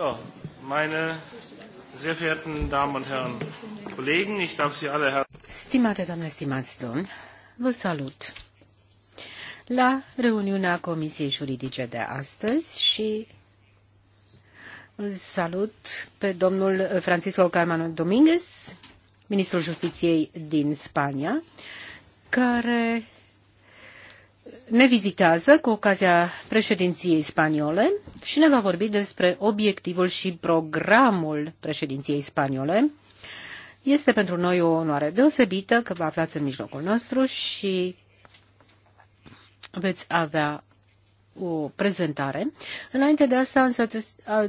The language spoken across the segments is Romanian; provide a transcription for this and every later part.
So, meine sehr verehrten Damen und Herren Kollegen, ich darf Sie alle her Stimate doamne, stimați domni, vă salut la reuniunea Comisiei Juridice de astăzi și îl salut pe domnul Francisco Calmano Dominguez, ministrul justiției din Spania, care ne vizitează cu ocazia președinției spaniole și ne va vorbi despre obiectivul și programul președinției spaniole. Este pentru noi o onoare deosebită că vă aflați în mijlocul nostru și veți avea o prezentare. Înainte de asta, însă,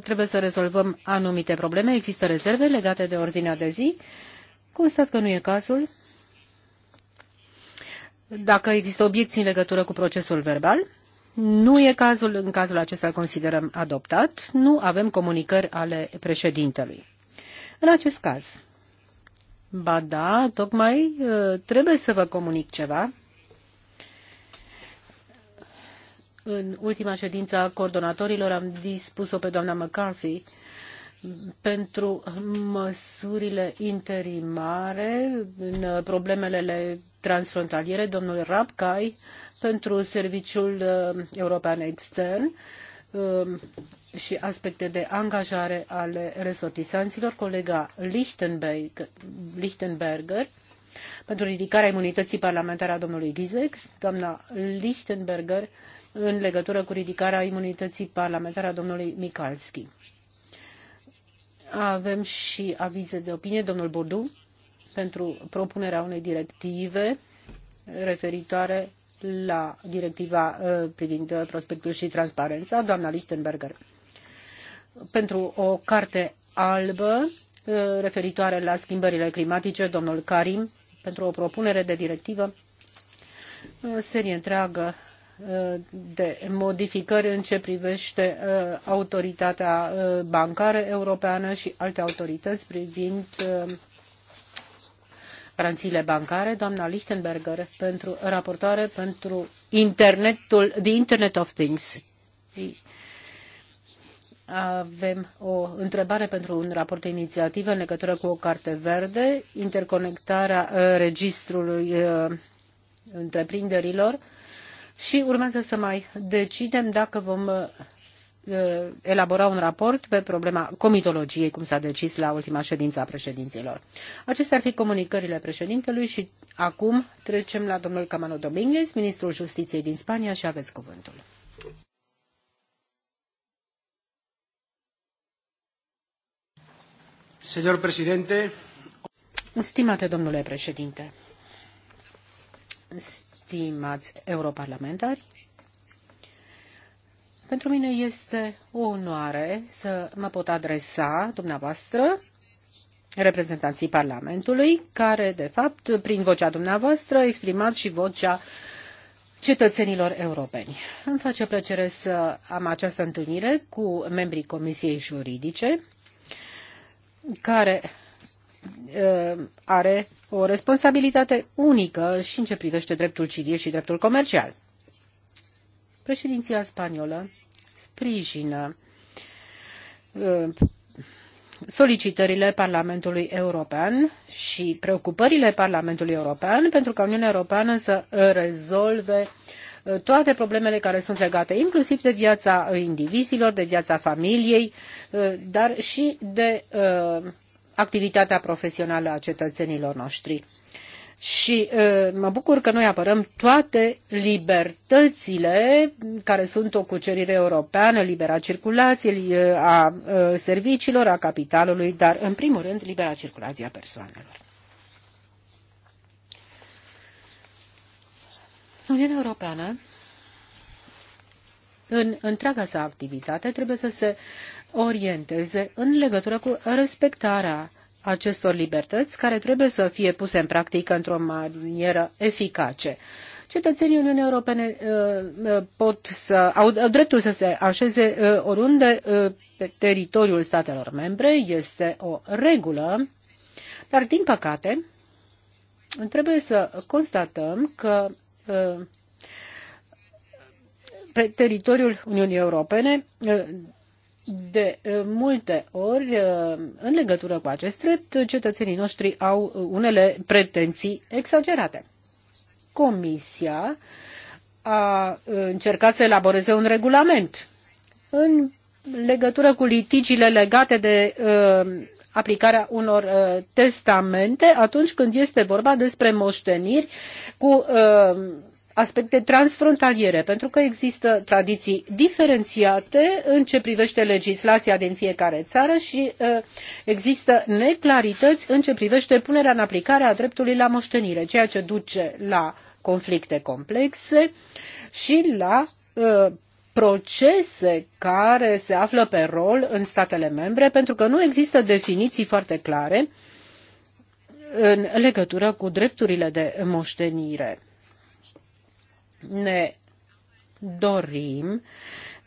trebuie să rezolvăm anumite probleme. Există rezerve legate de ordinea de zi. Constat că nu e cazul. Dacă există obiecții în legătură cu procesul verbal, nu e cazul, în cazul acesta îl considerăm adoptat, nu avem comunicări ale președintelui. În acest caz, ba da, tocmai uh, trebuie să vă comunic ceva. În ultima ședință a coordonatorilor am dispus-o pe doamna McCarthy pentru măsurile interimare în problemele transfrontaliere, domnul Rapcai, pentru Serviciul uh, European Extern uh, și aspecte de angajare ale resortisanților, colega Lichtenberg, Lichtenberger, pentru ridicarea imunității parlamentare a domnului Ghizek, doamna Lichtenberger, în legătură cu ridicarea imunității parlamentare a domnului Mikalski. Avem și avize de opinie, domnul Bodu, pentru propunerea unei directive referitoare la directiva uh, privind uh, prospectul și transparența, doamna Lichtenberger, pentru o carte albă uh, referitoare la schimbările climatice, domnul Karim, pentru o propunere de directivă, serie întreagă de modificări în ce privește autoritatea bancară europeană și alte autorități privind garanțiile bancare, doamna Lichtenberger, pentru raportoare pentru internetul, The Internet of Things. Avem o întrebare pentru un raport de inițiativă în legătură cu o carte verde, interconectarea uh, registrului uh, întreprinderilor și urmează să mai decidem dacă vom uh, Uh, elabora un raport pe problema comitologiei, cum s-a decis la ultima ședință a președinților. Acestea ar fi comunicările președintelui și acum trecem la domnul Camano Dominguez, ministrul justiției din Spania și aveți cuvântul. Señor presidente. Stimate domnule președinte, stimați europarlamentari, pentru mine este o onoare să mă pot adresa dumneavoastră, reprezentanții Parlamentului, care, de fapt, prin vocea dumneavoastră, exprimați și vocea cetățenilor europeni. Îmi face plăcere să am această întâlnire cu membrii Comisiei Juridice, care are o responsabilitate unică și în ce privește dreptul civil și dreptul comercial. Președinția spaniolă sprijină uh, solicitările Parlamentului European și preocupările Parlamentului European pentru ca Uniunea Europeană să rezolve uh, toate problemele care sunt legate inclusiv de viața indivizilor, de viața familiei, uh, dar și de activitatea profesională a cetățenilor noștri și uh, mă bucur că noi apărăm toate libertățile care sunt o cucerire europeană, libera circulației uh, a uh, serviciilor, a capitalului, dar în primul rând libera circulație a persoanelor. Uniunea Europeană în întreaga sa activitate trebuie să se orienteze în legătură cu respectarea acestor libertăți care trebuie să fie puse în practică într-o manieră eficace. Cetățenii Uniunii Europene uh, uh, pot să, au dreptul să se așeze uh, oriunde pe teritoriul statelor membre, este o regulă, dar din păcate trebuie să constatăm că pe teritoriul Uniunii Europene de multe ori, în legătură cu acest drept, cetățenii noștri au unele pretenții exagerate. Comisia a încercat să elaboreze un regulament în legătură cu litigiile legate de uh, aplicarea unor uh, testamente atunci când este vorba despre moșteniri cu uh, aspecte transfrontaliere, pentru că există tradiții diferențiate în ce privește legislația din fiecare țară și uh, există neclarități în ce privește punerea în aplicare a dreptului la moștenire, ceea ce duce la conflicte complexe și la uh, procese care se află pe rol în statele membre, pentru că nu există definiții foarte clare în legătură cu drepturile de moștenire ne dorim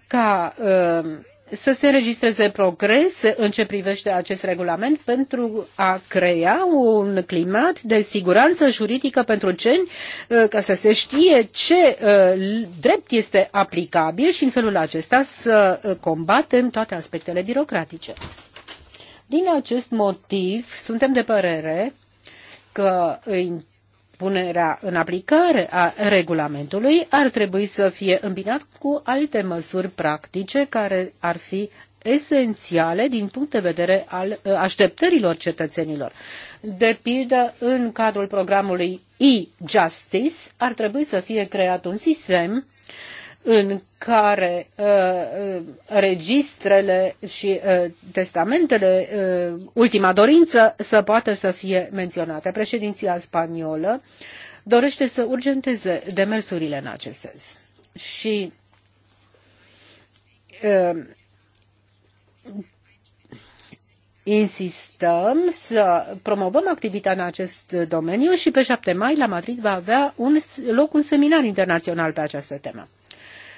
ca uh, să se înregistreze progrese în ce privește acest regulament pentru a crea un climat de siguranță juridică pentru ceni, uh, ca să se știe ce uh, drept este aplicabil și în felul acesta să combatem toate aspectele birocratice. Din acest motiv, suntem de părere că punerea în aplicare a regulamentului ar trebui să fie îmbinat cu alte măsuri practice care ar fi esențiale din punct de vedere al uh, așteptărilor cetățenilor. De pildă, în cadrul programului e-Justice ar trebui să fie creat un sistem uh, în care uh, uh, registrele și uh, testamentele, uh, ultima dorință, să poată să fie menționate. Președinția spaniolă dorește să urgenteze demersurile în acest sens. Și uh, insistăm să promovăm activitatea în acest domeniu și pe 7 mai la Madrid va avea un, loc un seminar internațional pe această temă.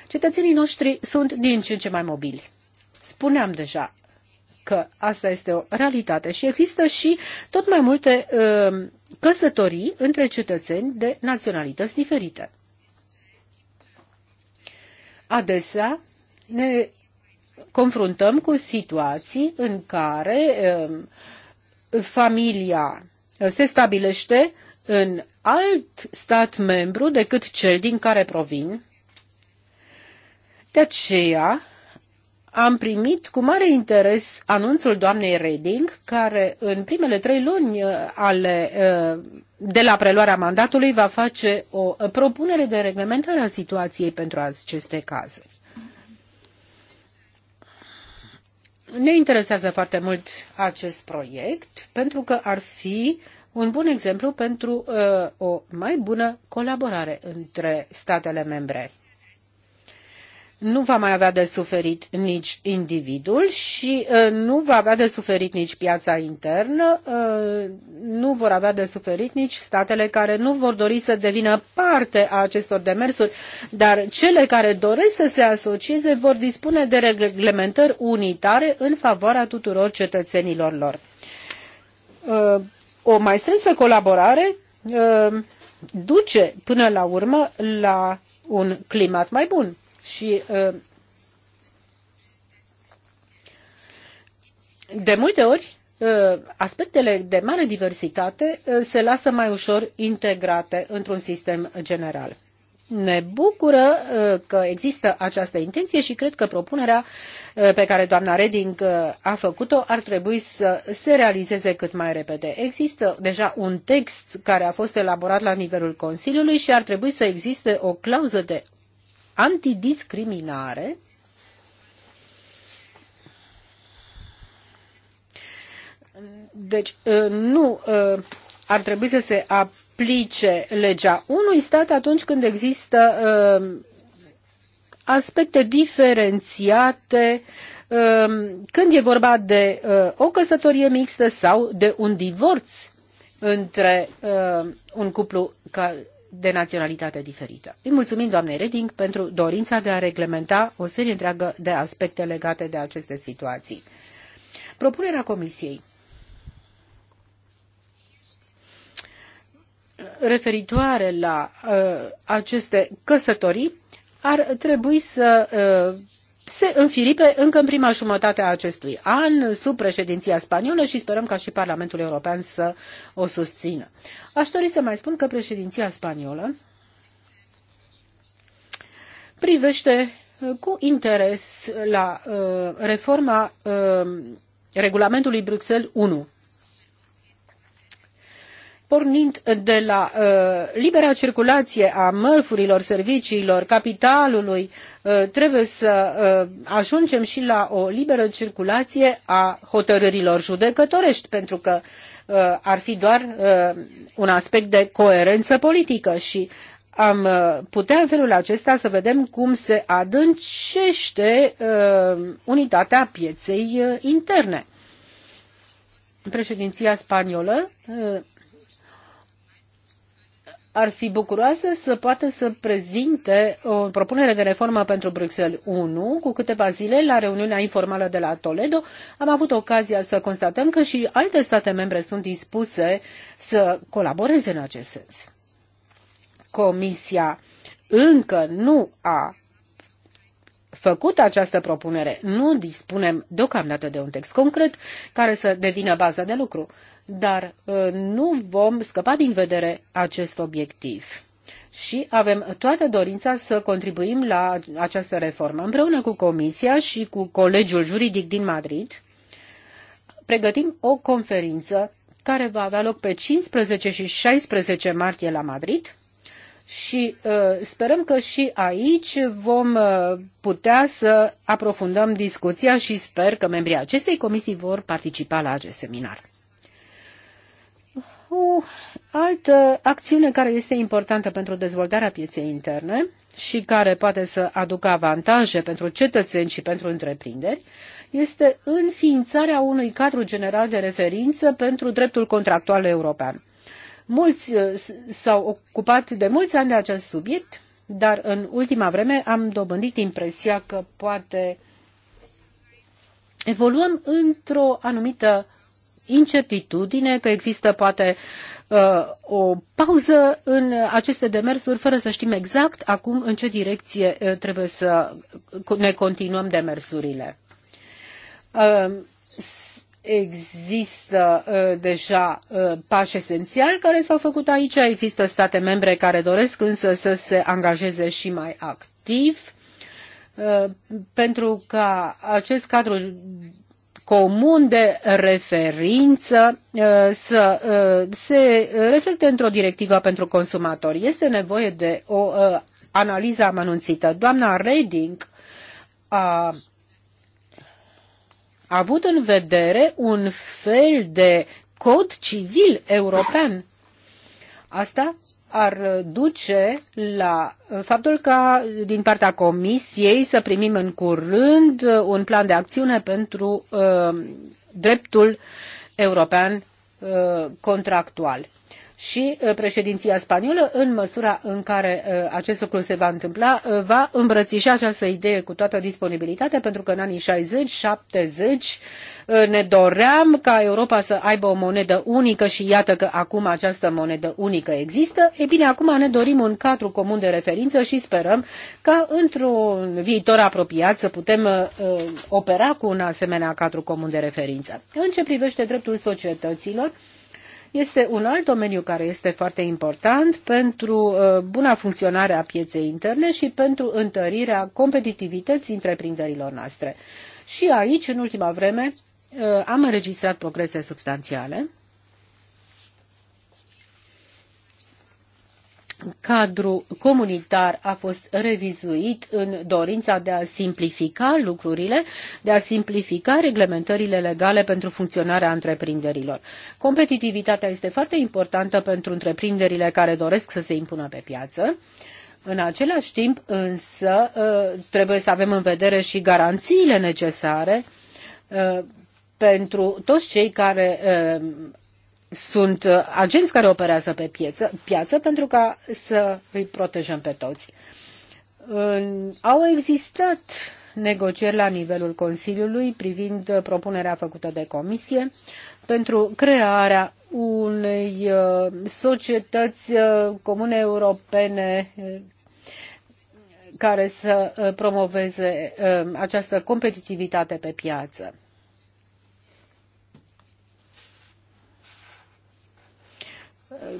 Cetățenii noștri sunt din ce în ce mai mobili. Spuneam deja că asta este o realitate și există și tot mai multe uh, căsătorii între cetățeni de naționalități diferite. Adesea ne confruntăm cu situații în care uh, familia se stabilește în alt stat membru decât cel din care provin de aceea am primit cu mare interes anunțul doamnei Reding, care în primele trei luni uh, ale, uh, de la preluarea mandatului va face o uh, propunere de reglementare a situației pentru aceste cazuri. Ne interesează foarte mult acest proiect pentru că ar fi un bun exemplu pentru uh, o mai bună colaborare între statele membre nu va mai avea de suferit nici individul și uh, nu va avea de suferit nici piața internă, uh, nu vor avea de suferit nici statele care nu vor dori să devină parte a acestor demersuri, dar cele care doresc să se asocieze vor dispune de reglementări unitare în favoarea tuturor cetățenilor lor. Uh, o mai strânsă colaborare duce până la urmă la un climat mai bun și ă, de multe ori, ă, aspectele de mare diversitate ă, se lasă mai ușor integrate într-un sistem general. Ne bucură că există această intenție și cred că propunerea pe care doamna Reding a făcut-o ar trebui să se realizeze cât mai repede. Există deja un text care a fost elaborat la nivelul Consiliului și ar trebui să existe o clauză de antidiscriminare Deci uh, nu uh, ar trebui să se aplice legea unui stat atunci când există uh, aspecte diferențiate um, când e vorba de o căsătorie mixtă sau de un divorț între un cuplu de naționalitate diferită. Îi mulțumim doamnei Reding pentru dorința de a reglementa o serie întreagă de aspecte legate de aceste situații. Propunerea Comisiei referitoare la uh, aceste căsătorii ar trebui să uh, se înfiripe încă în prima jumătate a acestui an sub președinția spaniolă și sperăm ca și Parlamentul European să o susțină. Aș dori să mai spun că președinția spaniolă privește cu interes la uh, reforma uh, regulamentului Bruxelles 1 pornind de la uh, libera circulație a mărfurilor, serviciilor, capitalului, uh, trebuie să uh, ajungem și la o liberă circulație a hotărârilor judecătorești, pentru că uh, ar fi doar uh, un aspect de coerență politică și am uh, putea în felul acesta să vedem cum se adâncește uh, unitatea pieței uh, interne. Președinția spaniolă uh, ar fi bucuroasă să poată să prezinte o propunere de reformă pentru Bruxelles 1. Cu câteva zile, la reuniunea informală de la Toledo, am avut ocazia să constatăm că și alte state membre sunt dispuse să colaboreze în acest sens. Comisia încă nu a făcut această propunere, nu dispunem deocamdată de un text concret care să devină bază de lucru dar uh, nu vom scăpa din vedere acest obiectiv. Și avem toată dorința să contribuim la această reformă. Împreună cu Comisia și cu Colegiul Juridic din Madrid, pregătim o conferință care va avea loc pe 15 și 16 martie la Madrid și uh, sperăm că și aici vom uh, putea să aprofundăm discuția și sper că membrii acestei comisii vor participa la acest seminar. O altă acțiune care este importantă pentru dezvoltarea pieței interne și care poate să aducă avantaje pentru cetățeni și pentru întreprinderi este înființarea unui cadru general de referință pentru dreptul contractual european. Mulți uh, s-au ocupat de mulți ani de acest subiect, dar în ultima vreme am dobândit impresia că poate evoluăm într-o anumită incertitudine, că există poate uh, o pauză în aceste demersuri, fără să știm exact acum în ce direcție uh, trebuie să ne continuăm demersurile. Uh, există deja pași esențiali care s-au făcut aici, există state membre care doresc însă să se angajeze și mai activ pentru ca acest cadru comun de referință uh, să uh, se reflecte într-o directivă pentru consumatori. Este nevoie de o uh, analiză amănunțită. Doamna Reding a avut în vedere un fel de cod civil european. Asta ar duce la faptul ca din partea Comisiei să primim în curând un plan de acțiune pentru uh, dreptul european uh, contractual și uh, președinția spaniolă, în măsura în care uh, acest lucru se va întâmpla, uh, va îmbrățișa această idee cu toată disponibilitatea, pentru că în anii 60-70 ne doream ca Europa să aibă o monedă unică și iată că acum această monedă unică există. E bine, acum ne dorim un cadru comun de referință și sperăm ca într-un viitor apropiat să putem opera cu un asemenea cadru comun de referință. În ce privește dreptul societăților, este un alt domeniu care este foarte important pentru uh, buna funcționare a pieței interne și pentru întărirea competitivității întreprinderilor noastre. Și aici, în ultima vreme, uh, am înregistrat progrese substanțiale. cadru comunitar a fost revizuit în dorința de a simplifica lucrurile, de a simplifica reglementările legale pentru funcționarea întreprinderilor. Competitivitatea este foarte importantă pentru întreprinderile care doresc să se impună pe piață. În același timp, însă, ă, trebuie să avem în vedere și garanțiile necesare ă, pentru toți cei care ă, sunt uh, agenți care operează pe piață, piață pentru ca să îi protejăm pe toți. Au existat negocieri la nivelul Consiliului privind uh, propunerea făcută de Comisie pentru crearea unei uh, societăți comune europene care să promoveze această competitivitate pe piață.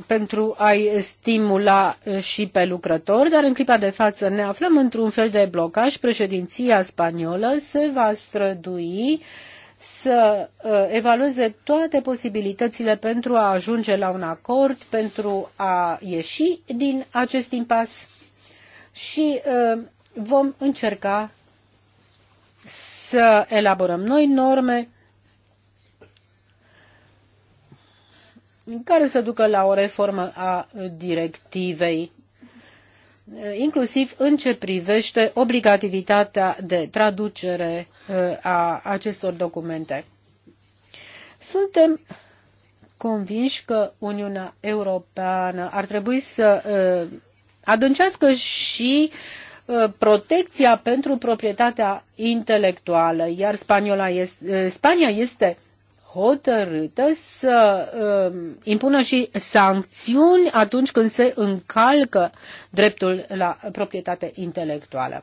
pentru a-i stimula și pe lucrători, dar în clipa de față ne aflăm într-un fel de blocaj. Președinția spaniolă se va strădui să uh, evalueze toate posibilitățile pentru a ajunge la un acord, pentru a ieși din acest impas și uh, vom încerca să elaborăm noi norme care să ducă la o reformă a directivei inclusiv în ce privește obligativitatea de traducere eh, a acestor documente. Suntem convinși că Uniunea Europeană ar trebui să eh, adâncească și eh, protecția pentru proprietatea intelectuală, iar Spania este, Spania este hotărâtă să uh, impună și sancțiuni atunci când se încalcă dreptul la proprietate intelectuală.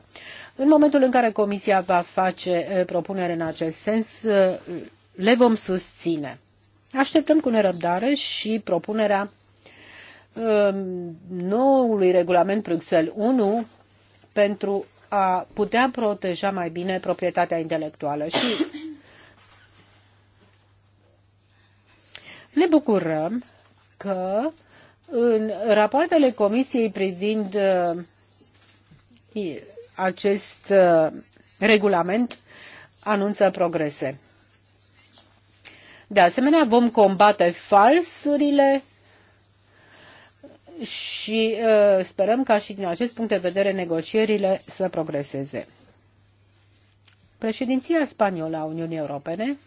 În momentul în care Comisia va face uh, propunere în acest sens, uh, le vom susține. Așteptăm cu nerăbdare și propunerea uh, noului regulament Bruxelles 1 pentru a putea proteja mai bine proprietatea intelectuală. Și Ne bucurăm că în rapoartele Comisiei privind uh, acest uh, regulament anunță progrese. De asemenea, vom combate falsurile și uh, sperăm ca și din acest punct de vedere negocierile să progreseze. Președinția spaniolă a Uniunii Europene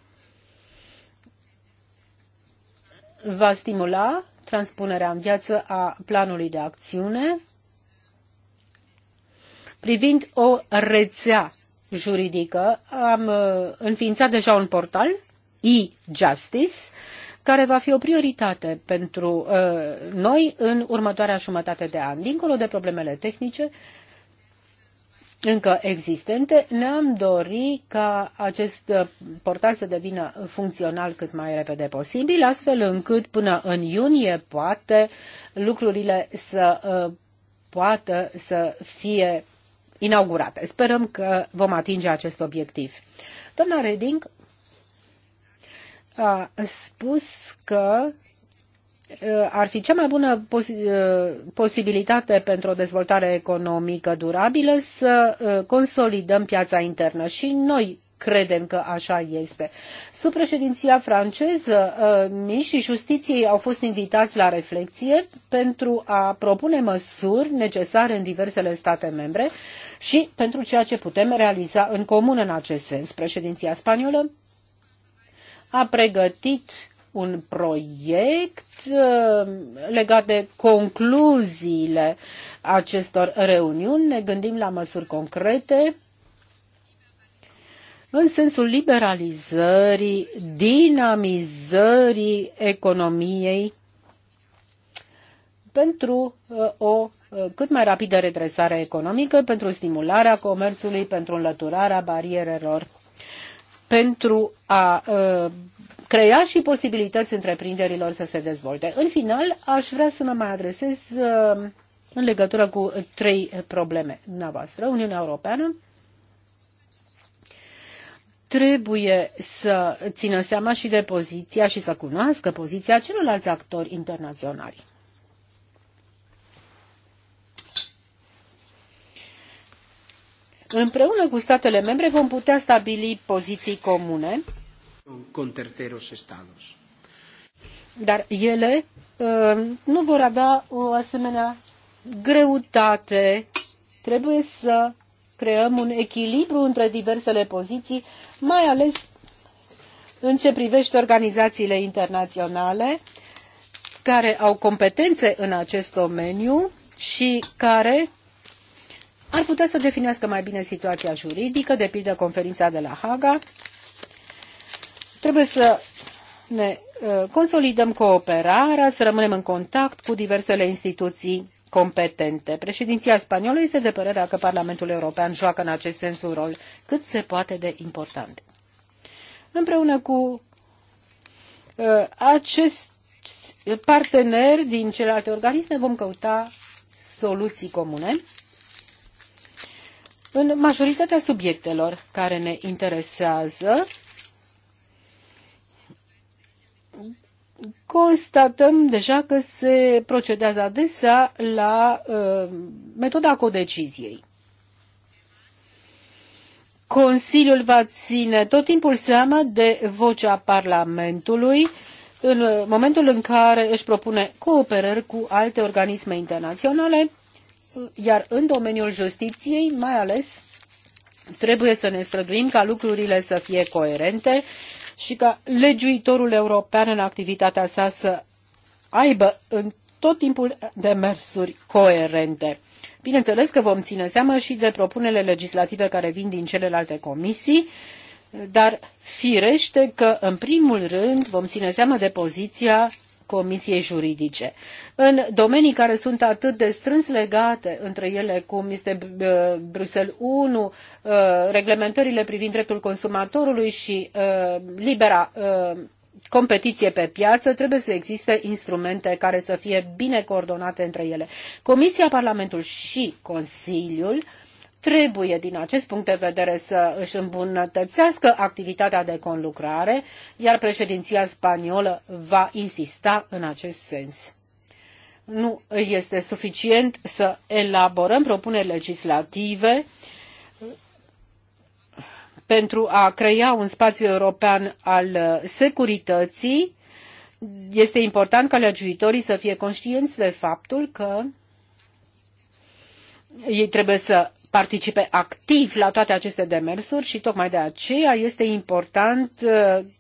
va stimula transpunerea în viață a planului de acțiune privind o rețea juridică. Am uh, înființat deja un portal, e-justice, care va fi o prioritate pentru uh, noi în următoarea jumătate de an. Dincolo de problemele tehnice, încă existente, ne-am dori ca acest uh, portal să devină funcțional cât mai repede posibil, astfel încât până în iunie poate lucrurile să uh, poată să fie inaugurate. Sperăm că vom atinge acest obiectiv. Doamna Reding a spus că Uh, ar fi cea mai bună uh, posibilitate pentru o dezvoltare economică durabilă să uh, consolidăm piața internă și noi credem că așa este. Sub președinția franceză, miniștrii justiției au fost invitați la reflexie pentru a propune măsuri necesare în diversele state membre și pentru ceea ce putem realiza în comun în acest sens. Președinția spaniolă a pregătit un proiect uh, legat de concluziile acestor reuniuni. Ne gândim la măsuri concrete în sensul liberalizării, dinamizării economiei pentru uh, o uh, cât mai rapidă redresare economică, pentru stimularea comerțului, pentru înlăturarea barierelor, pentru a crea și posibilități întreprinderilor să se dezvolte. În final, aș vrea să mă mai adresez uh, în legătură cu trei probleme dumneavoastră. Uniunea Europeană trebuie să țină seama și de poziția și să cunoască poziția celorlalți actori internaționali. Împreună cu statele membre vom putea stabili poziții comune con terceros estados. Dar ele uh, nu vor avea o asemenea greutate. Trebuie să creăm un echilibru între diversele poziții, mai ales în ce privește organizațiile internaționale care au competențe în acest domeniu și care ar putea să definească mai bine situația juridică, de pildă conferința de la Haga, Trebuie să ne uh, consolidăm cooperarea, să rămânem în contact cu diversele instituții competente. Președinția spaniolă este de părerea că Parlamentul European joacă în acest sens un rol cât se poate de important. Împreună cu uh, acest parteneri din celelalte organisme vom căuta soluții comune în majoritatea subiectelor care ne interesează constatăm deja că se procedează adesea la uh, metoda codeciziei. Consiliul va ține tot timpul seama de vocea Parlamentului în uh, momentul în care își propune cooperări cu alte organisme internaționale, uh, iar în domeniul justiției, mai ales, trebuie să ne străduim ca lucrurile să fie coerente și ca legiuitorul european în activitatea sa să aibă în tot timpul demersuri coerente. Bineînțeles că vom ține seama și de propunerile legislative care vin din celelalte comisii, dar firește că, în primul rând, vom ține seama de poziția Comisiei Juridice. În domenii care sunt atât de strâns legate între ele, cum este uh, Bruxelles 1, uh, reglementările privind dreptul consumatorului și uh, libera competiție pe piață, trebuie să existe instrumente care să fie bine coordonate între ele. Comisia, Parlamentul și Consiliul trebuie din acest punct de vedere să își îmbunătățească activitatea de conlucrare, iar președinția spaniolă va insista în acest sens. Nu este suficient să elaborăm propuneri legislative pentru a crea un spațiu european al securității, este important ca legiuitorii să fie conștienți de faptul că ei trebuie să participe activ la toate aceste demersuri și tocmai de aceea este important uh,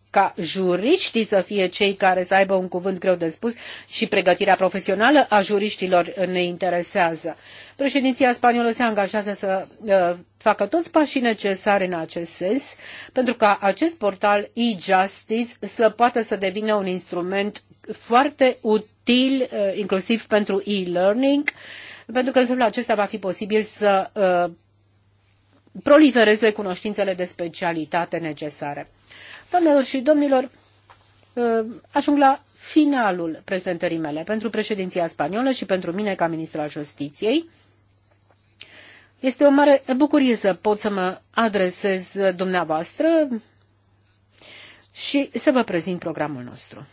ca juriștii să fie cei care să aibă un cuvânt greu de spus și pregătirea profesională a juriștilor ne interesează. Președinția spaniolă se angajează să uh, facă toți pașii necesari în acest sens pentru ca acest portal e-justice să poată să devină un instrument foarte util, uh, inclusiv pentru e-learning, uh, pentru că în felul acesta va fi posibil să uh, prolifereze cunoștințele de specialitate necesare. Doamnelor și domnilor, uh, ajung la finalul prezentării mele pentru președinția spaniolă și pentru mine ca ministru al justiției. Este o mare bucurie să pot să mă adresez dumneavoastră și să vă prezint programul nostru.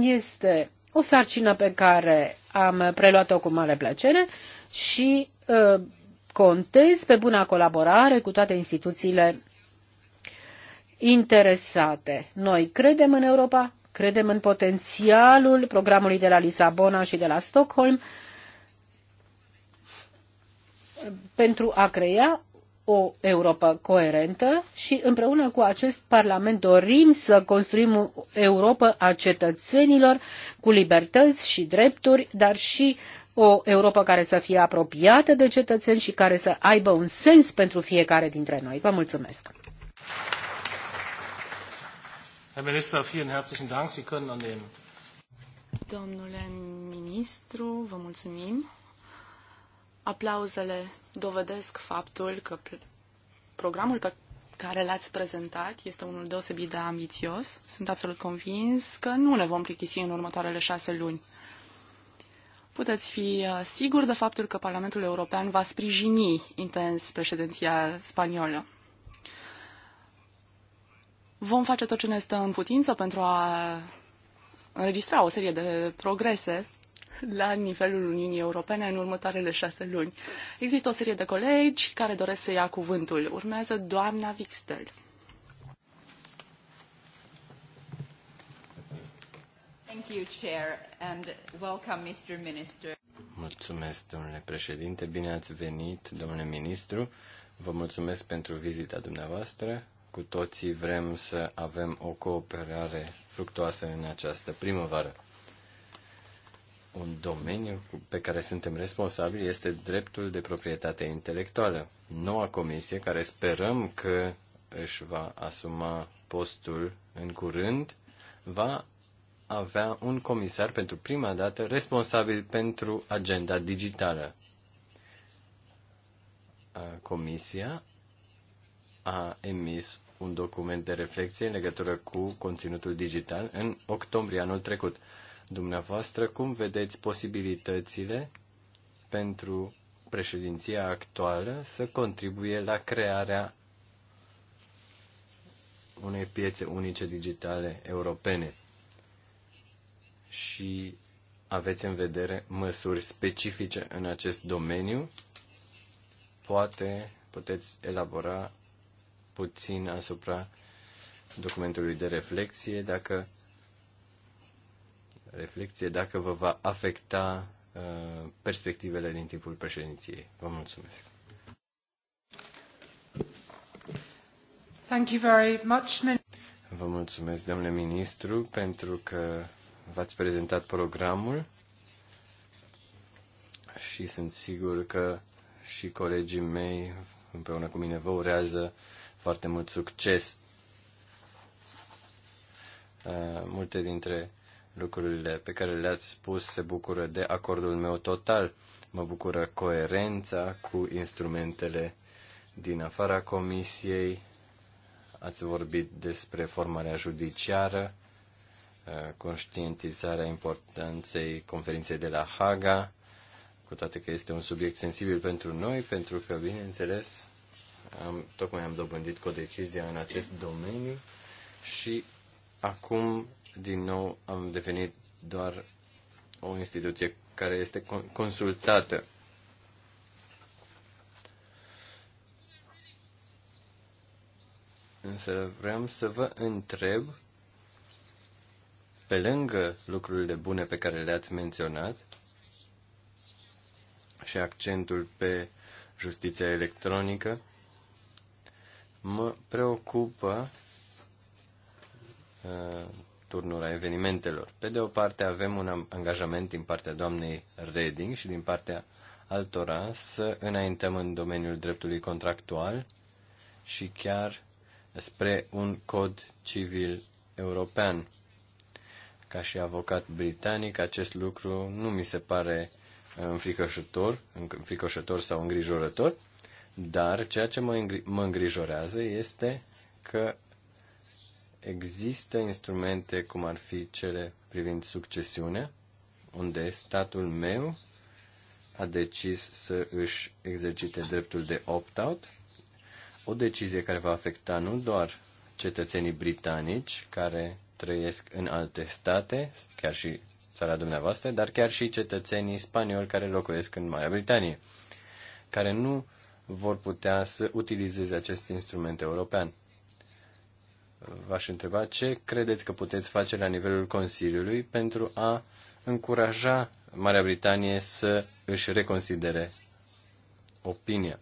Este o sarcină pe care am preluat-o cu mare plăcere și ă, contez pe buna colaborare cu toate instituțiile interesate. Noi credem în Europa, credem în potențialul programului de la Lisabona și de la Stockholm pentru a crea o Europa coerentă și împreună cu acest Parlament dorim să construim o Europa a cetățenilor cu libertăți și drepturi, dar și o Europa care să fie apropiată de cetățeni și care să aibă un sens pentru fiecare dintre noi. Vă mulțumesc! Domnule ministru, vă mulțumim. Aplauzele dovedesc faptul că programul pe care l-ați prezentat este unul deosebit de ambițios. Sunt absolut convins că nu ne vom plictisi în următoarele șase luni. Puteți fi uh, sigur de faptul că Parlamentul European va sprijini intens președinția spaniolă. Vom face tot ce ne stă în putință pentru a înregistra o serie de progrese la nivelul Uniunii Europene în următoarele șase luni. Există o serie de colegi care doresc să ia cuvântul. Urmează doamna Wixtel. Mulțumesc, domnule președinte. Bine ați venit, domnule ministru. Vă mulțumesc pentru vizita dumneavoastră. Cu toții vrem să avem o cooperare fructoasă în această primăvară un domeniu pe care suntem responsabili este dreptul de proprietate intelectuală. Noua comisie, care sperăm că își va asuma postul în curând, va avea un comisar pentru prima dată responsabil pentru agenda digitală. Comisia a emis un document de reflexie în legătură cu conținutul digital în octombrie anul trecut. Dumneavoastră, cum vedeți posibilitățile pentru președinția actuală să contribuie la crearea unei piețe unice digitale europene? Și aveți în vedere măsuri specifice în acest domeniu? Poate puteți elabora puțin asupra documentului de reflexie dacă reflecție dacă vă va afecta uh, perspectivele din timpul președinției. Vă mulțumesc. Thank you very much. Vă mulțumesc, domnule ministru, pentru că v-ați prezentat programul și sunt sigur că și colegii mei împreună cu mine vă urează foarte mult succes. Uh, multe dintre Lucrurile pe care le-ați spus se bucură de acordul meu total. Mă bucură coerența cu instrumentele din afara comisiei. Ați vorbit despre formarea judiciară, eh, conștientizarea importanței conferinței de la Haga, cu toate că este un subiect sensibil pentru noi, pentru că, bineînțeles, am, tocmai am dobândit cu o decizie în acest domeniu și acum din nou am devenit doar o instituție care este consultată. Însă vreau să vă întreb, pe lângă lucrurile bune pe care le-ați menționat și accentul pe justiția electronică, mă preocupă uh, turnuri a evenimentelor. Pe de o parte avem un angajament din partea doamnei Reding și din partea altora să înaintăm în domeniul dreptului contractual și chiar spre un cod civil european. Ca și avocat britanic, acest lucru nu mi se pare uh, înfricoșător, înfricoșător sau îngrijorător, dar ceea ce mă îngrijorează este că Există instrumente cum ar fi cele privind succesiunea, unde statul meu a decis să își exercite dreptul de opt-out, o decizie care va afecta nu doar cetățenii britanici care trăiesc în alte state, chiar și țara dumneavoastră, dar chiar și cetățenii spanioli care locuiesc în Marea Britanie, care nu vor putea să utilizeze acest instrument european v-aș întreba ce credeți că puteți face la nivelul Consiliului pentru a încuraja Marea Britanie să își reconsidere opinia.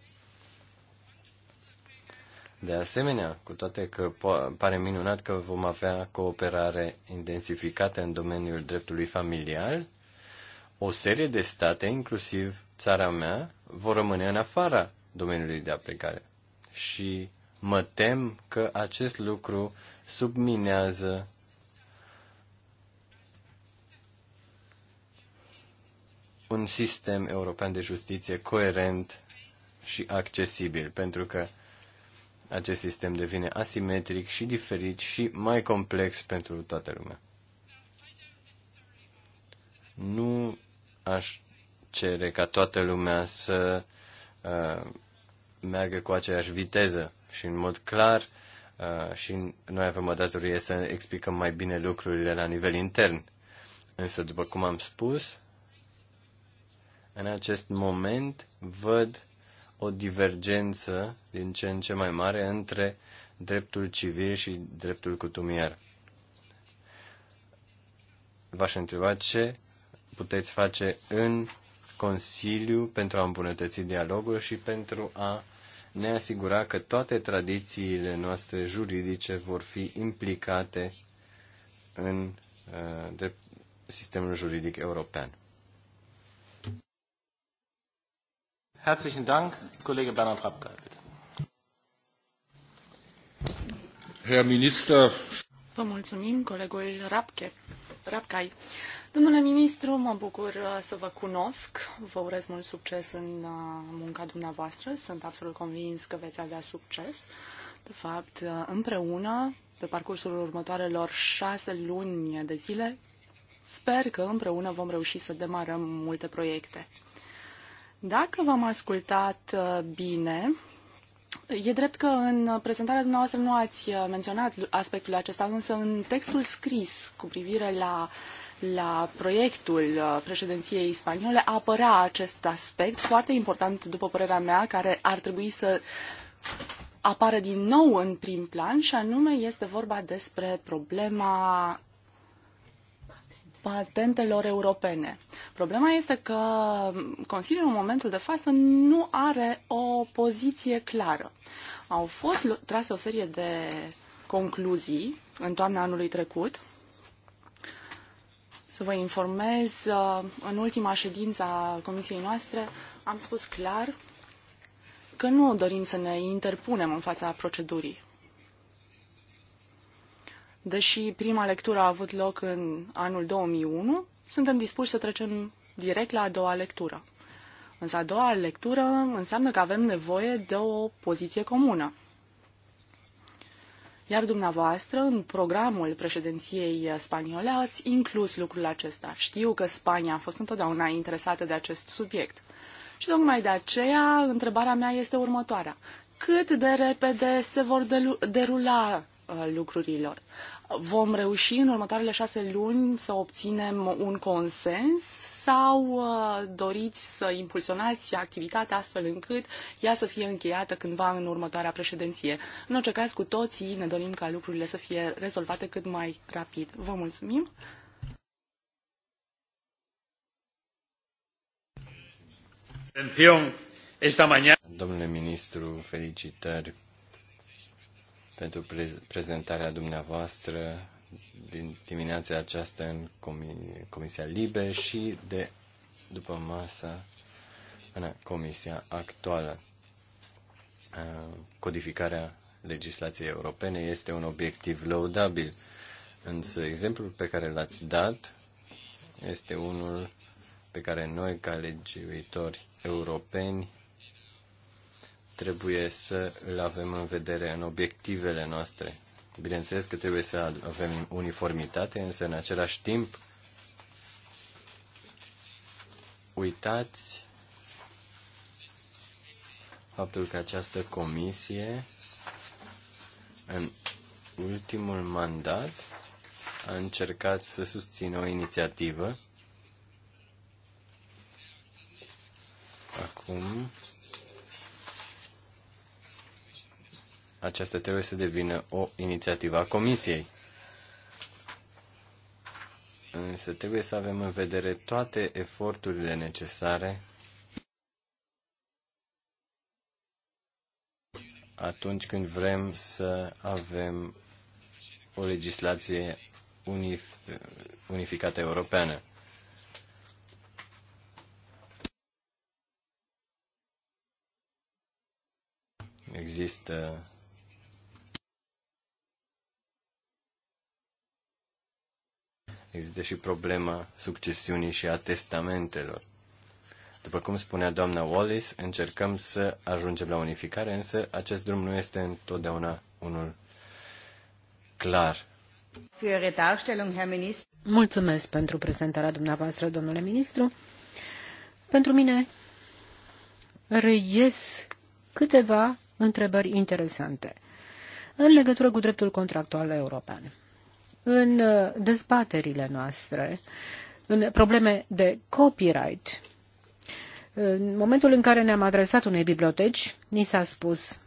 De asemenea, cu toate că pare minunat că vom avea cooperare intensificată în domeniul dreptului familial, o serie de state, inclusiv țara mea, vor rămâne în afara domeniului de aplicare. Și Mă tem că acest lucru subminează un sistem european de justiție coerent și accesibil, pentru că acest sistem devine asimetric și diferit și mai complex pentru toată lumea. Nu aș cere ca toată lumea să uh, meargă cu aceeași viteză și în mod clar uh, și noi avem o datorie să explicăm mai bine lucrurile la nivel intern. Însă, după cum am spus, în acest moment văd o divergență din ce în ce mai mare între dreptul civil și dreptul cutumier. V-aș întreba ce puteți face în Consiliu pentru a îmbunătăți dialogul și pentru a ne asigura că toate tradițiile noastre juridice vor fi implicate în uh, sistemul juridic european. Herzlichen Dank, Kollege Bernhard Rapka, bitte. Herr Minister. Vă mulțumim, colegul Rapke, Rapcai. Domnule ministru, mă bucur uh, să vă cunosc. Vă urez mult succes în uh, munca dumneavoastră. Sunt absolut convins că veți avea succes. De fapt, uh, împreună, pe parcursul următoarelor șase luni de zile, sper că împreună vom reuși să demarăm multe proiecte. Dacă v-am ascultat bine, E drept că în prezentarea dumneavoastră nu ați menționat aspectul acesta, însă în textul scris cu privire la uh, la proiectul uh, președinției spaniole apărea acest aspect foarte important, după părerea mea, care ar trebui să apară din nou în prim plan și anume este vorba despre problema patentelor europene. Problema este că Consiliul în momentul de față nu are o poziție clară. Au fost trase o serie de concluzii în toamna anului trecut, să vă informez, uh, în ultima ședință a comisiei noastre am spus clar că nu dorim să ne interpunem în fața procedurii. Deși prima lectură a avut loc în anul 2001, suntem dispuși să trecem direct la a doua lectură. Însă a doua lectură înseamnă că avem nevoie de o poziție comună. Iar dumneavoastră, în programul președinției spaniole, ați inclus lucrul acesta. Știu că Spania a fost întotdeauna interesată de acest subiect. Și tocmai de aceea, întrebarea mea este următoarea. Cât de repede se vor derula uh, lucrurilor? Vom reuși în următoarele șase luni să obținem un consens sau uh, doriți să impulsionați activitatea astfel încât ea să fie încheiată cândva în următoarea președinție? În orice caz, cu toții ne dorim ca lucrurile să fie rezolvate cât mai rapid. Vă mulțumim! Domnule ministru, felicitări pentru prezentarea dumneavoastră din dimineața aceasta în Comisia Libe și de după masa în Comisia actuală. Codificarea legislației europene este un obiectiv laudabil, însă exemplul pe care l-ați dat este unul pe care noi, ca legiuitori europeni, trebuie să îl avem în vedere în obiectivele noastre. Bineînțeles că trebuie să avem uniformitate, însă în același timp uitați faptul că această comisie în ultimul mandat a încercat să susțină o inițiativă. Acum aceasta trebuie să devină o inițiativă a Comisiei. Însă trebuie să avem în vedere toate eforturile necesare atunci când vrem să avem o legislație unif- unificată europeană. Există Există și problema succesiunii și a testamentelor. După cum spunea doamna Wallace, încercăm să ajungem la unificare, însă acest drum nu este întotdeauna unul clar. Mulțumesc pentru prezentarea dumneavoastră, domnule ministru. Pentru mine reies câteva întrebări interesante în legătură cu dreptul contractual european în uh, dezbaterile noastre, în probleme de copyright. În momentul în care ne-am adresat unei biblioteci, ni s-a spus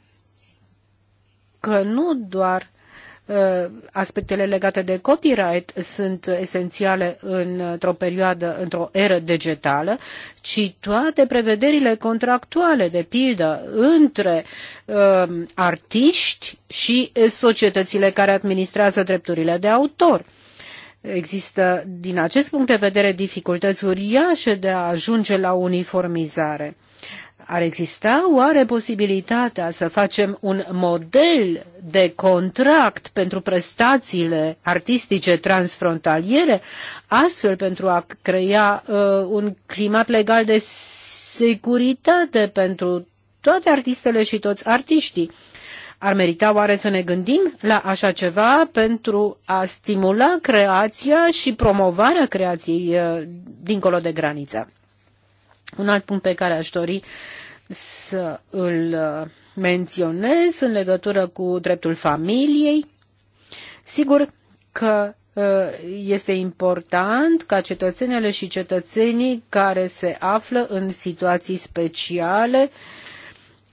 că nu doar Uh, aspectele legate de copyright sunt esențiale într-o perioadă, într-o eră digitală, ci toate prevederile contractuale, de pildă, între uh, artiști și societățile care administrează drepturile de autor. Există, din acest punct de vedere, dificultăți uriașe de a ajunge la uniformizare ar exista oare posibilitatea să facem un model de contract pentru prestațiile artistice transfrontaliere, astfel pentru a crea uh, un climat legal de securitate pentru toate artistele și toți artiștii? Ar merita oare să ne gândim la așa ceva pentru a stimula creația și promovarea creației uh, dincolo de graniță? Un alt punct pe care aș dori să îl uh, menționez în legătură cu dreptul familiei. Sigur că uh, este important ca cetățenele și cetățenii care se află în situații speciale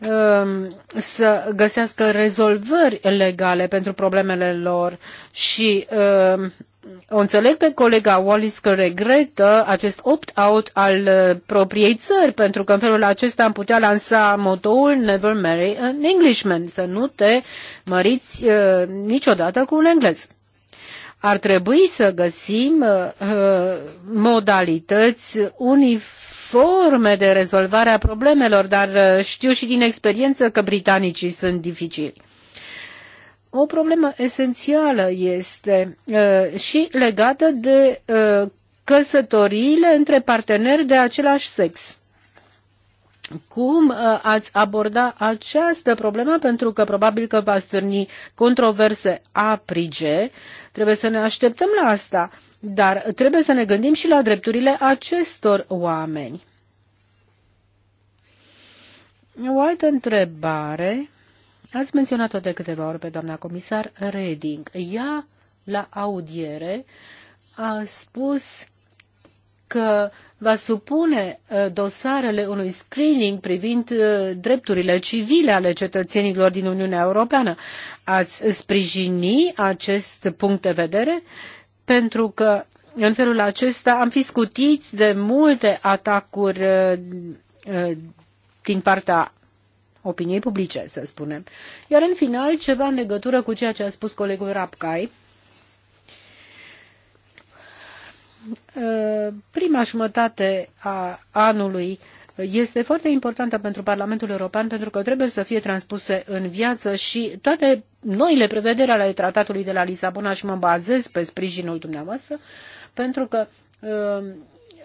um, să găsească rezolvări legale pentru problemele lor și um, o înțeleg pe colega Wallis că regretă acest opt-out al uh, propriei țări, pentru că în felul acesta am putea lansa motoul Never marry an Englishman, să nu te măriți uh, niciodată cu un englez. Ar trebui să găsim uh, uh modalități uniforme de rezolvare a problemelor, dar uh, știu și din experiență că britanicii sunt dificili. O problemă esențială este uh, și legată de uh, căsătoriile între parteneri de același sex. Cum uh, ați aborda această problemă? Pentru că probabil că va stârni controverse aprige. Trebuie să ne așteptăm la asta, dar trebuie să ne gândim și la drepturile acestor oameni. O altă întrebare Ați menționat-o de câteva ori pe doamna comisar Reding. Ea, la audiere, a spus că va supune uh, dosarele unui screening privind uh, drepturile civile ale cetățenilor din Uniunea Europeană. Ați sprijini acest punct de vedere? Pentru că în felul acesta am fi scutiți de multe atacuri uh, din partea opiniei publice, să spunem. Iar în final, ceva în legătură cu ceea ce a spus colegul Rapcai, uh, prima jumătate a anului este foarte importantă pentru Parlamentul European pentru că trebuie să fie transpuse în viață și toate noile prevederi ale tratatului de la Lisabona și mă bazez pe sprijinul dumneavoastră pentru că uh,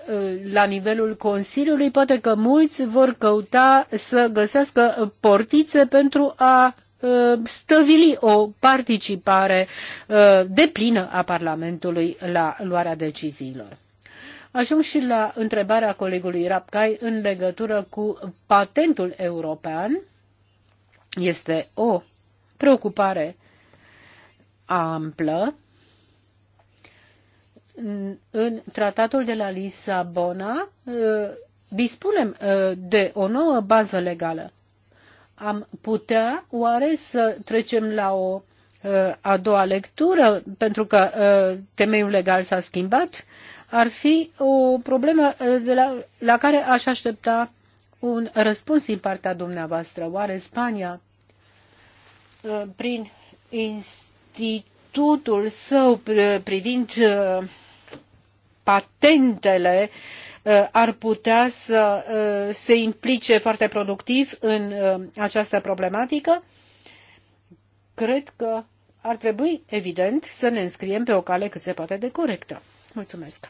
Uh, la nivelul Consiliului, poate că mulți vor căuta să găsească portițe pentru a uh, stăvili o participare uh, deplină a Parlamentului la luarea deciziilor. Ajung și la întrebarea colegului Rapcai în legătură cu patentul european. Este o preocupare amplă în tratatul de la Lisabona uh, dispunem uh, de o nouă bază legală. Am putea oare să trecem la o uh, a doua lectură, pentru că temeiul legal s-a schimbat, ar fi o problemă de la, la care aș aștepta un răspuns din partea dumneavoastră. Oare Spania, prin institutul său privind patentele uh, ar putea să uh, se implice foarte productiv în uh, această problematică, cred că ar trebui, evident, să ne înscriem pe o cale cât se poate de corectă. Mulțumesc!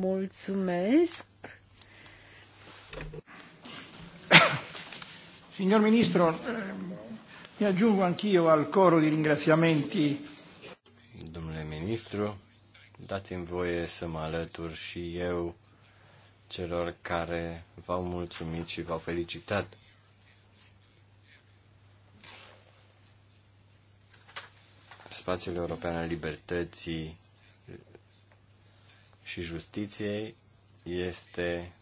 Mulțumesc! Signor Ministro, eh, mi aggiungo anch'io al coro di ringraziamenti. Domnule Ministru, dați-mi voie să mă alătur și eu celor care v-au mulțumit și v-au felicitat. Spațiul European al Libertății și Justiției este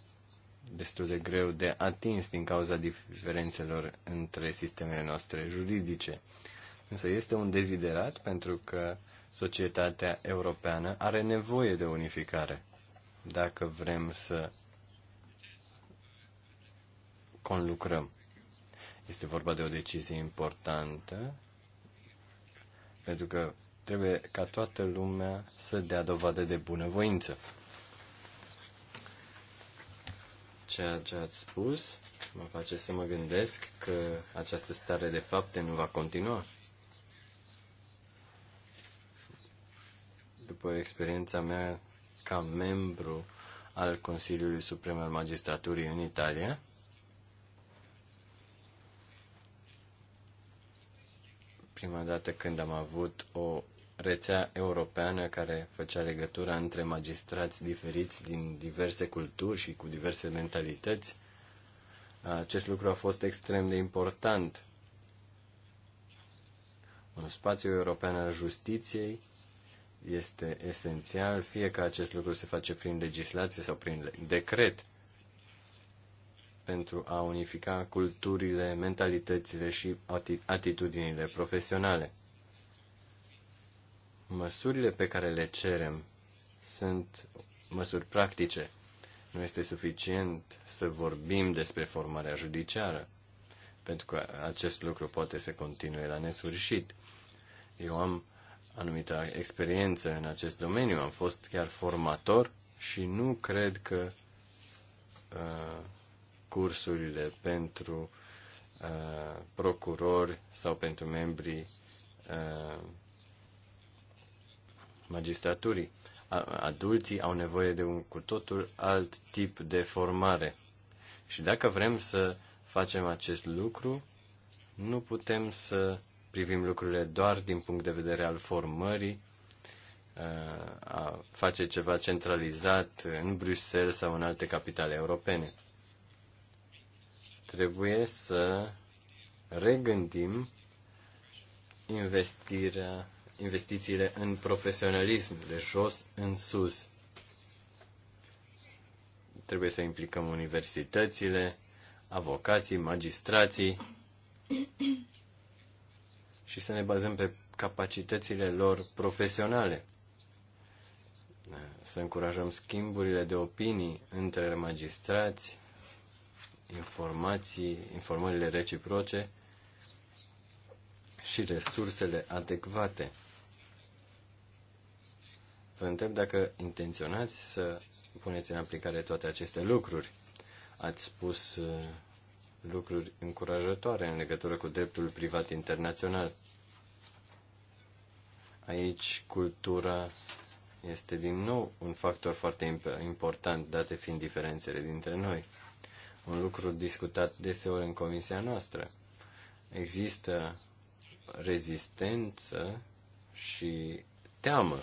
destul de greu de atins din cauza diferențelor între sistemele noastre juridice. Însă este un deziderat pentru că societatea europeană are nevoie de unificare. Dacă vrem să conlucrăm. Este vorba de o decizie importantă, pentru că trebuie ca toată lumea să dea dovadă de bunăvoință. Ceea ce ați spus mă face să mă gândesc că această stare de fapte nu va continua. după experiența mea ca membru al Consiliului Suprem al Magistraturii în Italia, prima dată când am avut o rețea europeană care făcea legătura între magistrați diferiți din diverse culturi și cu diverse mentalități. Acest lucru a fost extrem de important. Un spațiu european al justiției este esențial, fie că acest lucru se face prin legislație sau prin decret, pentru a unifica culturile, mentalitățile și atitudinile profesionale. Măsurile pe care le cerem sunt măsuri practice. Nu este suficient să vorbim despre formarea judiciară, pentru că acest lucru poate să continue la nesfârșit. Eu am anumită experiență în acest domeniu, am fost chiar formator și nu cred că uh, cursurile pentru uh, procurori sau pentru membrii uh, magistraturii. Adulții au nevoie de un cu totul alt tip de formare. Și dacă vrem să facem acest lucru, nu putem să privim lucrurile doar din punct de vedere al formării, uh, a face ceva centralizat în Bruxelles sau în alte capitale europene. Trebuie să regândim investirea, investițiile în profesionalism, de jos în sus. Trebuie să implicăm universitățile, avocații, magistrații și să ne bazăm pe capacitățile lor profesionale. Să încurajăm schimburile de opinii între magistrați, informații, informările reciproce și resursele adecvate. Vă întreb dacă intenționați să puneți în aplicare toate aceste lucruri. Ați spus uh, lucruri încurajatoare în legătură cu dreptul privat internațional. Aici cultura este din nou un factor foarte important, date fiind diferențele dintre noi. Un lucru discutat deseori în comisia noastră. Există rezistență și teamă.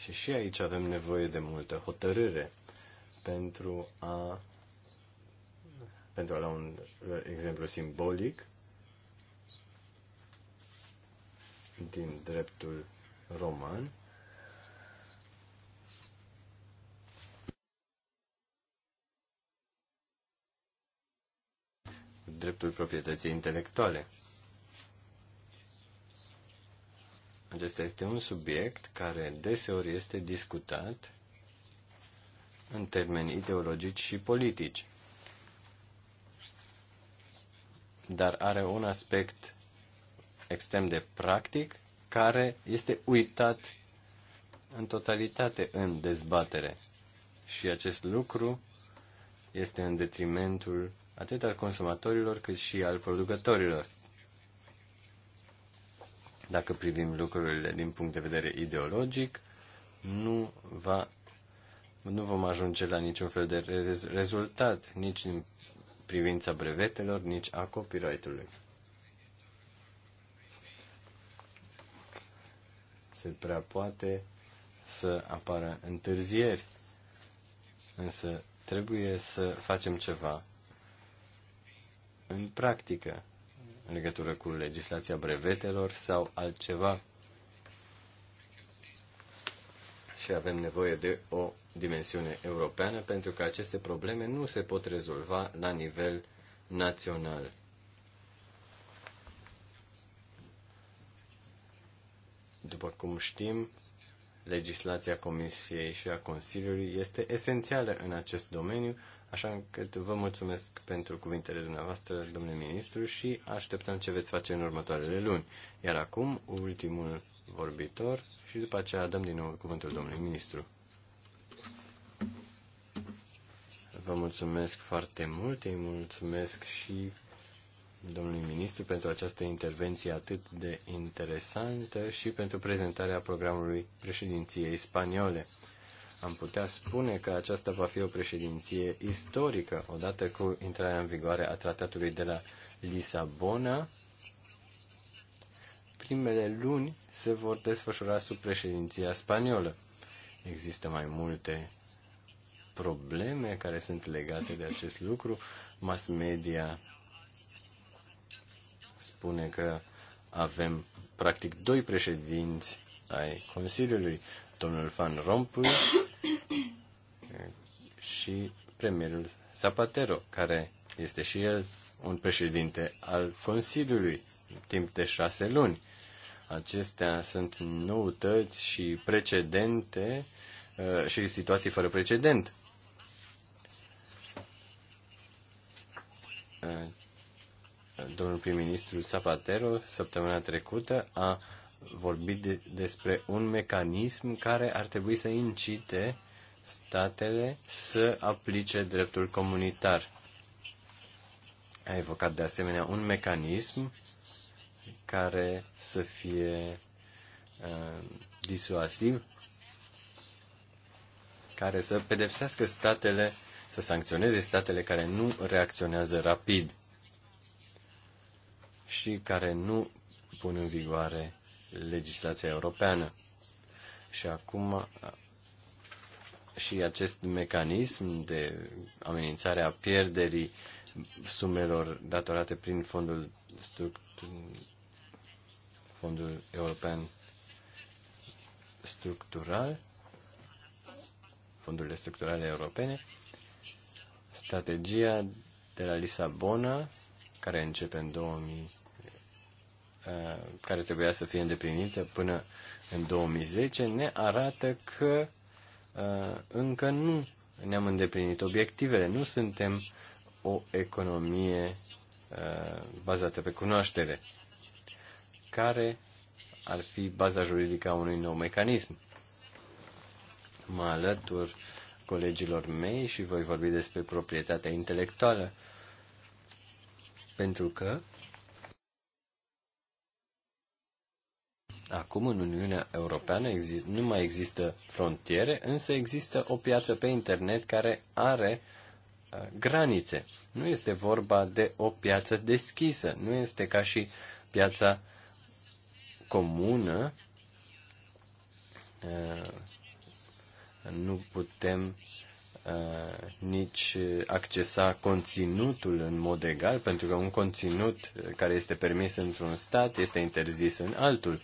Și și aici avem nevoie de multă hotărâre pentru a pentru a lua un uh, exemplu simbolic, din dreptul roman. dreptul proprietății intelectuale. Acesta este un subiect care deseori este discutat în termeni ideologici și politici. dar are un aspect extrem de practic care este uitat în totalitate în dezbatere. Și acest lucru este în detrimentul atât al consumatorilor cât și al producătorilor. Dacă privim lucrurile din punct de vedere ideologic, nu, va, nu vom ajunge la niciun fel de rezultat, nici din privința brevetelor, nici a copyright-ului. Se prea poate să apară întârzieri, însă trebuie să facem ceva în practică în legătură cu legislația brevetelor sau altceva. Și avem nevoie de o dimensiune europeană, pentru că aceste probleme nu se pot rezolva la nivel național. După cum știm, legislația Comisiei și a Consiliului este esențială în acest domeniu, așa încât vă mulțumesc pentru cuvintele dumneavoastră, domnule ministru, și așteptăm ce veți face în următoarele luni. Iar acum, ultimul vorbitor și după aceea dăm din nou cuvântul domnului ministru. Vă mulțumesc foarte mult, îi mulțumesc și domnului ministru pentru această intervenție atât de interesantă și pentru prezentarea programului președinției spaniole. Am putea spune că aceasta va fi o președinție istorică, odată cu intrarea în vigoare a tratatului de la Lisabona. Primele luni se vor desfășura sub președinția spaniolă. Există mai multe probleme care sunt legate de acest lucru. Mass media spune că avem practic doi președinți ai Consiliului, domnul Van Rompuy și premierul Zapatero, care este și el un președinte al Consiliului timp de șase luni. Acestea sunt noutăți și precedente uh, și situații fără precedent. Eh, domnul prim-ministru Zapatero săptămâna trecută a vorbit de, despre un mecanism care ar trebui să incite statele să aplice dreptul comunitar. A evocat de asemenea un mecanism care să fie uh, disuasiv, care să pedepsească statele să sancționeze statele care nu reacționează rapid și care nu pun în vigoare legislația europeană. Și acum și acest mecanism de amenințare a pierderii sumelor datorate prin fondul, fondul european structural, fondurile structurale europene, Strategia de la Lisabona, care începe în 2000, uh, care trebuia să fie îndeplinită până în 2010, ne arată că uh, încă nu ne-am îndeplinit obiectivele. Nu suntem o economie uh, bazată pe cunoaștere, care ar fi baza juridică a unui nou mecanism. Mă alătur colegilor mei și voi vorbi despre proprietatea intelectuală. Pentru că Acum în Uniunea Europeană nu mai există frontiere, însă există o piață pe internet care are uh, granițe. Nu este vorba de o piață deschisă, nu este ca și piața comună uh, nu putem uh, nici accesa conținutul în mod egal, pentru că un conținut uh, care este permis într-un stat este interzis în altul.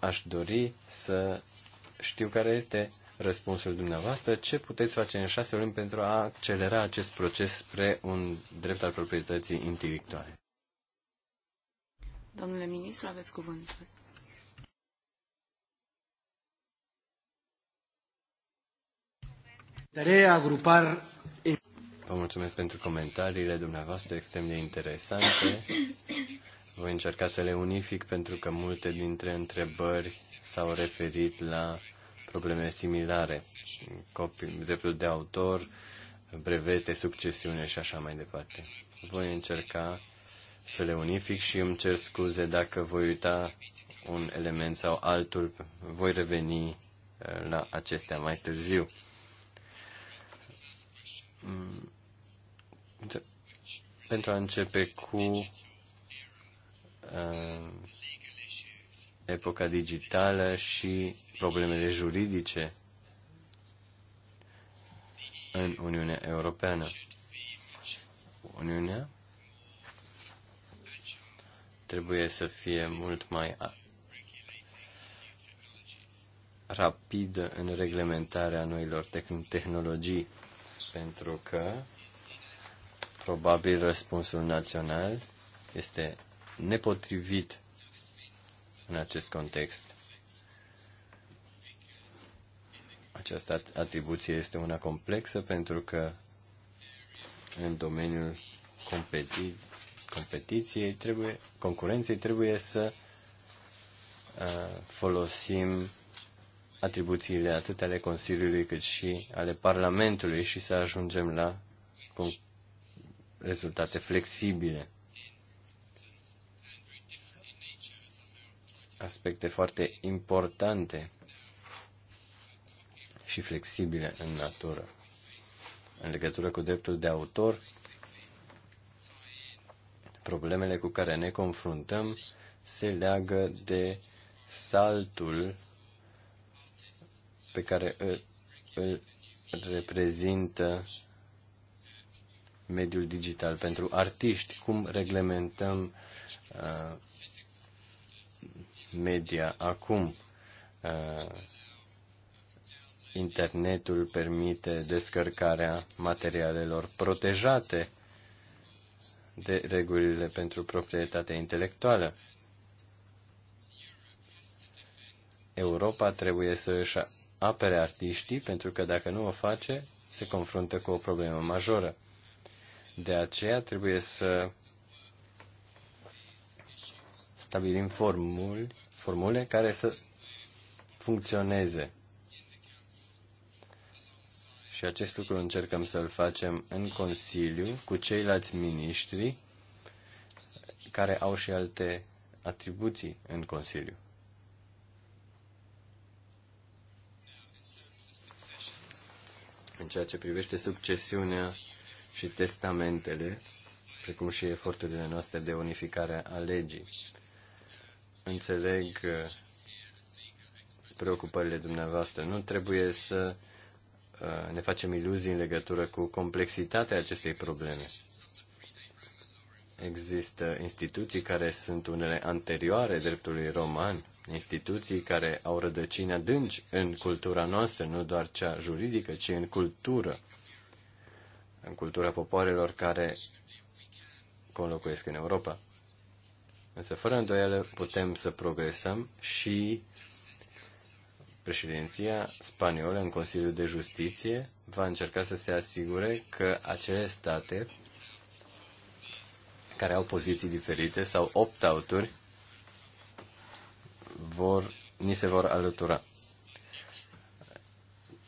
Aș dori să știu care este răspunsul dumneavoastră, ce puteți face în șase luni pentru a accelera acest proces spre un drept al proprietății intelectuale. Domnule ministru, aveți cuvântul. Vă mulțumesc pentru comentariile dumneavoastră extrem de interesante. Voi încerca să le unific pentru că multe dintre întrebări s-au referit la probleme similare. Copii, dreptul de autor, brevete, succesiune și așa mai departe. Voi încerca să le unific și îmi cer scuze dacă voi uita un element sau altul. Voi reveni uh, la acestea mai târziu de, mm. pentru a începe cu uh, epoca digitală și problemele juridice în Uniunea Europeană. Uniunea trebuie să fie mult mai rapidă în reglementarea noilor tehn- tehnologii pentru că probabil răspunsul național este nepotrivit în acest context. Această atribuție este una complexă pentru că în domeniul competi- competiției trebuie, concurenței trebuie să uh, folosim atribuțiile atât ale Consiliului cât și ale Parlamentului și să ajungem la rezultate flexibile. Aspecte foarte importante și flexibile în natură. În legătură cu dreptul de autor, problemele cu care ne confruntăm se leagă de saltul pe care îl, îl reprezintă mediul digital pentru artiști, cum reglementăm uh, media acum. Uh, internetul permite descărcarea materialelor protejate de regulile pentru proprietatea intelectuală. Europa trebuie să își apere artiștii, pentru că dacă nu o face, se confruntă cu o problemă majoră. De aceea trebuie să stabilim formuli, formule care să funcționeze. Și acest lucru încercăm să-l facem în Consiliu cu ceilalți miniștri care au și alte atribuții în Consiliu. în ceea ce privește succesiunea și testamentele, precum și eforturile noastre de unificare a legii. Înțeleg uh, preocupările dumneavoastră. Nu trebuie să uh, ne facem iluzii în legătură cu complexitatea acestei probleme. Există instituții care sunt unele anterioare dreptului roman, instituții care au rădăcini adânci în cultura noastră, nu doar cea juridică, ci în cultură, în cultura popoarelor care conlocuiesc în Europa. Însă, fără îndoială, putem să progresăm și președinția spaniolă în Consiliul de Justiție va încerca să se asigure că acele state care au poziții diferite sau opt out vor, ni se vor alătura.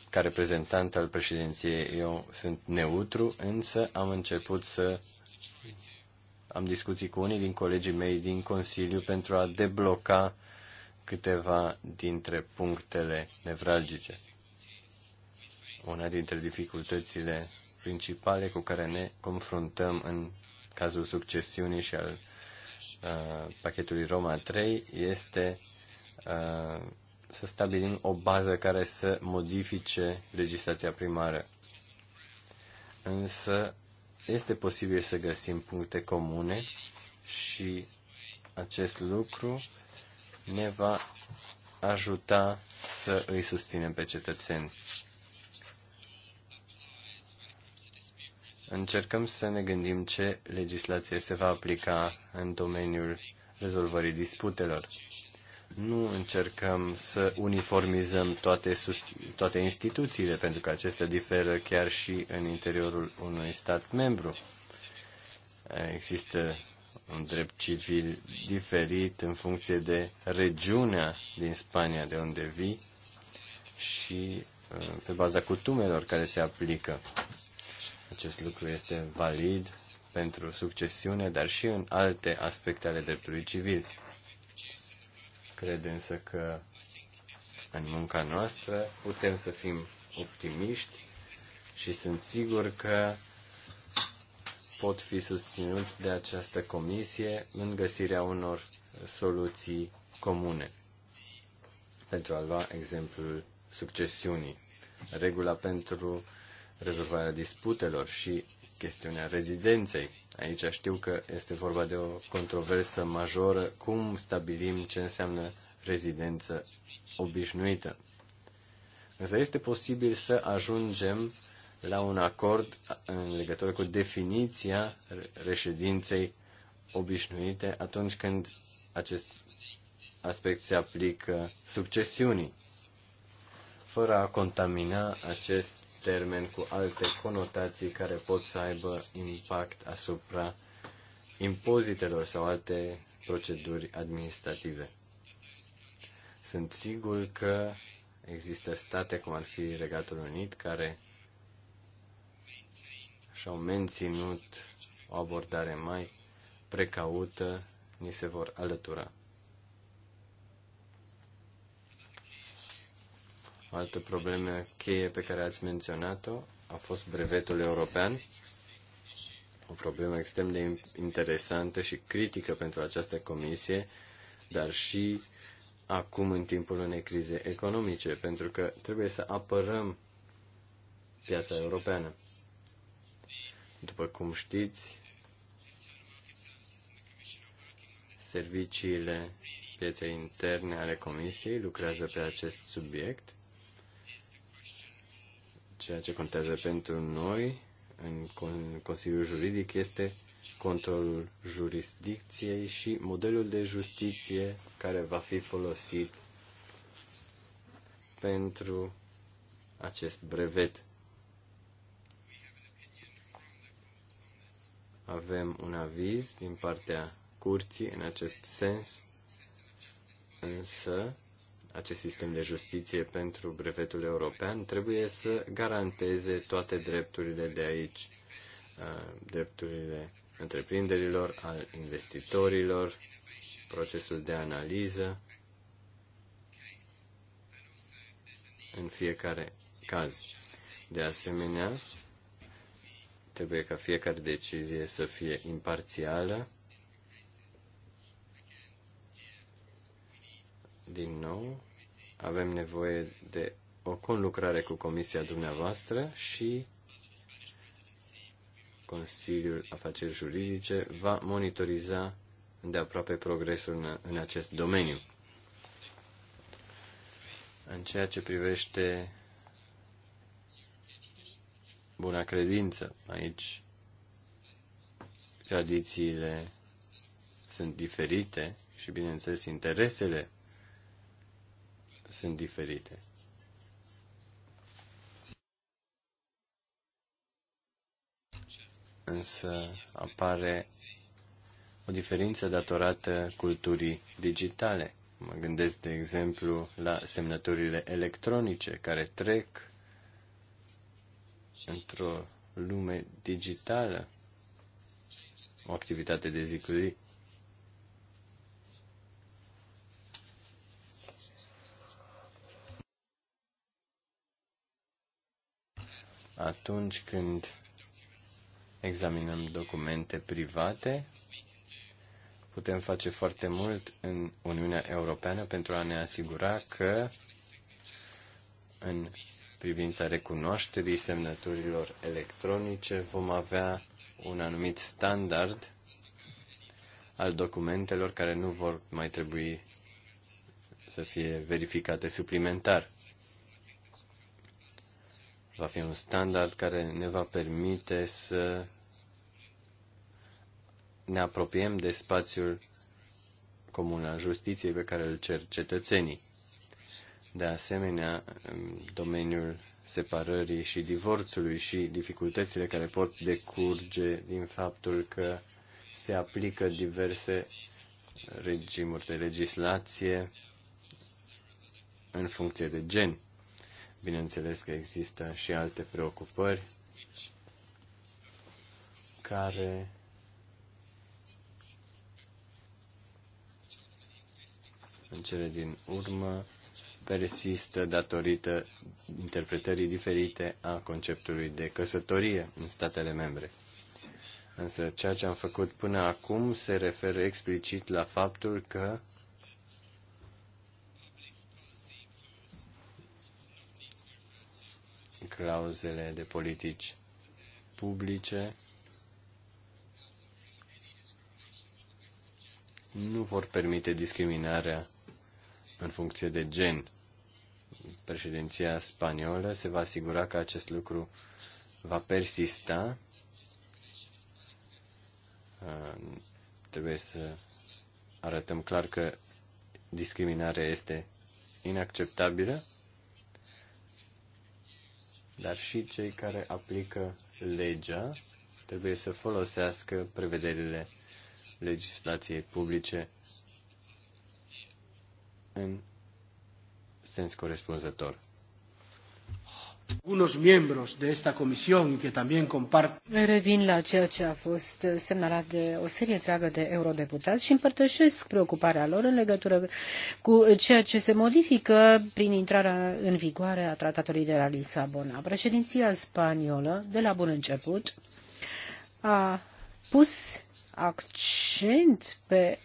Ca reprezentant al președinției eu sunt neutru, însă am început să am discuții cu unii din colegii mei din Consiliu pentru a debloca câteva dintre punctele nevralgice. Una dintre dificultățile principale cu care ne confruntăm în cazul succesiunii și al uh, pachetului Roma 3 este uh, să stabilim o bază care să modifice legislația primară. Însă este posibil să găsim puncte comune și acest lucru ne va ajuta să îi susținem pe cetățeni. încercăm să ne gândim ce legislație se va aplica în domeniul rezolvării disputelor. Nu încercăm să uniformizăm toate, toate instituțiile, pentru că acestea diferă chiar și în interiorul unui stat membru. Există un drept civil diferit în funcție de regiunea din Spania de unde vii și uh, pe baza cutumelor care se aplică. Acest lucru este valid pentru succesiune, dar și în alte aspecte ale dreptului civil. Cred însă că în munca noastră putem să fim optimiști și sunt sigur că pot fi susținuți de această comisie în găsirea unor soluții comune. Pentru a lua exemplul succesiunii, regula pentru rezolvarea disputelor și chestiunea rezidenței. Aici știu că este vorba de o controversă majoră. Cum stabilim ce înseamnă rezidență obișnuită? Însă este posibil să ajungem la un acord în legătură cu definiția reședinței obișnuite atunci când acest aspect se aplică succesiunii, fără a contamina acest termen cu alte conotații care pot să aibă impact asupra impozitelor sau alte proceduri administrative. Sunt sigur că există state, cum ar fi Regatul Unit, care și-au menținut o abordare mai precaută, ni se vor alătura. altă problemă cheie pe care ați menționat-o a fost brevetul european, o problemă extrem de interesantă și critică pentru această comisie, dar și acum în timpul unei crize economice, pentru că trebuie să apărăm piața europeană. După cum știți, serviciile pieței interne ale Comisiei lucrează pe acest subiect Ceea ce contează pentru noi în Consiliul Juridic este controlul jurisdicției și modelul de justiție care va fi folosit pentru acest brevet. Avem un aviz din partea curții în acest sens, însă acest sistem de justiție pentru brevetul european trebuie să garanteze toate drepturile de aici, uh, drepturile întreprinderilor, al investitorilor, procesul de analiză în fiecare caz. De asemenea, trebuie ca fiecare decizie să fie imparțială din nou, avem nevoie de o conlucrare cu Comisia dumneavoastră și Consiliul Afaceri Juridice va monitoriza de aproape progresul în, în acest domeniu. În ceea ce privește buna credință, aici tradițiile sunt diferite și, bineînțeles, interesele sunt diferite. Însă apare o diferență datorată culturii digitale. Mă gândesc, de exemplu, la semnăturile electronice care trec într-o lume digitală, o activitate de zi cu zi. atunci când examinăm documente private, putem face foarte mult în Uniunea Europeană pentru a ne asigura că în privința recunoașterii semnăturilor electronice vom avea un anumit standard al documentelor care nu vor mai trebui să fie verificate suplimentar. Va fi un standard care ne va permite să ne apropiem de spațiul comun al justiției pe care îl cer cetățenii. De asemenea, domeniul separării și divorțului și dificultățile care pot decurge din faptul că se aplică diverse regimuri de legislație în funcție de gen. Bineînțeles că există și alte preocupări care în cele din urmă persistă datorită interpretării diferite a conceptului de căsătorie în statele membre. Însă ceea ce am făcut până acum se referă explicit la faptul că clauzele de politici publice nu vor permite discriminarea în funcție de gen. Președinția spaniolă se va asigura că acest lucru va persista. Uh, trebuie să arătăm clar că discriminarea este inacceptabilă dar și cei care aplică legea trebuie să folosească prevederile legislației publice în sens corespunzător. Unos miembros de esta comisión y que también compart... Revin la ceea ce a fost semnalat de o serie întreagă de eurodeputați și împărtășesc preocuparea lor în legătură cu ceea ce se modifică prin intrarea în vigoare a tratatului de la Lisabona. Președinția spaniolă, de la bun început, a pus accent pe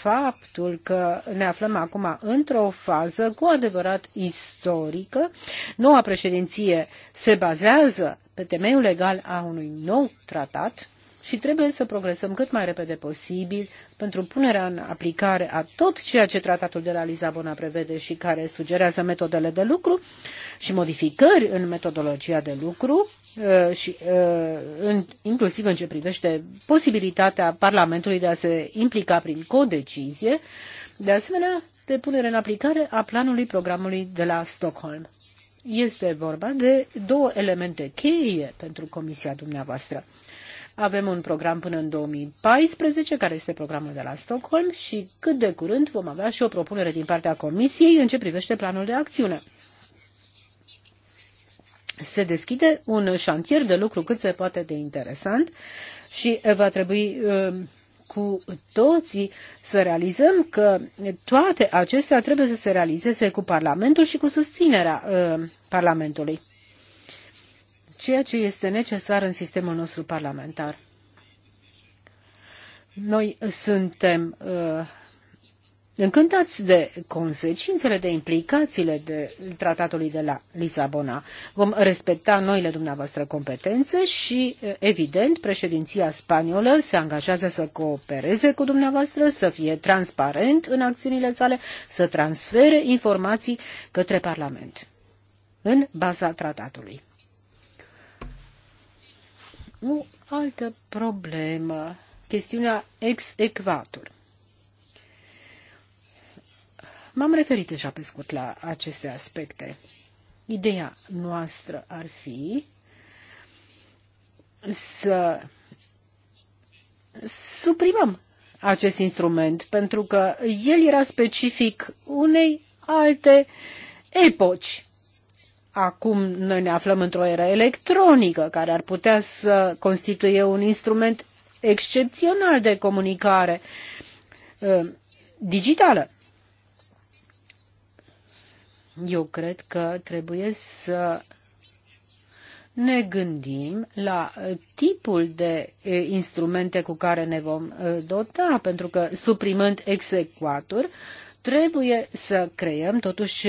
faptul că ne aflăm acum într-o fază cu adevărat istorică. Noua președinție se bazează pe temeiul legal a unui nou tratat și trebuie să progresăm cât mai repede posibil pentru punerea în aplicare a tot ceea ce tratatul de la Lisabona prevede și care sugerează metodele de lucru și modificări în metodologia de lucru Uh, și uh, în, inclusiv în ce privește posibilitatea Parlamentului de a se implica prin codecizie, de asemenea, de punere în aplicare a planului programului de la Stockholm. Este vorba de două elemente cheie pentru comisia dumneavoastră. Avem un program până în 2014, care este programul de la Stockholm, și cât de curând vom avea și o propunere din partea Comisiei în ce privește planul de acțiune se deschide un șantier de lucru cât se poate de interesant și va trebui um, cu toții să realizăm că toate acestea trebuie să se realizeze cu Parlamentul și cu susținerea um, Parlamentului. Ceea ce este necesar în sistemul nostru parlamentar. Noi suntem uh, încântați de consecințele, de implicațiile de tratatului de la Lisabona. Vom respecta noile dumneavoastră competențe și, evident, președinția spaniolă se angajează să coopereze cu dumneavoastră, să fie transparent în acțiunile sale, să transfere informații către Parlament în baza tratatului. O altă problemă, chestiunea ex equator. M-am referit deja pe scurt la aceste aspecte. Ideea noastră ar fi să suprimăm acest instrument, pentru că el era specific unei alte epoci. Acum noi ne aflăm într-o era electronică care ar putea să constituie un instrument excepțional de comunicare uh, digitală. Eu cred că trebuie să ne gândim la tipul de instrumente cu care ne vom dota, pentru că suprimând execuator, trebuie să creăm totuși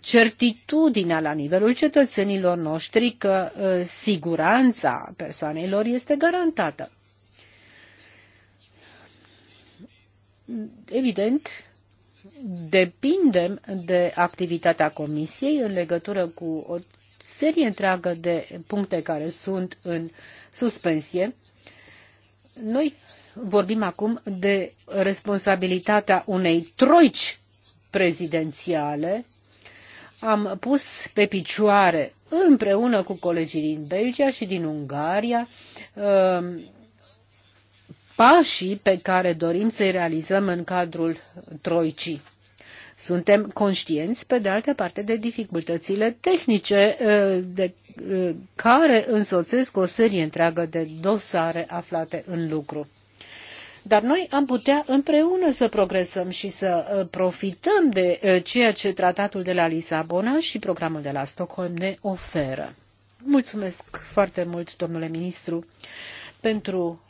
certitudinea la nivelul cetățenilor noștri că siguranța persoanelor este garantată. Evident, depindem de activitatea Comisiei în legătură cu o serie întreagă de puncte care sunt în suspensie. Noi vorbim acum de responsabilitatea unei troici prezidențiale. Am pus pe picioare împreună cu colegii din Belgia și din Ungaria um, pașii pe care dorim să-i realizăm în cadrul troicii. Suntem conștienți, pe de altă parte, de dificultățile tehnice uh, de, uh, care însoțesc o serie întreagă de dosare aflate în lucru dar noi am putea împreună să progresăm și să uh, profităm de ceea ce tratatul de la Lisabona și programul de la Stockholm ne oferă. Mulțumesc foarte mult, domnule ministru, pentru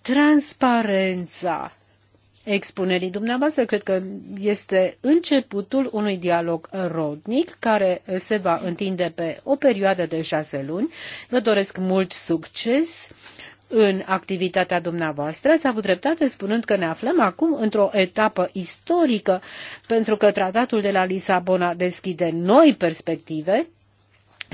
transparența expunerii dumneavoastră. Cred că este începutul unui dialog rodnic care se va întinde pe o perioadă de șase luni. Vă doresc mult succes în activitatea dumneavoastră. Ați avut dreptate spunând că ne aflăm acum într-o etapă istorică pentru că tratatul de la Lisabona deschide noi perspective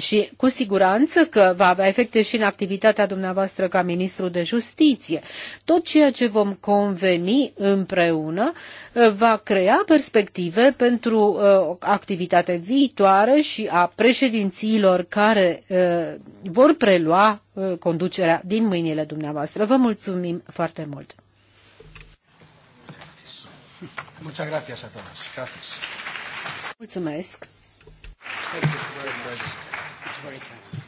și cu siguranță că va avea efecte și în activitatea dumneavoastră ca ministru de justiție. Tot ceea ce vom conveni împreună uh, va crea perspective pentru o uh, activitate viitoare și a președințiilor care uh, vor prelua conducerea din mâinile dumneavoastră. Vă mulțumim foarte mult! Muchas Mulțumesc. Thank you very much. It's very kind.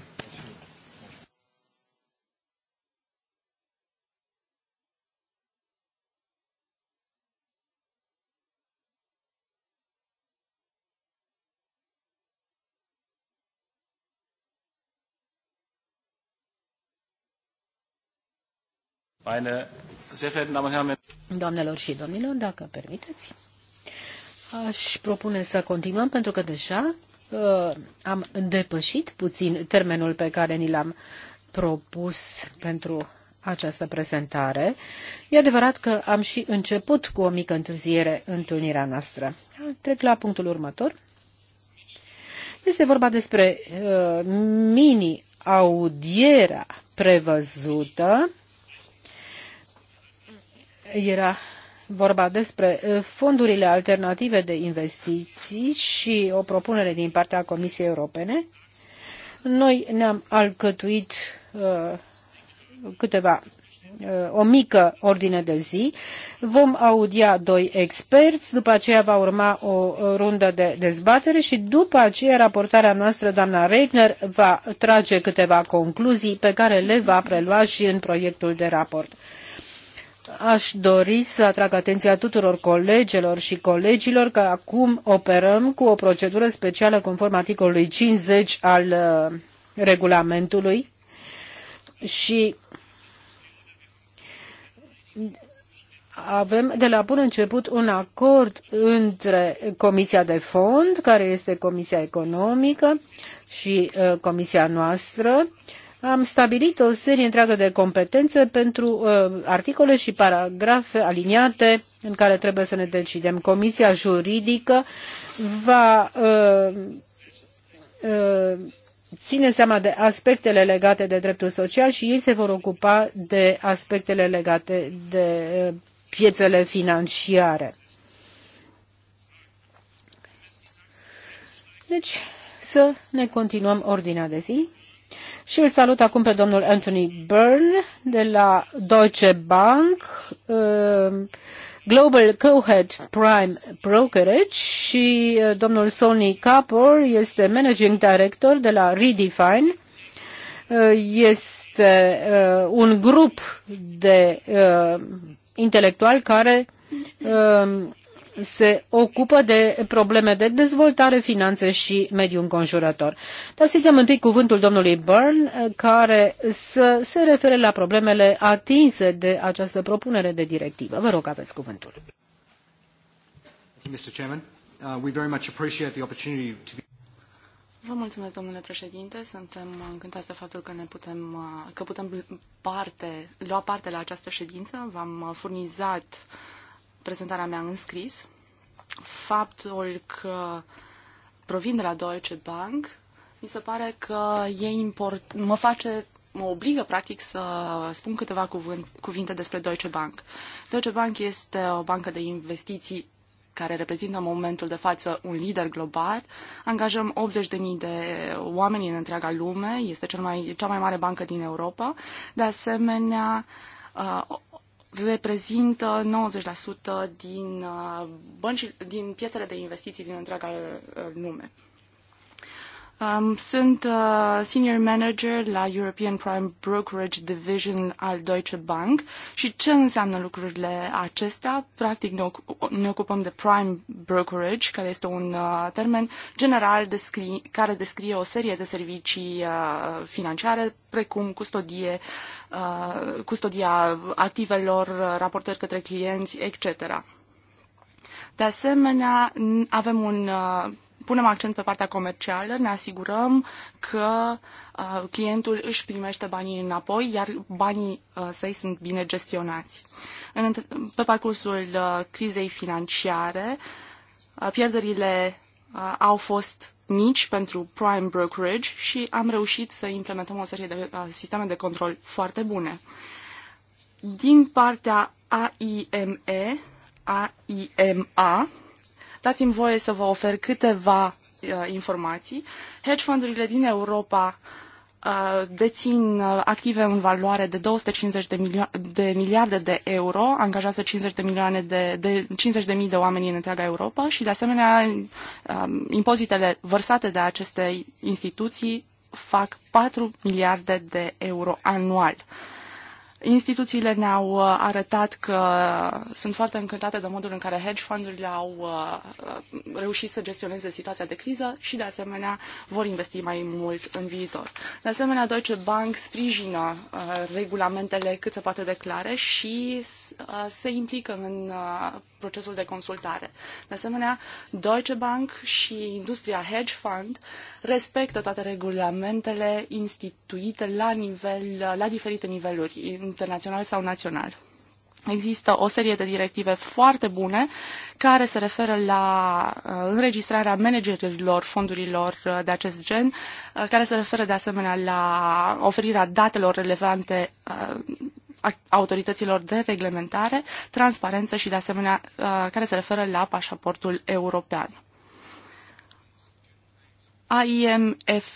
Doamnelor și domnilor, dacă permiteți, aș propune să continuăm pentru că deja uh, am depășit puțin termenul pe care ni l-am propus pentru această prezentare. E adevărat că am și început cu o mică întârziere întâlnirea noastră. Trec la punctul următor. Este vorba despre uh, mini-audierea prevăzută. Era vorba despre uh, fondurile alternative de investiții și o propunere din partea Comisiei Europene. Noi ne-am alcătuit uh, câteva uh, o mică ordine de zi. Vom audia doi experți, după aceea va urma o rundă de dezbatere și după aceea raportarea noastră, doamna Regner, va trage câteva concluzii pe care le va prelua și în proiectul de raport aș dori să atrag atenția tuturor colegelor și colegilor că acum operăm cu o procedură specială conform articolului 50 al uh, regulamentului și avem de la bun început un acord între Comisia de Fond, care este Comisia Economică, și uh, Comisia noastră am stabilit o serie întreagă de competențe pentru uh, articole și paragrafe aliniate în care trebuie să ne decidem. Comisia juridică va uh, uh, ține seama de aspectele legate de dreptul social și ei se vor ocupa de aspectele legate de uh, piețele financiare. Deci, să ne continuăm ordinea de zi. Și îl salut acum pe domnul Anthony Byrne de la Deutsche Bank, uh, Global Cohead Prime Brokerage și uh, domnul Sony Kapoor este Managing Director de la Redefine. Uh, este un grup de intelectuali care se ocupă de probleme de dezvoltare, finanțe și mediu înconjurător. Dar să întâi cuvântul domnului Byrne, care să se refere la problemele atinse de această propunere de directivă. Vă rog, aveți cuvântul. Uh, Vă mulțumesc, domnule președinte. Suntem încântați de faptul că ne putem, uh, că putem parte, lua parte la această ședință. V-am furnizat uh, prezentarea mea în scris faptul că provin de la Deutsche Bank, mi se pare că e import, mă face mă obligă practic să spun câteva cuvânt, cuvinte despre Deutsche Bank. Deutsche Bank este o bancă de investiții care reprezintă în momentul de față un lider global. Angajăm 80.000 de oameni în întreaga lume, este cel mai, cea mai mare bancă din Europa. De asemenea, uh, reprezintă 90% din, uh, bănci, din piețele de investiții din întreaga uh, lume. Um, sunt uh, senior manager la European Prime Brokerage Division al Deutsche Bank și ce înseamnă lucrurile acestea? Practic ne, ocup- ne ocupăm de prime brokerage, care este un uh, termen general descri- care descrie o serie de servicii uh, financiare, precum custodie, uh, custodia activelor, uh, raportări către clienți, etc. De asemenea, avem un uh, punem accent pe partea comercială, ne asigurăm că uh, clientul își primește banii înapoi, iar banii uh, săi sunt bine gestionați. În, pe parcursul uh, crizei financiare, pierderile au fost mici pentru prime brokerage și am reușit să implementăm o serie de sisteme de control foarte bune. Din partea AIME, AIMA, Dați-mi voie să vă ofer câteva uh, informații. Hedge fundurile din Europa uh, dețin uh, active în valoare de 250 de, milio- de miliarde de euro, angajează 50 de milioane de, de 50 de mii de oameni în întreaga Europa și de asemenea um, impozitele vărsate de aceste instituții fac 4 miliarde de euro anual. Uh, Instituțiile ne-au uh, arătat că sunt foarte încântate de modul în care hedge fundurile au uh, uh, reușit să gestioneze situația de criză și, de asemenea, vor investi mai mult în viitor. De asemenea, Deutsche Bank sprijină regulamentele cât se poate declare și se implică în procesul de consultare. De asemenea, Deutsche Bank și industria hedge fund respectă toate regulamentele instituite la, nivel, la diferite niveluri internațional sau național. Există o serie de directive foarte bune care se referă la uh, înregistrarea managerilor fondurilor uh, de acest gen, uh, care se referă de asemenea la oferirea datelor relevante autorităților de reglementare, transparență și de asemenea care se referă la pașaportul european. AIMF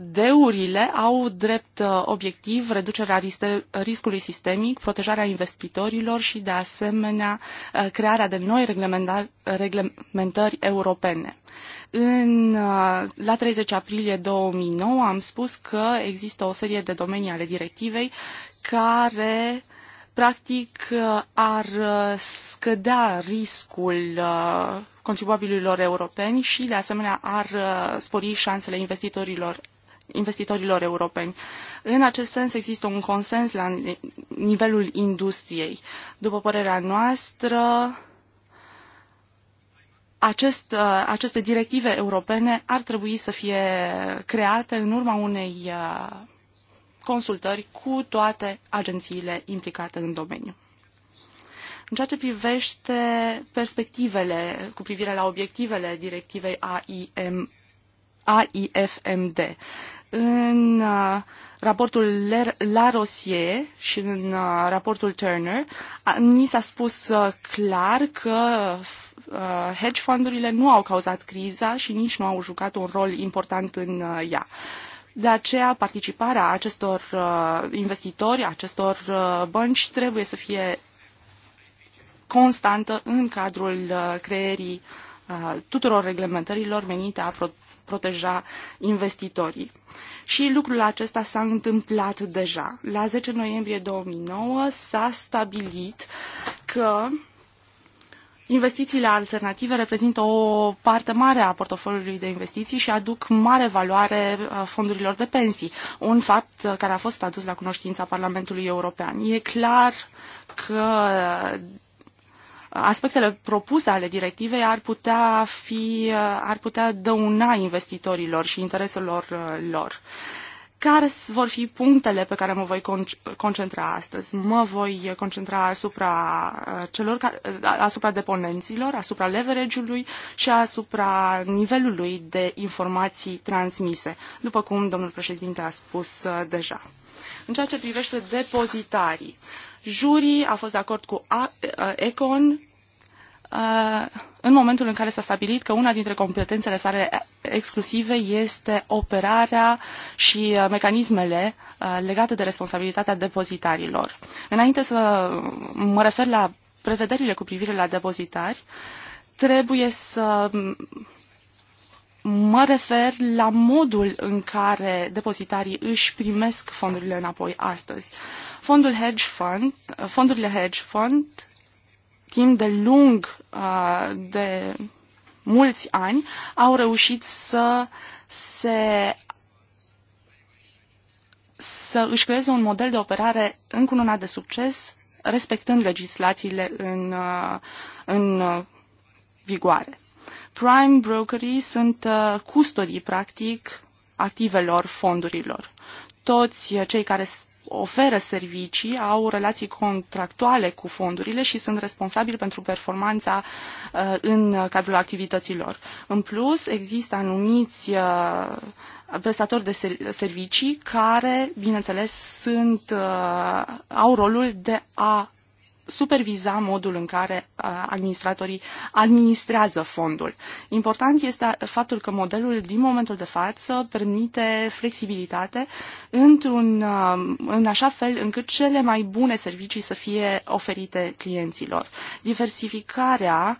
OMD-urile au drept uh, obiectiv reducerea riscului sistemic, protejarea investitorilor și, de asemenea, uh, crearea de noi reglementări europene. În, uh, la 30 aprilie 2009 am spus că există o serie de domenii ale directivei care practic ar scădea riscul contribuabililor europeni și, de asemenea, ar spori șansele investitorilor investitorilor europeni. În acest sens există un consens la nivelul industriei. După părerea noastră, acest, uh, aceste directive europene ar trebui să fie create în urma unei uh, consultări cu toate agențiile implicate în domeniu. În ceea ce privește perspectivele cu privire la obiectivele directivei AIM, AIFMD, în uh, raportul La Rosie și în uh, raportul Turner ni s-a spus uh, clar că hedge fundurile nu au cauzat criza și nici nu au jucat un rol important în ea. De aceea, participarea acestor investitori, acestor bănci, trebuie să fie constantă în cadrul creierii tuturor reglementărilor menite a proteja investitorii. Și lucrul acesta s-a întâmplat deja. La 10 noiembrie 2009 s-a stabilit că Investițiile alternative reprezintă o parte mare a portofoliului de investiții și aduc mare valoare uh, fondurilor de pensii, un fapt uh, care a fost adus la cunoștința Parlamentului European. E clar că aspectele propuse ale directivei ar putea, fi, ar putea dăuna investitorilor și intereselor uh, lor. Care vor fi punctele pe care mă voi concentra astăzi? Mă voi concentra asupra uh, celor care, uh, asupra deponenților, asupra leverage-ului și asupra nivelului de informații transmise, după cum domnul președinte a spus deja. În ceea ce privește depozitarii, uh, Jurii a fost de acord cu Econ în momentul în care s-a stabilit că una dintre competențele sale exclusive este operarea și mecanismele legate de responsabilitatea depozitarilor. Înainte să mă refer la prevederile cu privire la depozitari, trebuie să mă refer la modul în care depozitarii își primesc fondurile înapoi astăzi. Fondul hedge fund, fondurile hedge fund timp de lung, de mulți ani, au reușit să se să își creeze un model de operare încununat de succes, respectând legislațiile în, în vigoare. Prime brokerii sunt custodii, practic, activelor fondurilor. Toți cei care oferă servicii au relații contractuale cu fondurile și sunt responsabili pentru performanța uh, în cadrul activităților. În plus, există anumiți uh, prestatori de servicii care, bineînțeles, sunt, uh, au rolul de a superviza modul în care uh, administratorii administrează fondul. Important este faptul că modelul din momentul de față permite flexibilitate într-un, uh, în așa fel încât cele mai bune servicii să fie oferite clienților. Diversificarea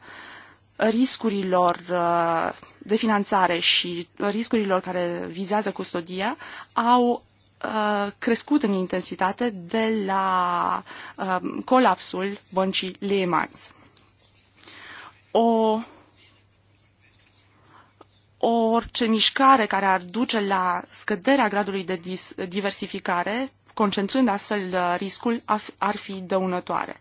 riscurilor uh, de finanțare și riscurilor care vizează custodia au Uh, crescut în intensitate de la uh, colapsul băncii Lehman. O orice mișcare care ar duce la scăderea gradului de diversificare, concentrând astfel uh, riscul, ar fi dăunătoare.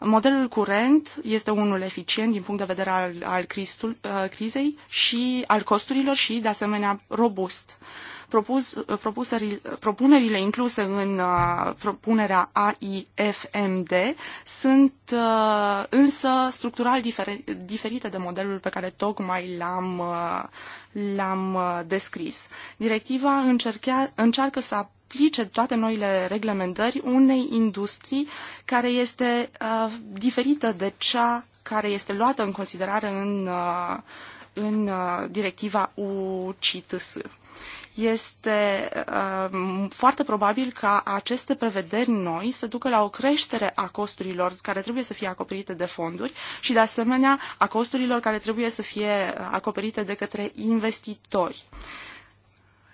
Modelul curent este unul eficient din punct de vedere al, al cristul, crizei și al costurilor și, de asemenea, robust. Uh, propus, propunerile incluse în uh, propunerea AIFMD sunt uh, însă structural diferite de modelul pe care tocmai l-am, uh, l-am descris. Directiva încerchea, încearcă să aplice toate noile reglementări unei industrii care este uh, diferită de cea care este luată în considerare în, uh, în uh, directiva UCITS este uh, foarte probabil ca aceste prevederi noi să ducă la o creștere a costurilor care trebuie să fie acoperite de fonduri și, de asemenea, a costurilor care trebuie să fie acoperite de către investitori.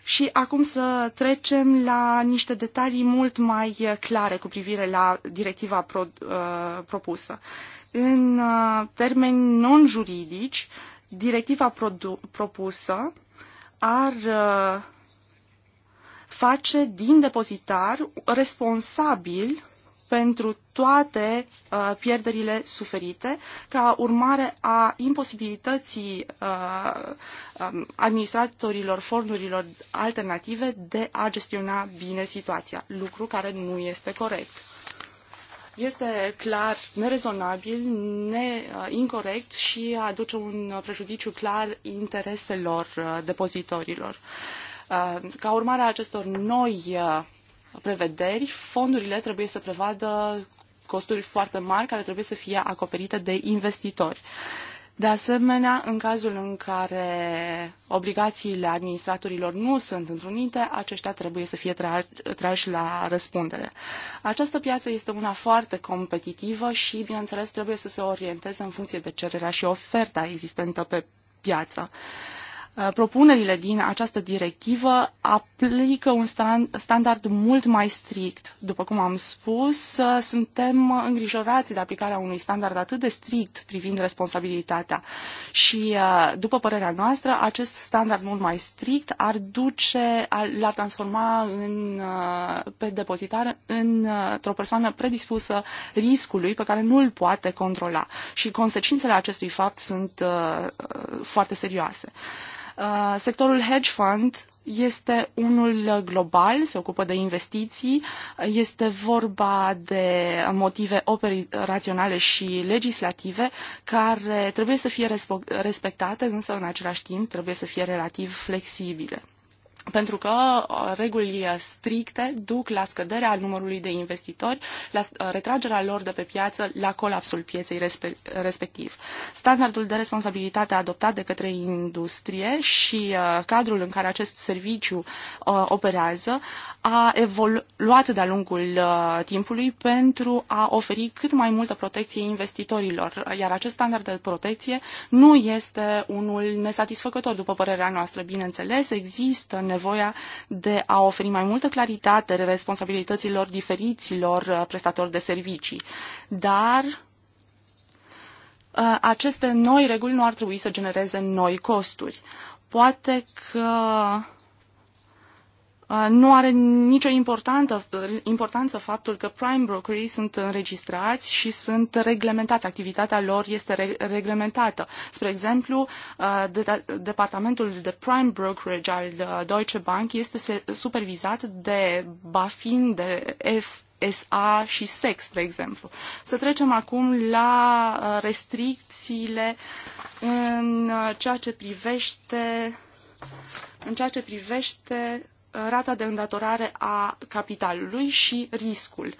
Și acum să trecem la niște detalii mult mai clare cu privire la directiva pro, uh, propusă. În uh, termeni non-juridici, directiva propusă ar uh, face din depozitar responsabil pentru toate uh, pierderile suferite ca urmare a imposibilității uh, um, administratorilor fondurilor alternative de a gestiona bine situația, lucru care nu este corect. Este clar nerezonabil, ne, uh, incorrect și aduce un prejudiciu clar intereselor uh, depozitorilor. Uh, Uh, ca urmare a acestor noi uh, prevederi, fondurile trebuie să prevadă costuri foarte mari care trebuie să fie acoperite de investitori. De asemenea, în cazul în care obligațiile administratorilor nu sunt întrunite, aceștia trebuie să fie trași la răspundere. Această piață este una foarte competitivă și, bineînțeles, trebuie să se orienteze în funcție de cererea și oferta existentă pe piață. Uh, Uh, propunerile din această directivă aplică un standard mult mai strict. După cum am spus, uh, suntem îngrijorați de aplicarea unui standard atât de strict privind responsabilitatea și, uh, după părerea noastră, acest standard mult mai strict ar duce, l-ar transforma în, pe depozitar într-o persoană predispusă riscului pe care nu îl poate controla și consecințele acestui fapt sunt foarte serioase. Uh, sectorul hedge fund este unul global, se ocupă de investiții, uh, este vorba de motive operaționale și legislative care trebuie să fie respectate, însă în același timp trebuie să fie relativ flexibile pentru că uh, reguli stricte duc la scăderea numărului de investitori, la uh, retragerea lor de pe piață, la colapsul pieței respectiv. Standardul de responsabilitate adoptat de către industrie și uh, cadrul în care acest serviciu operează a evoluat de-a lungul timpului pentru a oferi cât mai multă protecție investitorilor, iar acest standard de protecție nu este unul nesatisfăcător, după părerea noastră. Bineînțeles, există nevoia de a oferi mai multă claritate responsabilităților diferiților uh, prestatori de servicii. Dar uh, aceste noi reguli nu ar trebui să genereze noi costuri. Poate că Uh, nu are nicio importantă, importanță faptul că prime brokerii sunt înregistrați și sunt reglementați. Activitatea lor este re- reglementată. Spre exemplu, uh, de- departamentul de prime brokerage al uh, Deutsche Bank este supervizat de BaFin, de F SA și sex, spre exemplu. Să trecem acum la restricțiile în ceea ce privește în ceea ce privește rata de îndatorare a capitalului și riscul.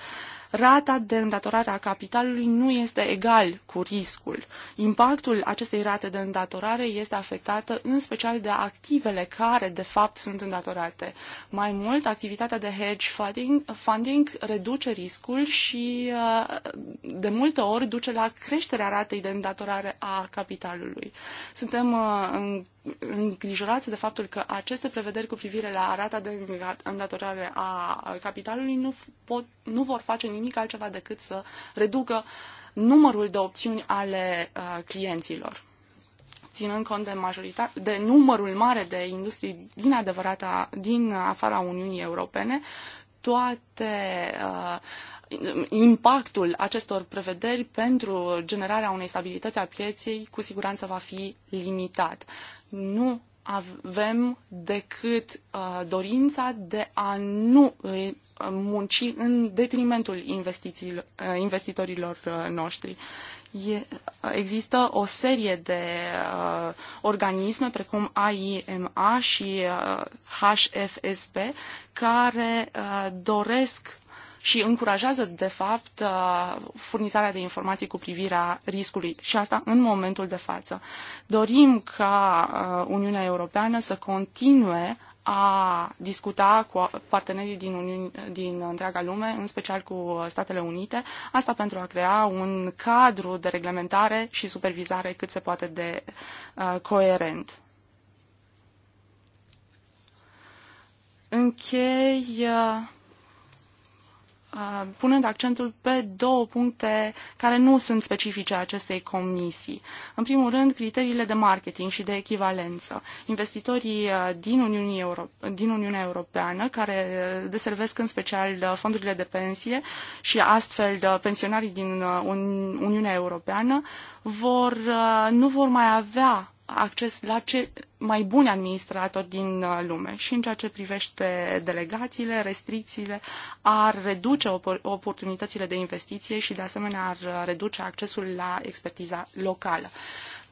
Rata de îndatorare a capitalului nu este egal cu riscul. Impactul acestei rate de îndatorare este afectată în special de activele care, de fapt, sunt îndatorate. Mai mult, activitatea de hedge funding, funding reduce riscul și, uh, de multe ori, duce la creșterea ratei de îndatorare a capitalului. Suntem uh, în îngrijorați de faptul că aceste prevederi cu privire la rata de îndatorare a capitalului nu, pot, nu vor face nimic altceva decât să reducă numărul de opțiuni ale uh, clienților ținând cont de, majoritate, de numărul mare de industrii din adevărata, din afara Uniunii Europene, toate uh, impactul acestor prevederi pentru generarea unei stabilități a pieței cu siguranță va fi limitat nu avem decât uh, dorința de a nu uh, munci în detrimentul uh, investitorilor uh, noștri. E, există o serie de uh, organisme precum AIMA și uh, HFSP care uh, doresc și încurajează, de fapt, uh, furnizarea de informații cu privirea riscului și asta în momentul de față. Dorim ca uh, Uniunea Europeană să continue a discuta cu partenerii din, Uniuni, din întreaga lume, în special cu Statele Unite, asta pentru a crea un cadru de reglementare și supervizare cât se poate de uh, coerent. Închei uh, punând accentul pe două puncte care nu sunt specifice acestei comisii. În primul rând, criteriile de marketing și de echivalență. Investitorii din, Uniunea Euro- din Uniunea Europeană, care deservesc în special fondurile de pensie și astfel pensionarii din Uniunea Europeană, vor, nu vor mai avea acces la ce mai buni administratori din uh, lume și în ceea ce privește delegațiile, restricțiile, ar reduce oportunitățile de investiție și de asemenea ar uh, reduce accesul la expertiza locală.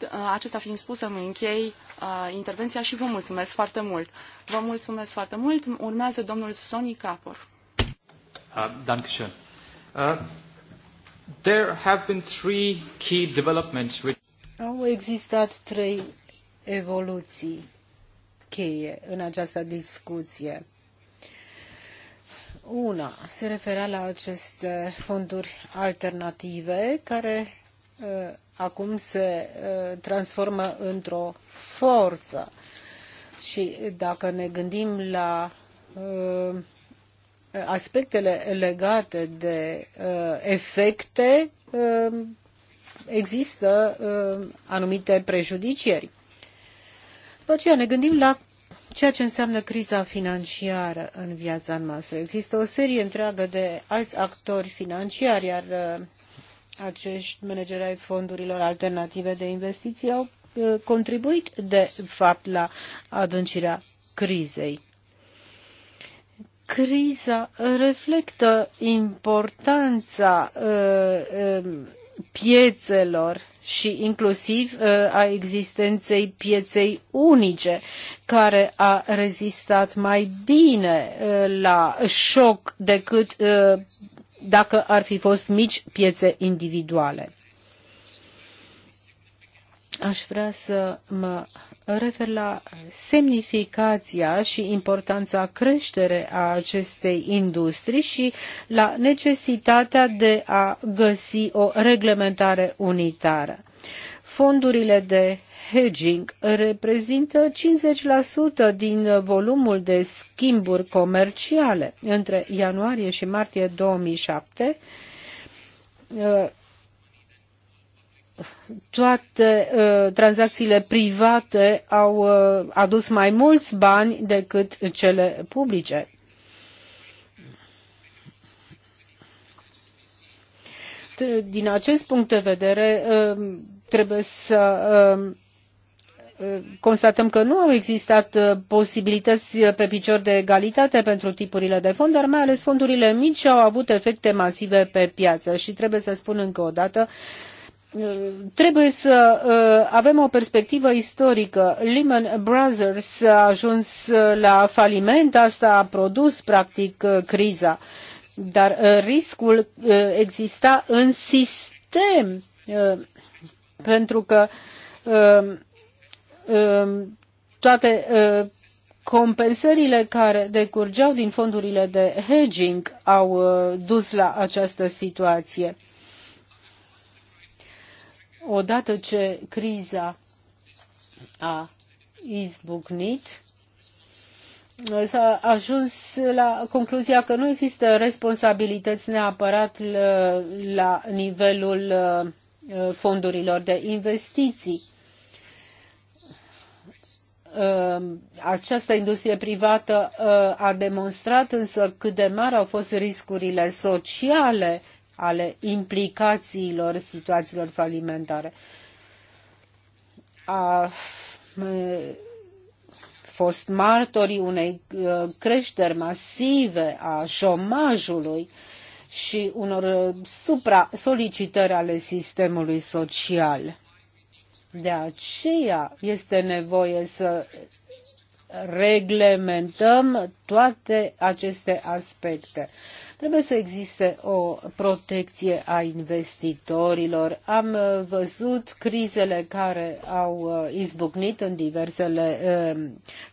Uh, acesta fiind spus, îmi închei uh, intervenția și vă mulțumesc foarte mult. Vă mulțumesc foarte mult. Urmează domnul Sonny Capor. Uh, Uh, there have been three key developments which au existat trei evoluții cheie în această discuție. Una se referea la aceste fonduri alternative care uh, acum se uh, transformă într-o forță. Și dacă ne gândim la uh, aspectele legate de uh, efecte, uh, există uh, anumite prejudicieri. După aceea ne gândim la ceea ce înseamnă criza financiară în viața noastră. Există o serie întreagă de alți actori financiari, iar uh, acești manageri ai fondurilor alternative de investiții au uh, contribuit, de fapt, la adâncirea crizei. Criza reflectă importanța uh, uh, piețelor și inclusiv uh, a existenței pieței unice, care a rezistat mai bine uh, la șoc decât uh, dacă ar fi fost mici piețe individuale aș vrea să mă refer la semnificația și importanța creștere a acestei industrii și la necesitatea de a găsi o reglementare unitară. Fondurile de hedging reprezintă 50% din volumul de schimburi comerciale. Între ianuarie și martie 2007, toate uh, tranzacțiile private au uh, adus mai mulți bani decât cele publice. Din acest punct de vedere, uh, trebuie să constatăm că nu au existat posibilități pe picior de egalitate pentru tipurile de fond, dar mai ales fondurile mici au avut efecte masive pe piață și trebuie să spun încă o dată trebuie să uh, avem o perspectivă istorică. Lehman Brothers a ajuns la faliment, asta a produs practic uh, criza, dar uh, riscul exista în sistem, pentru că toate compensările care decurgeau din fondurile de hedging au dus la această situație odată ce criza a izbucnit, s-a ajuns la concluzia că nu există responsabilități neapărat la nivelul uh, fondurilor de investiții. Uh, această industrie privată uh, a demonstrat însă cât de mari au fost riscurile sociale ale implicațiilor situațiilor falimentare. A fost martorii unei uh, creșteri masive a șomajului și unor uh, supra-solicitări ale sistemului social. De aceea este nevoie să reglementăm toate aceste aspecte. Trebuie să existe o protecție a investitorilor. Am uh, văzut crizele care au uh, izbucnit în diversele uh,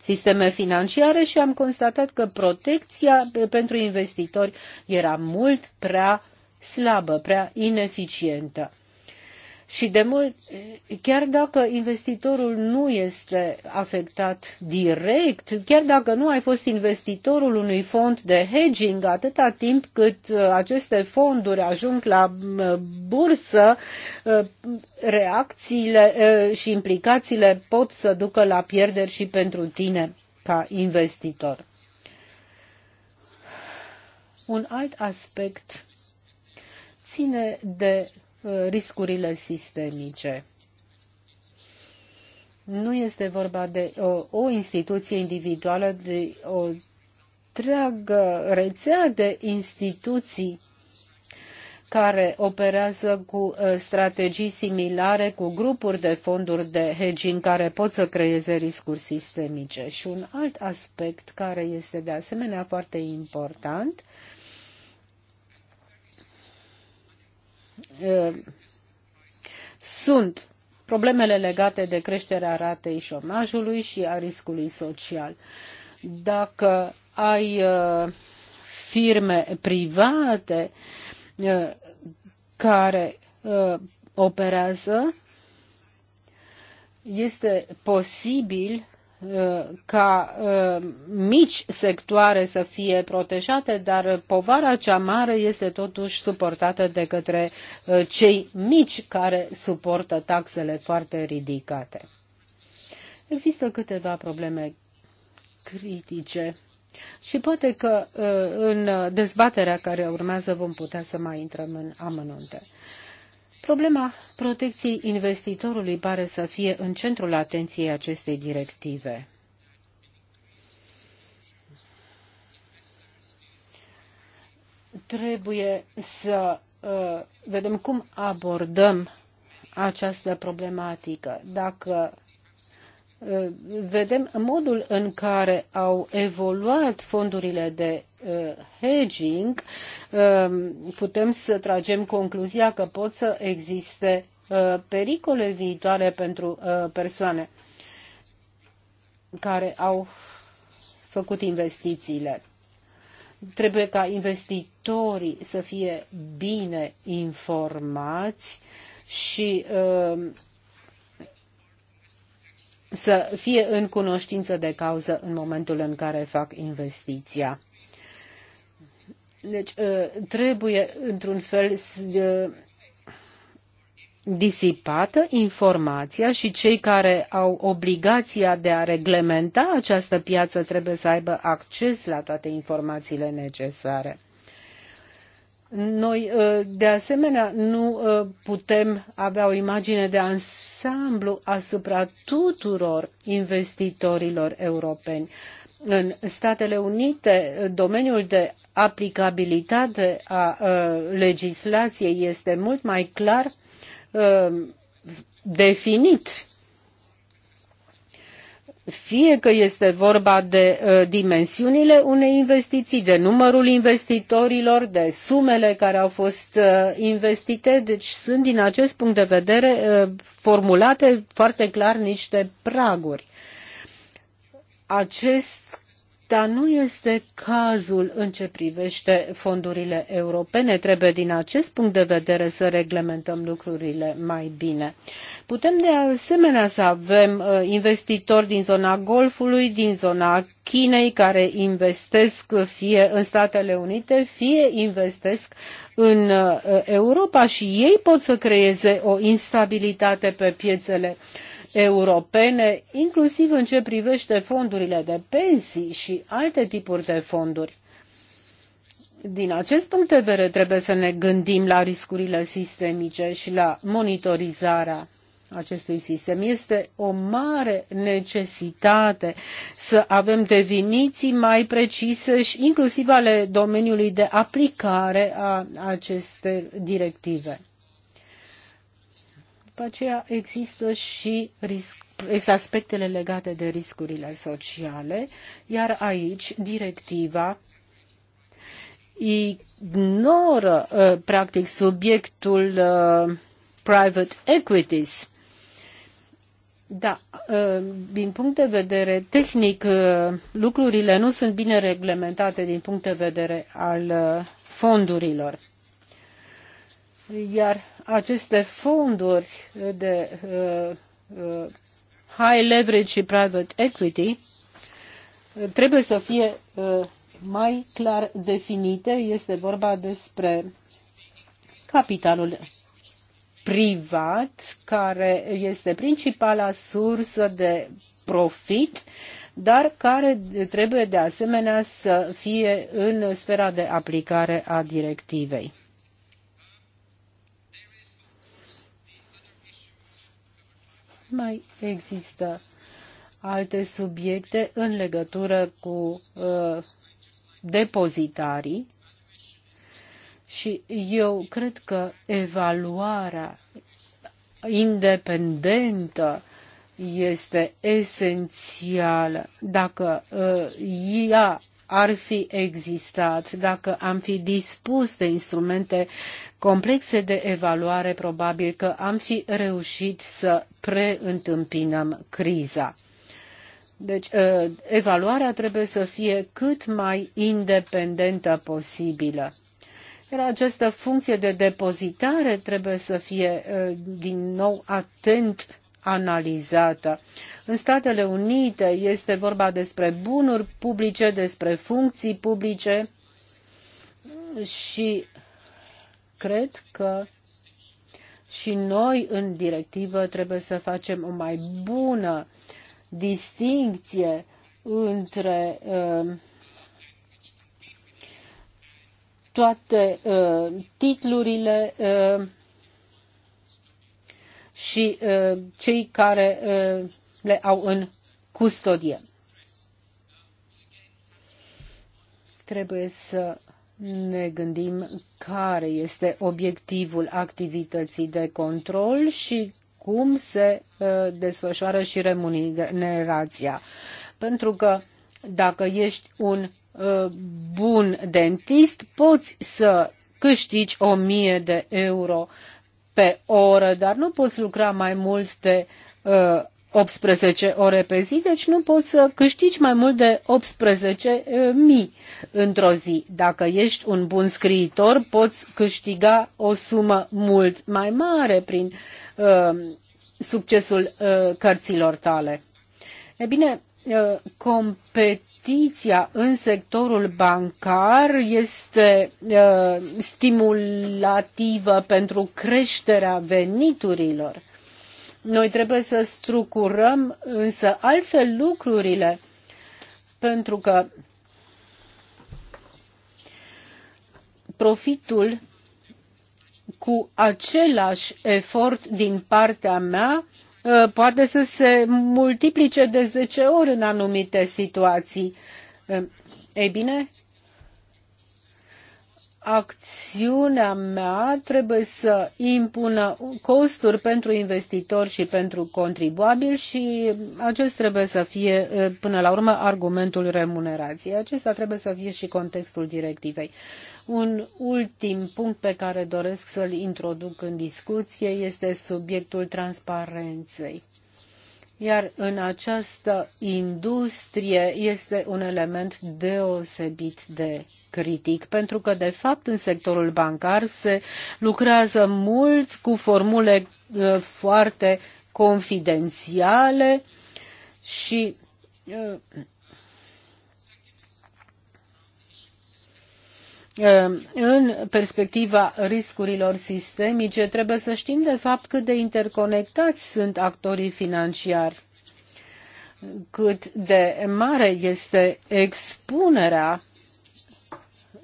sisteme financiare și am constatat că protecția pentru investitori era mult prea slabă, prea ineficientă. Și de mult, chiar dacă investitorul nu este afectat direct, chiar dacă nu ai fost investitorul unui fond de hedging, atâta timp cât uh, aceste fonduri ajung la uh, bursă, uh, reacțiile și implicațiile pot să ducă la pierderi și pentru tine ca investitor. Un alt aspect ține de riscurile sistemice. Nu este vorba de o, o instituție individuală, de o întreagă rețea de instituții care operează cu ă, strategii similare, cu grupuri de fonduri de hedging care pot să creeze riscuri sistemice. Și un alt aspect care este de asemenea foarte important Uh, sunt problemele legate de creșterea ratei șomajului și a riscului social. Dacă ai uh, firme private uh, care operează, este posibil ca uh, mici sectoare să fie protejate, dar povara cea mare este totuși suportată de către uh, cei mici care suportă taxele foarte ridicate. Există câteva probleme critice și poate că uh, în dezbaterea care urmează vom putea să mai intrăm în amănunte. Problema protecției investitorului pare să fie în centrul atenției acestei directive. Trebuie să uh, vedem cum abordăm această problematică. Dacă uh, vedem modul în care au evoluat fondurile de Uh, hedging, um, putem să tragem concluzia că pot să existe uh, pericole viitoare pentru uh, persoane care au făcut investițiile. Trebuie ca investitorii să fie bine informați și um, să fie în cunoștință de cauză în momentul în care fac investiția. Deci uh, trebuie, într-un fel, uh, disipată informația și cei care au obligația de a reglementa această piață trebuie să aibă acces la toate informațiile necesare. Noi, uh, de asemenea, nu putem avea o imagine de ansamblu asupra tuturor investitorilor europeni. În Statele Unite, domeniul de aplicabilitate a legislației este mult mai clar definit fie că este vorba de dimensiunile unei investiții, de numărul investitorilor, de sumele care au fost investite, deci sunt din acest punct de vedere formulate foarte clar niște praguri. Acest dar nu este cazul în ce privește fondurile europene. Trebuie din acest punct de vedere să reglementăm lucrurile mai bine. Putem de asemenea să avem uh, investitori din zona Golfului, din zona Chinei, care investesc fie în Statele Unite, fie investesc în uh, Europa și ei pot să creeze o instabilitate pe piețele uh, europene, inclusiv în ce privește fondurile de pensii și alte tipuri de fonduri. Din acest punct de vedere trebuie să ne gândim la riscurile sistemice și la monitorizarea acestui sistem. Este o mare necesitate să avem definiții mai precise și inclusiv ale domeniului de aplicare a acestei directive. După aceea există și risc, există aspectele legate de riscurile sociale, iar aici directiva ignoră uh, practic subiectul uh, private equities. Da, uh, din punct de vedere tehnic, lucrurile nu sunt bine reglementate din punct de vedere al fondurilor. Iar aceste fonduri de uh, uh, high leverage și private equity uh, trebuie să fie uh, mai clar definite. Este vorba despre capitalul privat, care este principala sursă de profit, dar care trebuie de asemenea să fie în sfera de aplicare a directivei. Mai există alte subiecte în legătură cu uh, depozitarii și eu cred că evaluarea independentă este esențială. Dacă uh, ea ar fi existat, dacă am fi dispus de instrumente complexe de evaluare, probabil că am fi reușit să preîntâmpinăm criza. Deci, ă, evaluarea trebuie să fie cât mai independentă posibilă. Iar această funcție de depozitare trebuie să fie ă, din nou atent analizată. În Statele Unite este vorba despre bunuri publice, despre funcții publice și cred că și noi în directivă trebuie să facem o mai bună distincție între uh, toate uh, titlurile uh, și uh, cei care uh, le au în custodie. Trebuie să ne gândim care este obiectivul activității de control și cum se uh, desfășoară și remunerația. Pentru că dacă ești un bun dentist, poți să câștigi o mie de euro pe oră, dar nu poți lucra mai mult de uh, 18 ore pe zi, deci nu poți să câștigi mai mult de 18 uh, mii într-o zi. Dacă ești un bun scriitor, poți câștiga o sumă mult mai mare prin uh, succesul uh, cărților tale. E bine, uh, compet Justiția în sectorul bancar este uh, stimulativă pentru creșterea veniturilor. Noi trebuie să structurăm însă altfel lucrurile, pentru că profitul cu același efort din partea mea Uh, poate să se multiplice de 10 ori în anumite situații. Uh, ei bine, acțiunea mea trebuie să impună costuri pentru investitori și pentru contribuabil și acest trebuie să fie eh, până la urmă argumentul remunerației. Acesta trebuie să fie și contextul directivei. Un ultim punct pe care doresc să-l introduc în discuție este subiectul transparenței iar în această industrie este un element deosebit de critic, pentru că, de fapt, în sectorul bancar se lucrează mult cu formule uh, foarte confidențiale și uh, uh, în perspectiva riscurilor sistemice, trebuie să știm de fapt cât de interconectați sunt actorii financiari, cât de mare este expunerea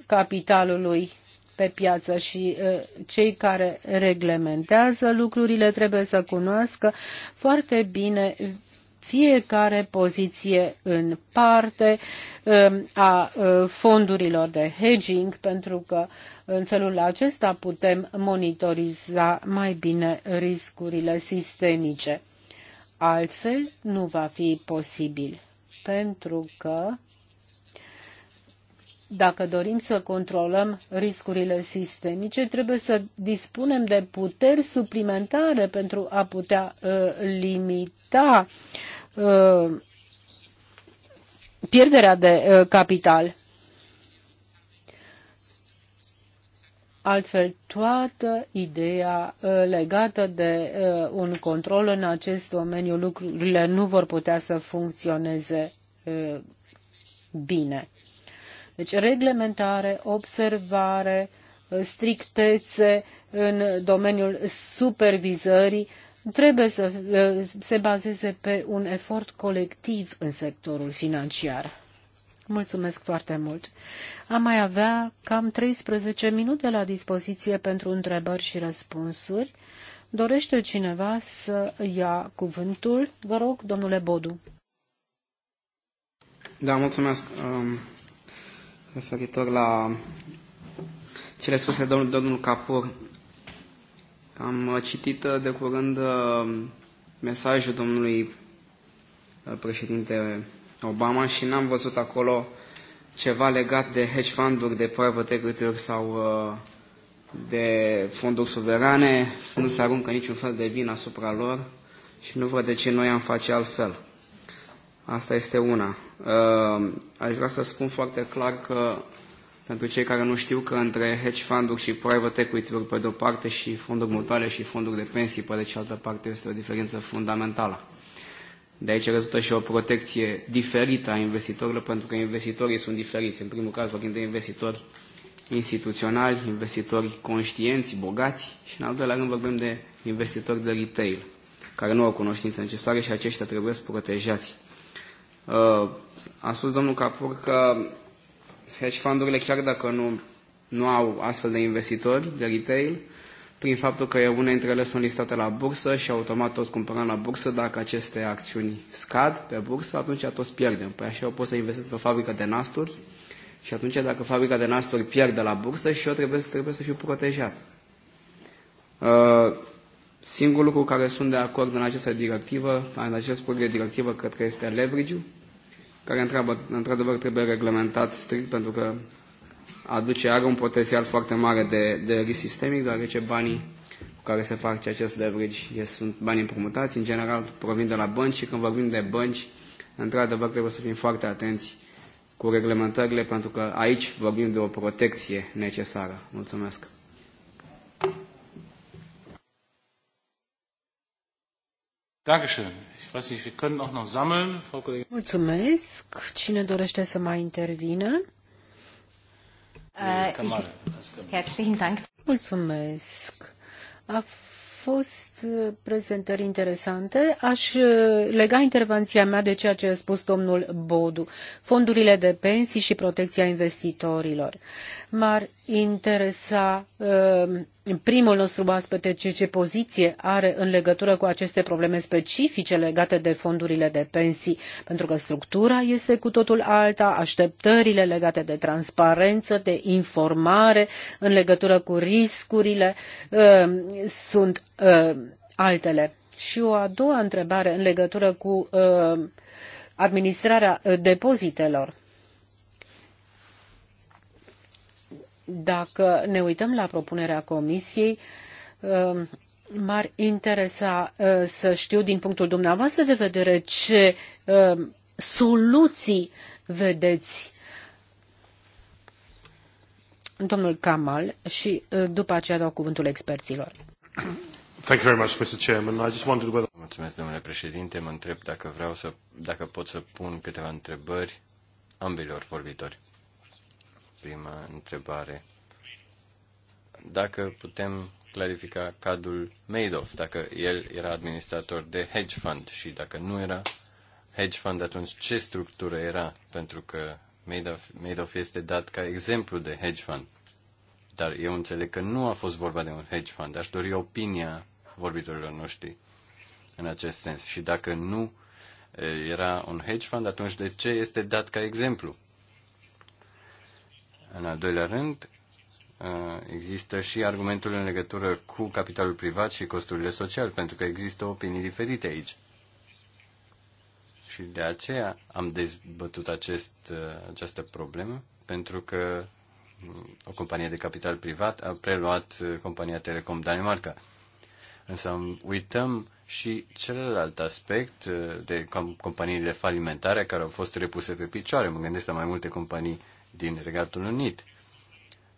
capitalului pe piață și uh, cei care reglementează lucrurile trebuie să cunoască foarte bine fiecare poziție în parte um, a uh, fondurilor de hedging, pentru că în felul acesta putem monitoriza mai bine riscurile sistemice. Altfel nu va fi posibil, pentru că dacă dorim să controlăm riscurile sistemice, trebuie să dispunem de puteri suplimentare pentru a putea uh, limita uh, pierderea de uh, capital. Altfel, toată ideea uh, legată de uh, un control în acest domeniu, lucrurile nu vor putea să funcționeze uh, bine. Deci reglementare, observare, uh, strictețe în domeniul supervizării trebuie să uh, se bazeze pe un efort colectiv în sectorul financiar. Mulțumesc foarte mult. Am mai avea cam 13 minute la dispoziție pentru întrebări și răspunsuri. Dorește cineva să ia cuvântul? Vă rog, domnule Bodu. Da, mulțumesc. Um, referitor la cele spuse de domnul, domnul Capur. Am uh, citit uh, de curând uh, mesajul domnului președinte Obama și n-am văzut acolo ceva legat de hedge funduri, de private equity sau de fonduri suverane, să nu se aruncă niciun fel de vin asupra lor și nu văd de ce noi am face altfel. Asta este una. Ehm, aș vrea să spun foarte clar că pentru cei care nu știu că între hedge fund-uri și private equity-uri pe de-o parte și fonduri mutuale și fonduri de pensii pe de cealaltă parte este o diferență fundamentală. De aici rezultă și o protecție diferită a investitorilor, pentru că investitorii sunt diferiți. În primul caz vorbim de investitori instituționali, investitori conștienți, bogați și în al doilea rând vorbim de investitori de retail, care nu au cunoștințe necesare și aceștia trebuie să protejați. Uh, a spus domnul Capur că hedge fundurile, chiar dacă nu, nu au astfel de investitori de retail, prin faptul că unele dintre ele sunt listate la bursă și automat toți cumpărăm la bursă, dacă aceste acțiuni scad pe bursă, atunci toți pierdem. Păi așa eu pot să investesc pe fabrica de nasturi și atunci dacă fabrica de nasturi pierde la bursă și eu trebuie, să trebuie să fiu protejat. Uh, Singurul lucru care sunt de acord în această directivă, în acest punct de directivă, cred că este leverage-ul, care într-adevăr trebuie reglementat strict pentru că aduce, are un potențial foarte mare de, de risc sistemic, deoarece banii cu care se fac acest leverage sunt bani împrumutați, în general provin de la bănci și când vorbim de bănci, într-adevăr trebuie să fim foarte atenți cu reglementările pentru că aici vorbim de o protecție necesară. Mulțumesc! Dankeschön. Mulțumesc. Cine dorește să mai intervine? Äh, Mulțumesc. A fost uh, prezentări interesante. Aș uh, lega intervenția mea de ceea ce a spus domnul Bodu. Fondurile de pensii și protecția investitorilor. M-ar interesa uh, primul nostru oaspete ce, ce poziție are în legătură cu aceste probleme specifice legate de fondurile de pensii, pentru că structura este cu totul alta, așteptările legate de transparență, de informare în legătură cu riscurile uh, sunt uh, altele. Și o a doua întrebare în legătură cu uh, administrarea uh, depozitelor Dacă ne uităm la propunerea Comisiei, um, m-ar interesa uh, să știu din punctul dumneavoastră de vedere ce um, soluții vedeți domnul Kamal și uh, după aceea dau cuvântul experților. Thank you very much, Mr. Chairman. I just wanted whether... Mulțumesc, domnule președinte. Mă întreb dacă vreau să, dacă pot să pun câteva întrebări ambilor vorbitori prima întrebare. Dacă putem clarifica cadrul Madoff, dacă el era administrator de hedge fund și dacă nu era hedge fund, atunci ce structură era? Pentru că Madoff, Madoff este dat ca exemplu de hedge fund. Dar eu înțeleg că nu a fost vorba de un hedge fund. Aș dori opinia vorbitorilor noștri în acest sens. Și dacă nu era un hedge fund, atunci de ce este dat ca exemplu? În al doilea rând, uh, există și argumentul în legătură cu capitalul privat și costurile sociale, pentru că există opinii diferite aici. Și de aceea am dezbătut acest, uh, această problemă, pentru că o companie de capital privat a preluat uh, compania Telecom Danemarca. Însă uităm și celălalt aspect de companiile falimentare care au fost repuse pe picioare. Mă gândesc la mai multe companii din Regatul Unit,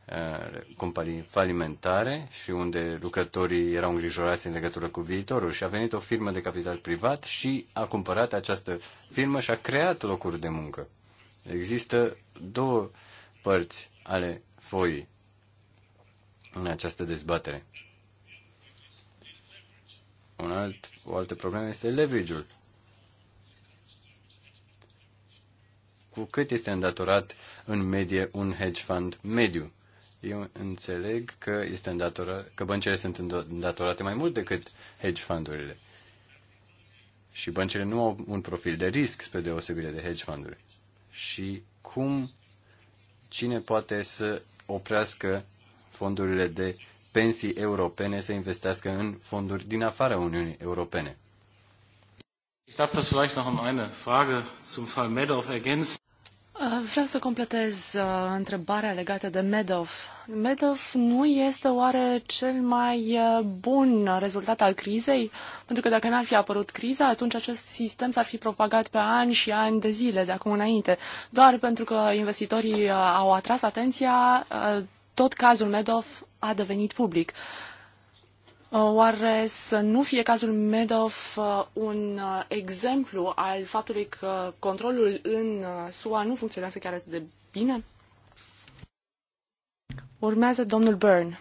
uh, companii falimentare și unde lucrătorii erau îngrijorați în legătură cu viitorul și a venit o firmă de capital privat și a cumpărat această firmă și a creat locuri de muncă. Există două părți ale foii în această dezbatere. Un alt, o altă problemă este leverage-ul. cu cât este îndatorat în medie un hedge fund mediu. Eu înțeleg că, este îndatorat, că băncile sunt îndatorate mai mult decât hedge fundurile. Și băncile nu au un profil de risc spre deosebire de hedge funduri. Și cum, cine poate să oprească fondurile de pensii europene să investească în fonduri din afara Uniunii Europene? Ich darf das vielleicht noch um eine Frage zum Fall Madoff ergänzen. Uh, vreau să completez uh, întrebarea legată de Medov. Medov nu este oare cel mai uh, bun rezultat al crizei? Pentru că dacă n-ar fi apărut criza, atunci acest sistem s-ar fi propagat pe ani și ani de zile de acum înainte. Doar pentru că investitorii au atras atenția, tot cazul Medov a devenit public. Uh, oare să nu fie cazul Medov uh, un uh, exemplu al faptului că controlul în SUA nu funcționează chiar atât de bine? Urmează domnul Byrne.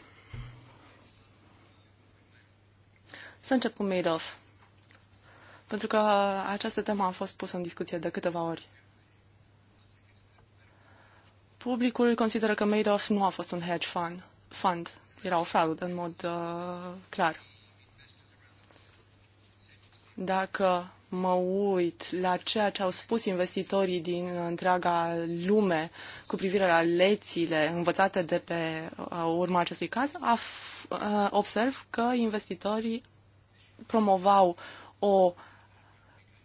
Să încep cu Madoff, pentru că această temă a fost pusă în discuție de câteva ori. Publicul consideră că Madoff nu a fost un hedge fund. fund era o fraudă în mod uh, clar. Dacă mă uit la ceea ce au spus investitorii din întreaga lume cu privire la lecțiile învățate de pe uh, urma acestui caz, uh, observ că investitorii promovau o,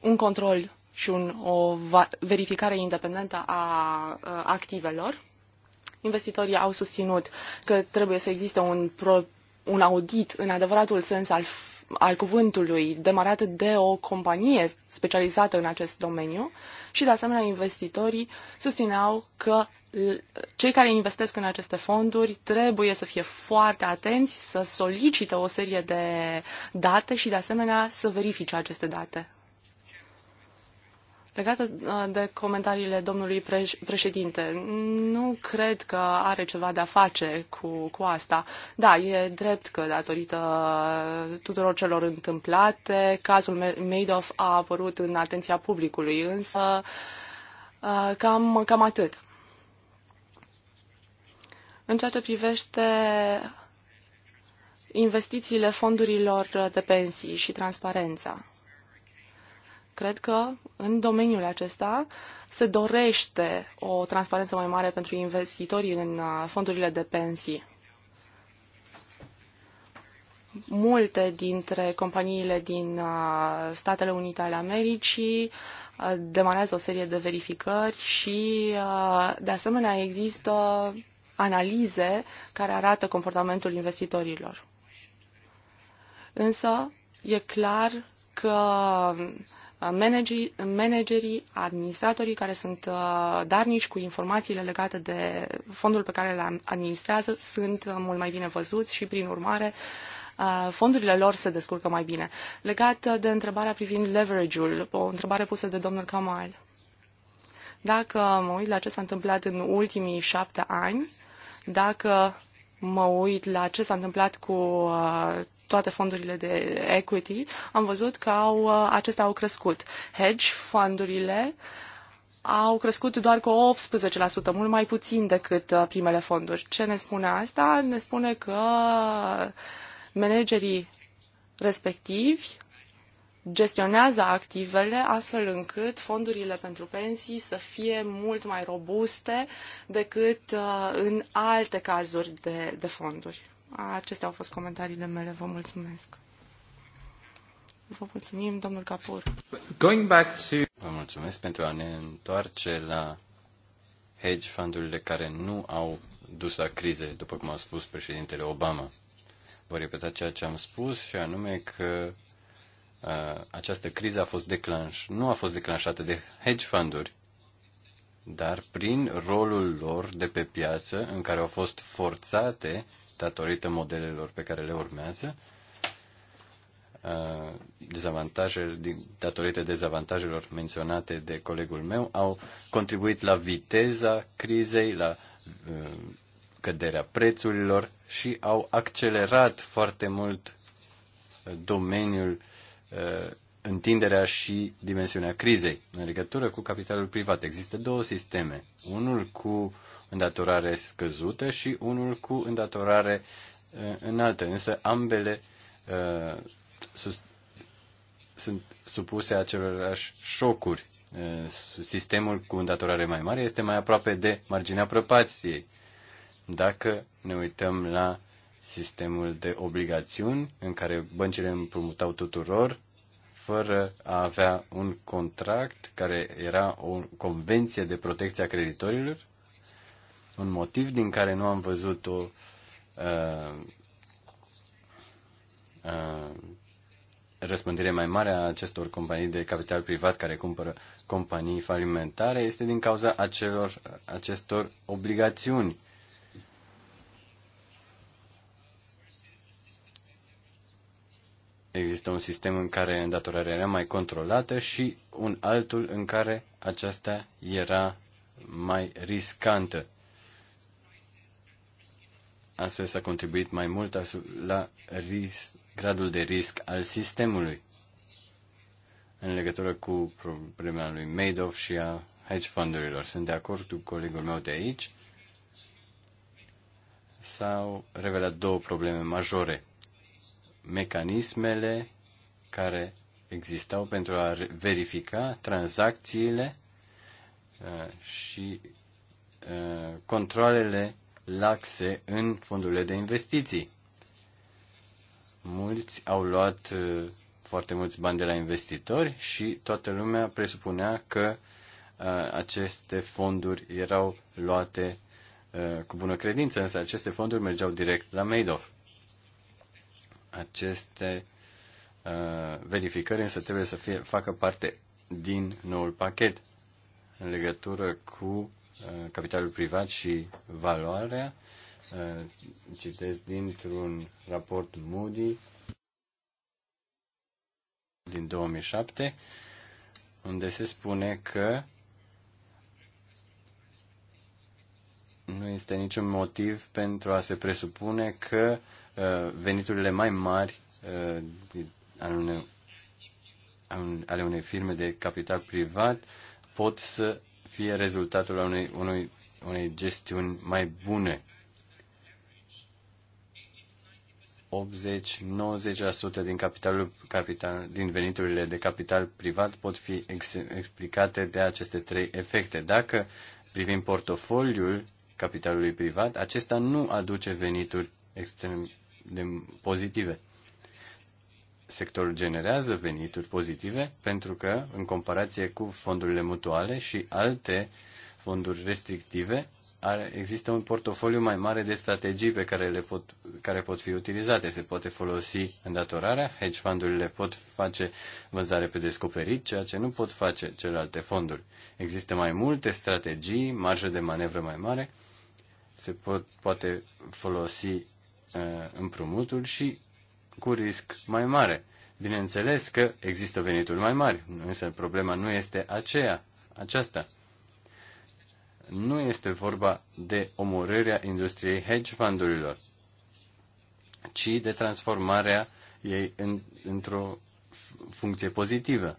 un control și un, o verificare independentă a uh, activelor investitorii au susținut că trebuie să existe un, pro, un audit în adevăratul sens al, al cuvântului demarat de o companie specializată în acest domeniu și, de asemenea, investitorii susțineau că cei care investesc în aceste fonduri trebuie să fie foarte atenți, să solicite o serie de date și, de asemenea, să verifice aceste date. Legată de comentariile domnului președinte, nu cred că are ceva de-a face cu, cu asta. Da, e drept că datorită tuturor celor întâmplate, cazul Madoff a apărut în atenția publicului, însă cam, cam atât. În ceea ce privește investițiile fondurilor de pensii și transparența cred că în domeniul acesta se dorește o transparență mai mare pentru investitorii în uh, fondurile de pensii. Multe dintre companiile din uh, Statele Unite ale Americii uh, demarează o serie de verificări și, de asemenea, există analize care arată comportamentul investitorilor. Însă, e clar că managerii, administratorii care sunt uh, darnici cu informațiile legate de fondul pe care le administrează sunt uh, mult mai bine văzuți și, prin urmare, uh, fondurile lor se descurcă mai bine. Legat de întrebarea privind leverage-ul, o întrebare pusă de domnul Kamal. Dacă mă uit la ce s-a întâmplat în ultimii șapte ani, dacă mă uit la ce s-a întâmplat cu toate fondurile de equity, am văzut că au, uh, acestea au crescut. Hedge fondurile au crescut doar cu 18%, mult mai puțin decât uh, primele fonduri. Ce ne spune asta? Ne spune că managerii respectivi gestionează activele astfel încât fondurile pentru pensii să fie mult mai robuste decât uh, în alte cazuri de, de fonduri. Acestea au fost comentariile mele. Vă mulțumesc. Vă mulțumim, domnul Capur. Going back to... Vă mulțumesc pentru a ne întoarce la hedge fundurile care nu au dus la crize, după cum a spus președintele Obama. Voi repeta ceea ce am spus și anume că uh, această criză a fost declanș, nu a fost declanșată de hedge funduri, dar prin rolul lor de pe piață în care au fost forțate datorită modelelor pe care le urmează, uh, dezavantajele, datorită dezavantajelor menționate de colegul meu, au contribuit la viteza crizei, la uh, căderea prețurilor și au accelerat foarte mult uh, domeniul, întinderea și dimensiunea crizei. În legătură cu capitalul privat există două sisteme. Unul cu îndatorare scăzută și unul cu îndatorare uh, înaltă. Însă ambele uh, sus, sunt supuse acelorași șocuri. Uh, sistemul cu îndatorare mai mare este mai aproape de marginea prăpației. Dacă ne uităm la sistemul de obligațiuni în care băncile împrumutau tuturor fără a avea un contract care era o convenție de protecție a creditorilor, un motiv din care nu am văzut o uh, uh, răspândire mai mare a acestor companii de capital privat care cumpără companii falimentare este din cauza acelor, acestor obligațiuni. Există un sistem în care îndatorarea era mai controlată și un altul în care aceasta era mai riscantă. Astfel s-a contribuit mai mult la risc, gradul de risc al sistemului în legătură cu problema lui Madoff și a hedge fundurilor. Sunt de acord cu colegul meu de aici. S-au revelat două probleme majore. Mecanismele care existau pentru a verifica tranzacțiile uh, și uh, controlele laxe în fondurile de investiții. Mulți au luat uh, foarte mulți bani de la investitori și toată lumea presupunea că uh, aceste fonduri erau luate uh, cu bună credință, însă aceste fonduri mergeau direct la Madoff. Aceste verificări însă trebuie să fie, facă parte din noul pachet în legătură cu Uh, capitalul privat și valoarea. Uh, citesc dintr-un raport Moody din 2007, unde se spune că nu este niciun motiv pentru a se presupune că uh, veniturile mai mari ale unei firme de capital privat pot să fie rezultatul unei, unui, unei gestiuni mai bune. 80-90% din, capitalul, capital, din veniturile de capital privat pot fi ex, explicate de aceste trei efecte. Dacă privim portofoliul capitalului privat, acesta nu aduce venituri extrem de pozitive sectorul generează venituri pozitive pentru că, în comparație cu fondurile mutuale și alte fonduri restrictive, are, există un portofoliu mai mare de strategii pe care, le pot, care pot fi utilizate. Se poate folosi îndatorarea, hedge fundurile pot face vânzare pe descoperit, ceea ce nu pot face celelalte fonduri. Există mai multe strategii, marjă de manevră mai mare, se pot, poate folosi uh, împrumuturi și cu risc mai mare. Bineînțeles că există venituri mai mari, însă problema nu este aceea, aceasta. Nu este vorba de omorârea industriei hedge fundurilor, ci de transformarea ei în, într-o funcție pozitivă.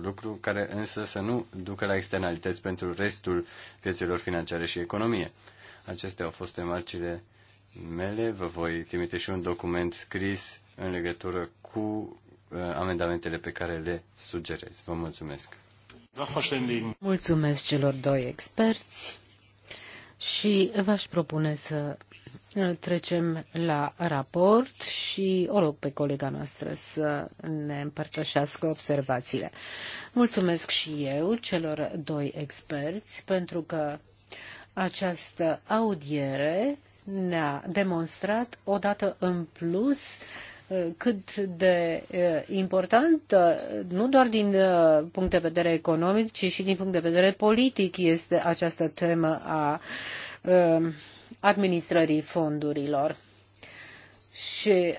Lucru care însă să nu ducă la externalități pentru restul piețelor financiare și economie. Acestea au fost remarcile mele. Vă voi trimite și un document scris în legătură cu uh, amendamentele pe care le sugerez. Vă mulțumesc. Mulțumesc celor doi experți și v-aș propune să uh, trecem la raport și o rog pe colega noastră să ne împărtășească observațiile. Mulțumesc și eu celor doi experți pentru că această audiere ne-a demonstrat odată în plus uh, cât de uh, importantă, nu doar din uh, punct de vedere economic, ci și din punct de vedere politic, este această temă a administrării fondurilor. Și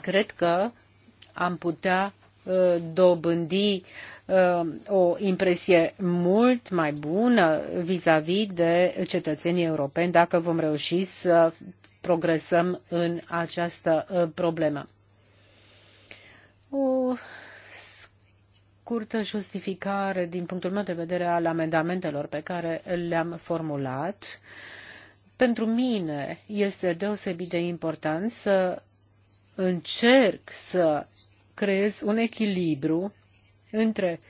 cred că am putea dobândi uh, o impresie mult mai bună vis-a-vis de cetățenii europeni dacă vom reuși să progresăm în această uh, problemă. O scurtă justificare din punctul meu de vedere al amendamentelor pe care le-am formulat. Pentru mine este deosebit de important să încerc să creez un echilibru între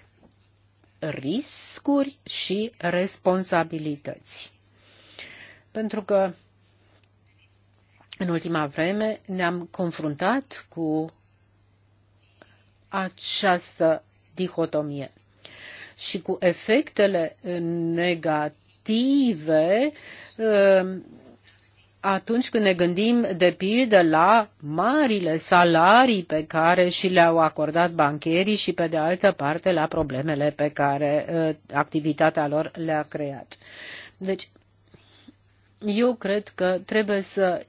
riscuri și responsabilități. Pentru că în ultima vreme ne-am confruntat cu această dihotomie și cu efectele negative uh, atunci când ne gândim de pildă la marile salarii pe care și le-au acordat bancherii și pe de altă parte la problemele pe care uh, activitatea lor le-a creat. Deci, eu cred că trebuie să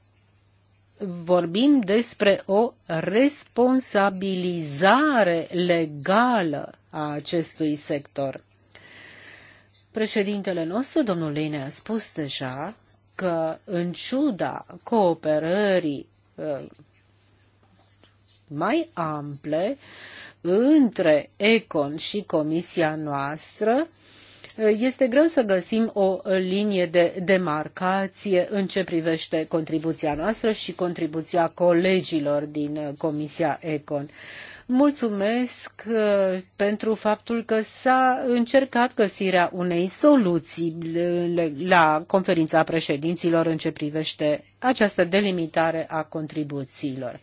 vorbim despre o responsabilizare legală a acestui sector. Președintele nostru, domnul Leine, a spus deja că în ciuda cooperării ă, mai ample între Econ și comisia noastră, ă, este greu să găsim o linie de demarcație în ce privește contribuția noastră și contribuția colegilor din ă, Comisia Econ. Mulțumesc uh, pentru faptul că s-a încercat găsirea unei soluții uh, la conferința președinților în ce privește această delimitare a contribuțiilor.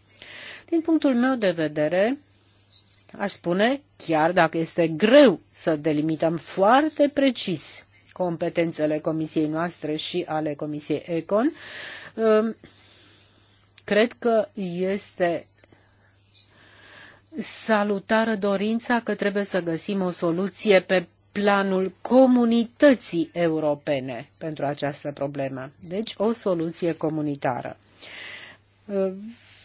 Din punctul meu de vedere, aș spune, chiar dacă este greu să delimităm foarte precis competențele comisiei noastre și ale comisiei ECON, uh, cred că este salutară dorința că trebuie să găsim o soluție pe planul comunității europene pentru această problemă. Deci o soluție comunitară.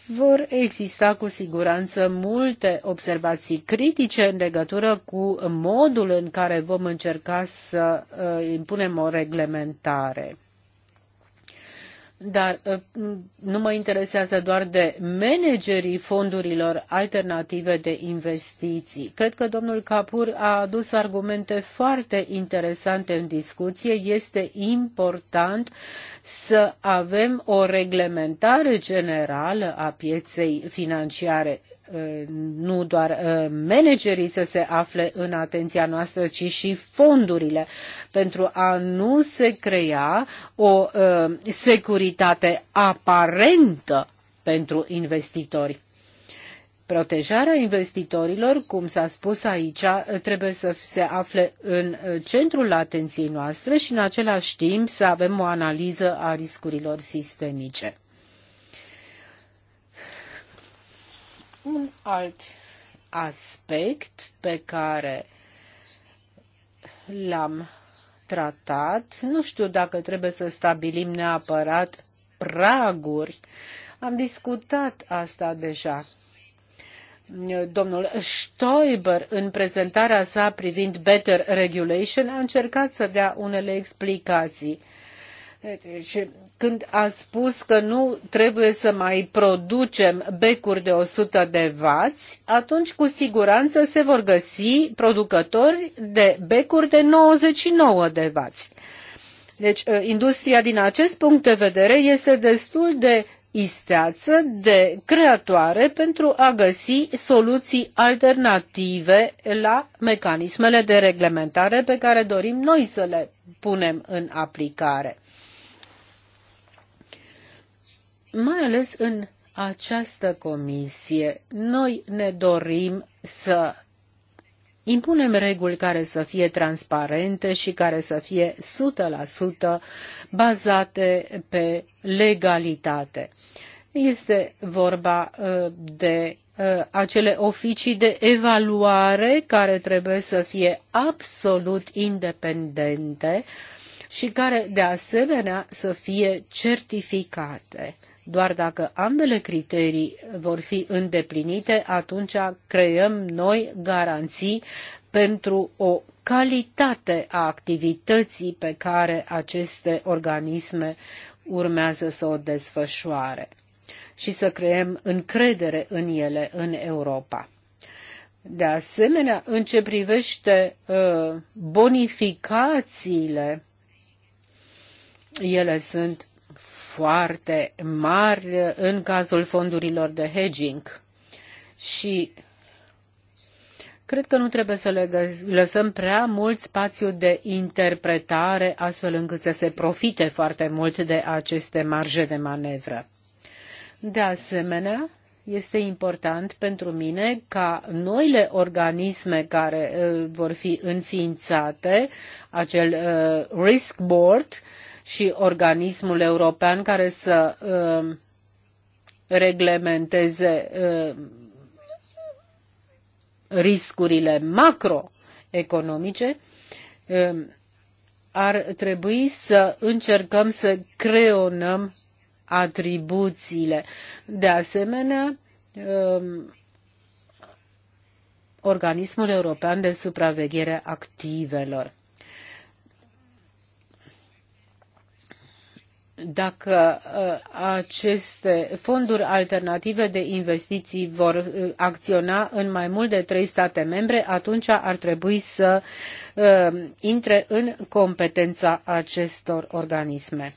Vor exista cu siguranță multe observații critice în legătură cu modul în care vom încerca să uh, impunem o reglementare dar ă, nu mă interesează doar de managerii fondurilor alternative de investiții. Cred că domnul Capur a adus argumente foarte interesante în discuție. Este important să avem o reglementare generală a pieței financiare nu doar uh, managerii să se afle în atenția noastră, ci și fondurile, pentru a nu se crea o uh, securitate aparentă pentru investitori. Protejarea investitorilor, cum s-a spus aici, trebuie să se afle în uh, centrul atenției noastre și în același timp să avem o analiză a riscurilor sistemice. Un alt aspect pe care l-am tratat, nu știu dacă trebuie să stabilim neapărat praguri, am discutat asta deja. Domnul Stoiber, în prezentarea sa privind Better Regulation, a încercat să dea unele explicații deci, când a spus că nu trebuie să mai producem becuri de 100 de vați, atunci cu siguranță se vor găsi producători de becuri de 99 de vați. Deci, ă, industria din acest punct de vedere este destul de isteață, de creatoare pentru a găsi soluții alternative la mecanismele de reglementare pe care dorim noi să le punem în aplicare mai ales în această comisie, noi ne dorim să impunem reguli care să fie transparente și care să fie 100% bazate pe legalitate. Este vorba uh, de uh, acele oficii de evaluare care trebuie să fie absolut independente și care de asemenea să fie certificate. Doar dacă ambele criterii vor fi îndeplinite, atunci creăm noi garanții pentru o calitate a activității pe care aceste organisme urmează să o desfășoare și să creăm încredere în ele în Europa. De asemenea, în ce privește uh, bonificațiile, ele sunt foarte mari în cazul fondurilor de hedging. Și cred că nu trebuie să le lăsăm prea mult spațiu de interpretare, astfel încât să se profite foarte mult de aceste marje de manevră. De asemenea, este important pentru mine ca noile organisme care uh, vor fi înființate, acel uh, risk board, uh, și organismul european care să uh, reglementeze uh, riscurile macroeconomice, uh, ar trebui să încercăm să creonăm atribuțiile. De asemenea, organismul european de supraveghere activelor. dacă uh, aceste fonduri alternative de investiții vor uh, acționa în mai mult de trei state membre, atunci ar trebui să uh, intre în competența acestor organisme.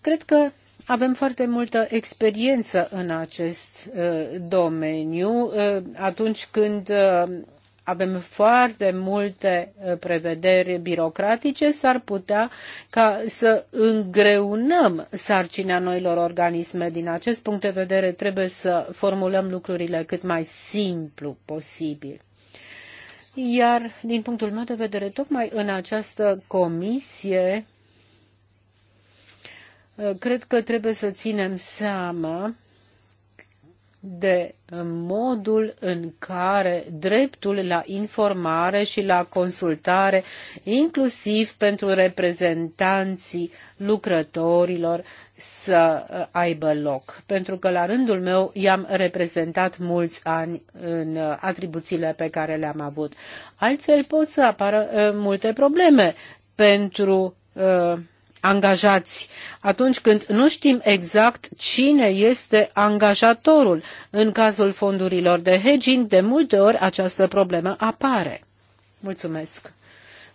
Cred că avem foarte multă experiență în acest domeniu atunci când avem foarte multe uh, prevederi birocratice, s-ar putea ca să îngreunăm sarcina noilor organisme. Din acest punct de vedere, trebuie să formulăm lucrurile cât mai simplu posibil. Iar, din punctul meu de vedere, tocmai în această comisie, uh, cred că trebuie să ținem seama de modul în care dreptul la informare și la consultare, inclusiv pentru reprezentanții lucrătorilor, să aibă loc. Pentru că la rândul meu i-am reprezentat mulți ani în atribuțiile pe care le-am avut. Altfel pot să apară uh, multe probleme pentru uh, angajați atunci când nu știm exact cine este angajatorul. În cazul fondurilor de hedging, de multe ori această problemă apare. Mulțumesc!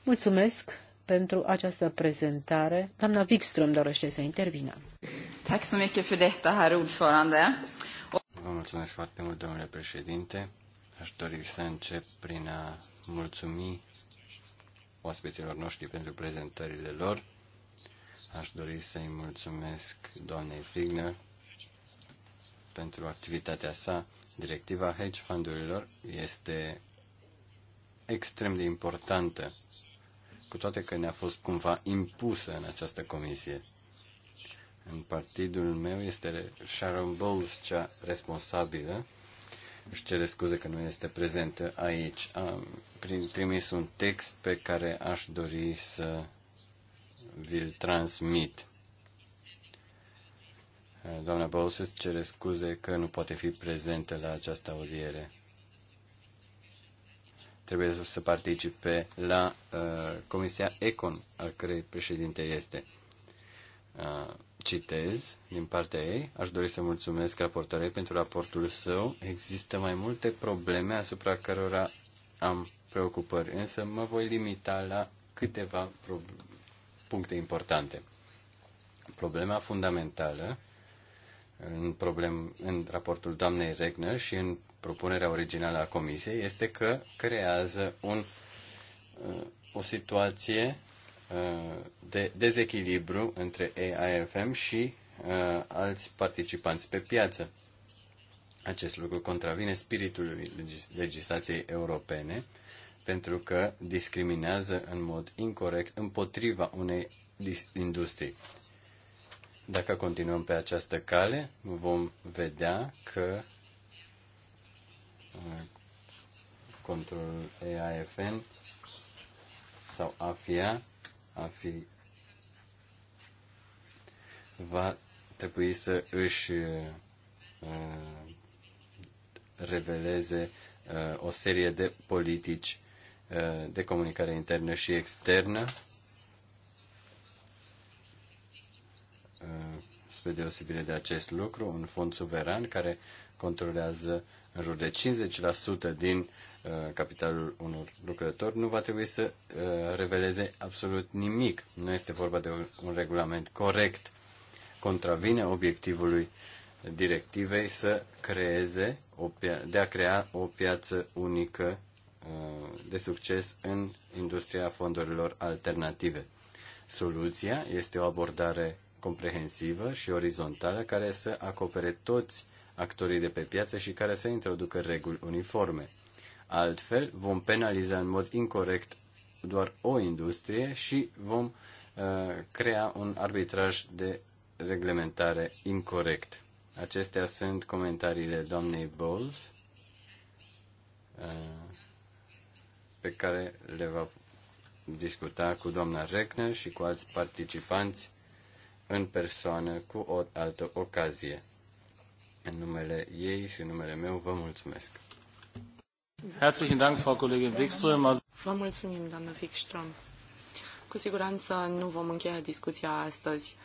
Mulțumesc pentru această prezentare. Doamna Wikström dorește să intervină. detta, herr Vă mulțumesc foarte mult, domnule președinte. Aș dori să încep prin a mulțumi oaspeților noștri pentru prezentările lor. Aș dori să-i mulțumesc doamnei Figner pentru activitatea sa. Directiva hedge fundurilor este extrem de importantă, cu toate că ne-a fost cumva impusă în această comisie. În partidul meu este Sharon Bowles cea responsabilă. Își cere scuze că nu este prezentă aici. Am trimis un text pe care aș dori să vi-l transmit. Doamna Bausus cere scuze că nu poate fi prezentă la această audiere. Trebuie să participe la uh, Comisia Econ, al cărei președinte este. Uh, citez din partea ei. Aș dori să mulțumesc raportorului pentru raportul său. Există mai multe probleme asupra cărora am preocupări, însă mă voi limita la câteva puncte importante. Problema fundamentală în, problem, în raportul doamnei Regner și în propunerea originală a Comisiei este că creează un, uh, o situație uh, de dezechilibru între AIFM și uh, alți participanți pe piață. Acest lucru contravine spiritului legislației europene pentru că discriminează în mod incorrect împotriva unei industrii. Dacă continuăm pe această cale, vom vedea că uh, controlul EAFN sau AFIA, AFI va trebui să își uh, uh, reveleze o serie de politici Eh, de comunicare internă și externă, eh, spre deosebire de acest lucru, un fond suveran care controlează în jur de 50% din eh, capitalul unor lucrători, nu va trebui să reveleze absolut nimic. Nu este vorba de un regulament corect. Contravine obiectivului directivei să creeze o de a crea o piață unică Uh, de succes în industria fondurilor alternative. Soluția este o abordare comprehensivă și orizontală care să acopere toți actorii de pe piață și care să introducă reguli uniforme. Altfel, vom penaliza în mod incorrect doar o industrie și vom uh, crea un arbitraj de reglementare incorrect. Acestea sunt comentariile doamnei Bowles. Uh, pe care le va discuta cu doamna Reckner și cu alți participanți în persoană cu o altă ocazie. În numele ei și în numele meu vă mulțumesc. Herzlichen Dank, Frau Kollegin Wikström. Vă mulțumim, doamnă Wikström. Cu siguranță nu vom încheia discuția astăzi.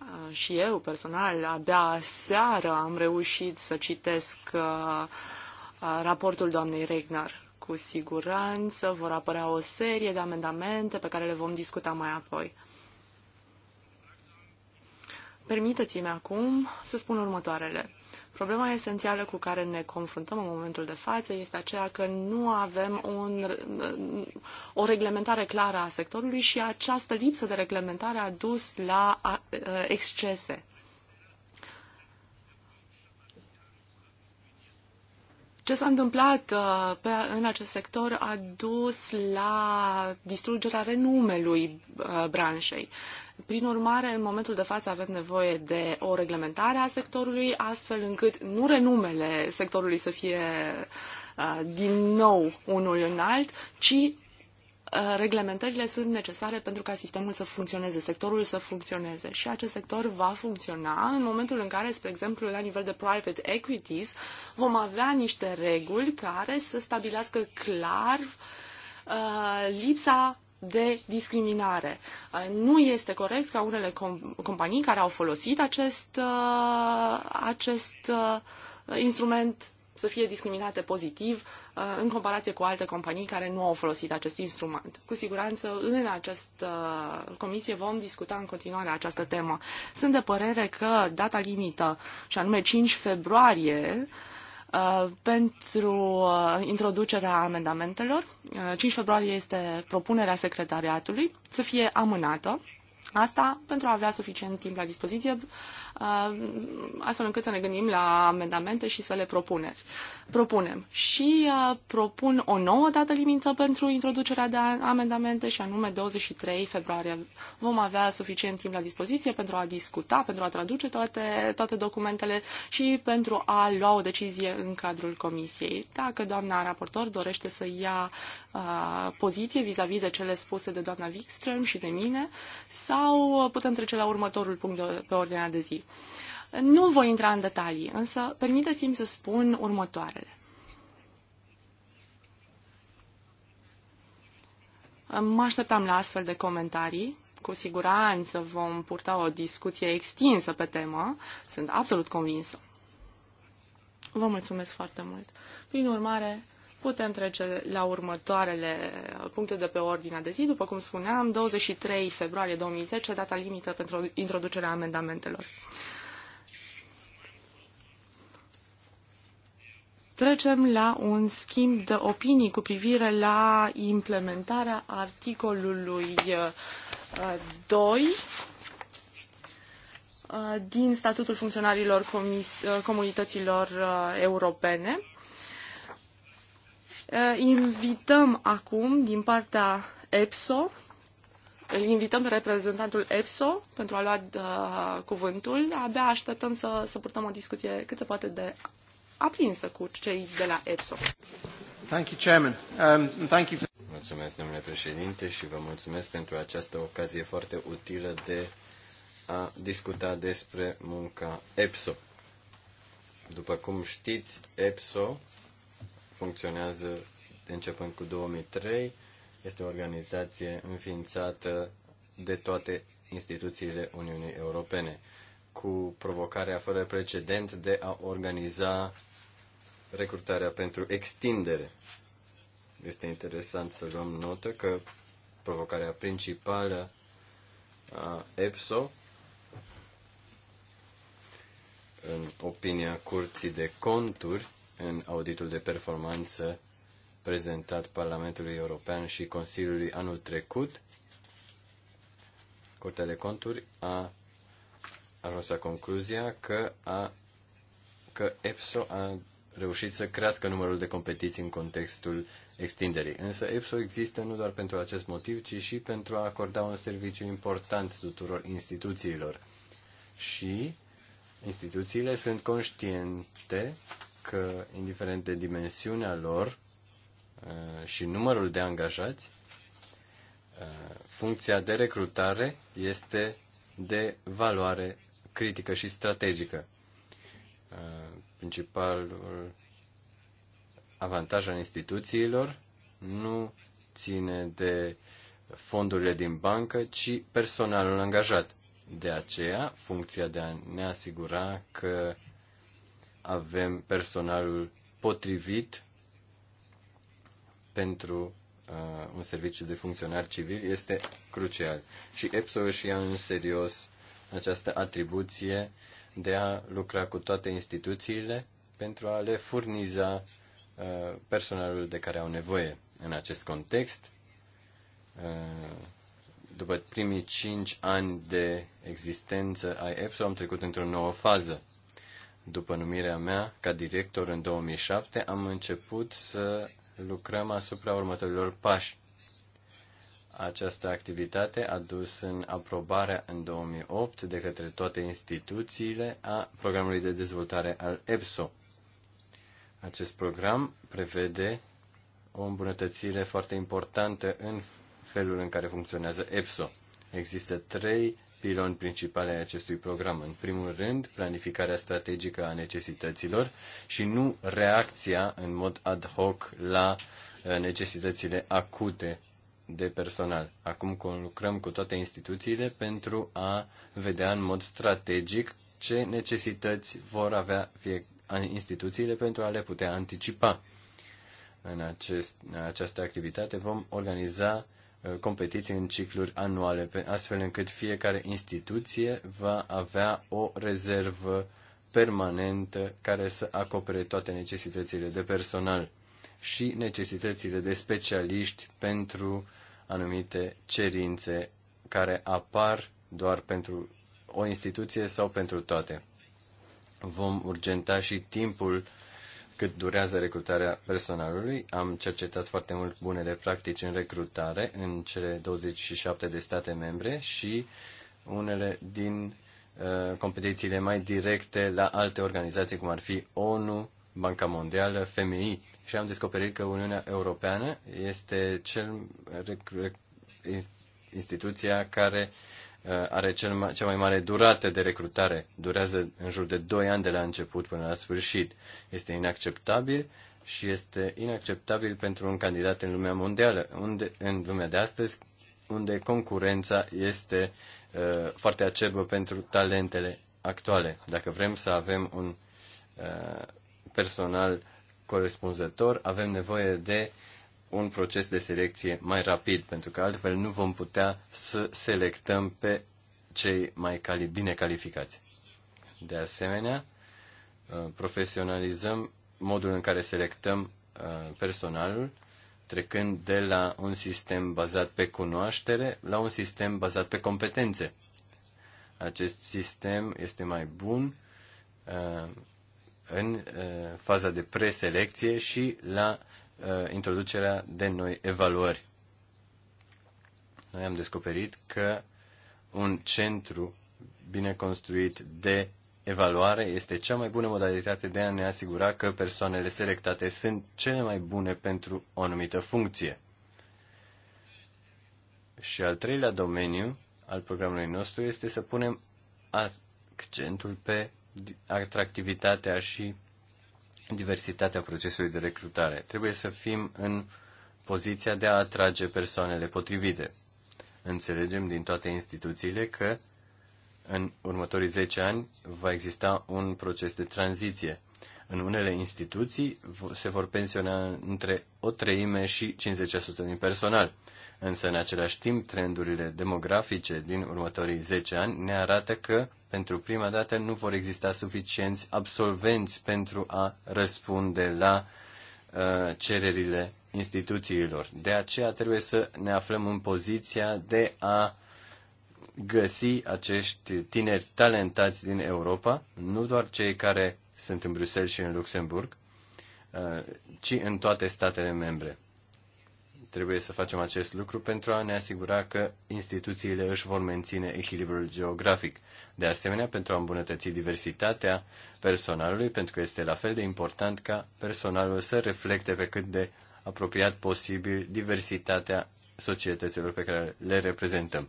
Uh, și eu, personal, abia seară am reușit să citesc uh, uh, raportul doamnei Regnar. Cu siguranță vor apărea o serie de amendamente pe care le vom discuta mai apoi. Permiteți-mi acum să spun următoarele. Problema esențială cu care ne confruntăm în momentul de față este aceea că nu avem un, o reglementare clară a sectorului și această lipsă de reglementare a dus la excese. Ce s-a întâmplat uh, pe, în acest sector a dus la distrugerea renumelui uh, branșei. Prin urmare, în momentul de față avem nevoie de o reglementare a sectorului, astfel încât nu renumele sectorului să fie uh, din nou unul înalt, ci Uh, reglementările sunt necesare pentru ca sistemul să funcționeze, sectorul să funcționeze și acest sector va funcționa în momentul în care, spre exemplu, la nivel de private equities, vom avea niște reguli care să stabilească clar uh, lipsa de discriminare. Uh, nu este corect ca unele com- companii care au folosit acest, uh, acest instrument să fie discriminate pozitiv uh, în comparație cu alte companii care nu au folosit acest instrument. Cu siguranță, în această comisie vom discuta în continuare această temă. Sunt de părere că data limită, și anume 5 februarie, uh, pentru uh, introducerea amendamentelor. 5 februarie este propunerea secretariatului să fie amânată. Asta pentru a avea suficient timp la dispoziție astfel încât să ne gândim la amendamente și să le propune. propunem. Și uh, propun o nouă dată limită pentru introducerea de amendamente și anume 23 februarie. Vom avea suficient timp la dispoziție pentru a discuta, pentru a traduce toate, toate documentele și pentru a lua o decizie în cadrul comisiei. Dacă doamna raportor dorește să ia uh, poziție vis-a-vis -vis de cele spuse de doamna Wikström și de mine, sau putem trece la următorul punct de, pe ordinea de zi. Nu voi intra în detalii, însă permiteți-mi să spun următoarele. Mă așteptam la astfel de comentarii. Cu siguranță vom purta o discuție extinsă pe temă. Sunt absolut convinsă. Vă mulțumesc foarte mult. Prin urmare, putem trece la următoarele puncte de pe ordinea de zi. După cum spuneam, 23 februarie 2010, data limită pentru introducerea amendamentelor. Trecem la un schimb de opinii cu privire la implementarea articolului 2 uh, uh, din statutul funcționarilor uh, comunităților europene Eh, invităm acum din partea EPSO, îl invităm pe reprezentantul EPSO pentru a lua uh, cuvântul. Abia așteptăm să, să purtăm o discuție cât se poate de aprinsă cu cei de la EPSO. Thank you, Chairman. Um, thank you for... Mulțumesc, domnule președinte, și vă mulțumesc pentru această ocazie foarte utilă de a discuta despre munca EPSO. După cum știți, EPSO funcționează începând cu 2003. Este o organizație înființată de toate instituțiile Uniunii Europene, cu provocarea fără precedent de a organiza recrutarea pentru extindere. Este interesant să luăm notă că provocarea principală a EPSO, în opinia Curții de Conturi, în auditul de performanță prezentat Parlamentului European și Consiliului anul trecut, Curtea de Conturi a ajuns la concluzia că, a, că EPSO a reușit să crească numărul de competiții în contextul extinderii. Însă EPSO există nu doar pentru acest motiv, ci și pentru a acorda un serviciu important tuturor instituțiilor. Și instituțiile sunt conștiente că, indiferent de dimensiunea lor uh, și numărul de angajați, uh, funcția de recrutare este de valoare critică și strategică. Uh, principalul avantaj al instituțiilor nu ține de fondurile din bancă, ci personalul angajat. De aceea, funcția de a ne asigura că avem personalul potrivit pentru uh, un serviciu de funcționar civil este crucial. Și EPSO își ia în serios această atribuție de a lucra cu toate instituțiile pentru a le furniza uh, personalul de care au nevoie. În acest context, uh, după primii cinci ani de existență a EPSO, am trecut într-o nouă fază. După numirea mea ca director în 2007, am început să lucrăm asupra următorilor pași. Această activitate a dus în aprobarea în 2008 de către toate instituțiile a programului de dezvoltare al EPSO. Acest program prevede o îmbunătățire foarte importantă în felul în care funcționează EPSO. Există trei piloni principale ai acestui program. În primul rând, planificarea strategică a necesităților și nu reacția în mod ad hoc la uh, necesitățile acute de personal. Acum lucrăm cu toate instituțiile pentru a vedea în mod strategic ce necesități vor avea fie instituțiile pentru a le putea anticipa. În, acest, în această activitate vom organiza Uh, competiții în cicluri anuale, astfel încât fiecare instituție va avea o rezervă permanentă care să acopere toate necesitățile de personal și necesitățile de specialiști pentru anumite cerințe care apar doar pentru o instituție sau pentru toate. Vom urgenta și timpul cât durează recrutarea personalului. Am cercetat foarte mult bunele practici în recrutare în cele 27 de state membre și unele din uh, competițiile mai directe la alte organizații, cum ar fi ONU, Banca Mondială, FMI. Și am descoperit că Uniunea Europeană este cel, instituția care Uh, are cel mai, cea mai mare durată de recrutare. Durează în jur de 2 ani de la început până la sfârșit. Este inacceptabil și este inacceptabil pentru un candidat în lumea mondială, unde, în lumea de astăzi, unde concurența este uh, foarte acerbă pentru talentele actuale. Dacă vrem să avem un uh, personal corespunzător, avem nevoie de uh, un proces de selecție mai rapid, pentru că altfel nu vom putea să selectăm pe cei mai cali, bine calificați. De asemenea, uh, profesionalizăm modul în care selectăm uh, personalul, trecând de la un sistem bazat pe cunoaștere la un sistem bazat pe competențe. Acest sistem este mai bun uh, în faza de preselecție și la Uh, introducerea de noi evaluări. Noi am descoperit că un centru bine construit de evaluare este cea mai bună modalitate de a ne asigura că persoanele selectate sunt cele mai bune pentru o anumită funcție. Și al treilea domeniu al programului nostru este să punem accentul pe atractivitatea și diversitatea procesului de recrutare. Trebuie să fim în poziția de a atrage persoanele potrivite. Înțelegem din toate instituțiile că în următorii 10 ani va exista un proces de tranziție. În unele instituții se vor pensiona între o treime și 50% din personal. Însă, în același timp, trendurile demografice din următorii 10 ani ne arată că pentru prima dată nu vor exista suficienți absolvenți pentru a răspunde la uh, cererile instituțiilor. De aceea trebuie să ne aflăm în poziția de a găsi acești tineri talentați din Europa, nu doar cei care sunt în Bruxelles și în Luxemburg, uh, ci în toate statele membre. Trebuie să facem acest lucru pentru a ne asigura că instituțiile își vor menține echilibrul geografic. De asemenea, pentru a îmbunătăți diversitatea personalului, pentru că este la fel de important ca personalul să reflecte pe cât de apropiat posibil diversitatea societăților pe care le reprezentăm.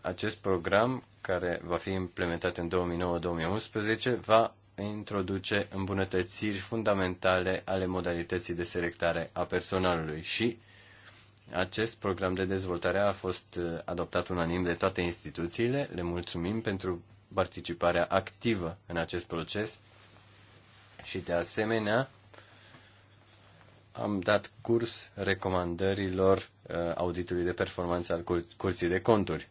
Acest program, care va fi implementat în 2009-2011, va introduce îmbunătățiri fundamentale ale modalității de selectare a personalului și acest program de dezvoltare a fost uh, adoptat unanim de toate instituțiile. Le mulțumim pentru participarea activă în acest proces și, de asemenea, am dat curs recomandărilor uh, auditului de performanță al cur- Curții de Conturi.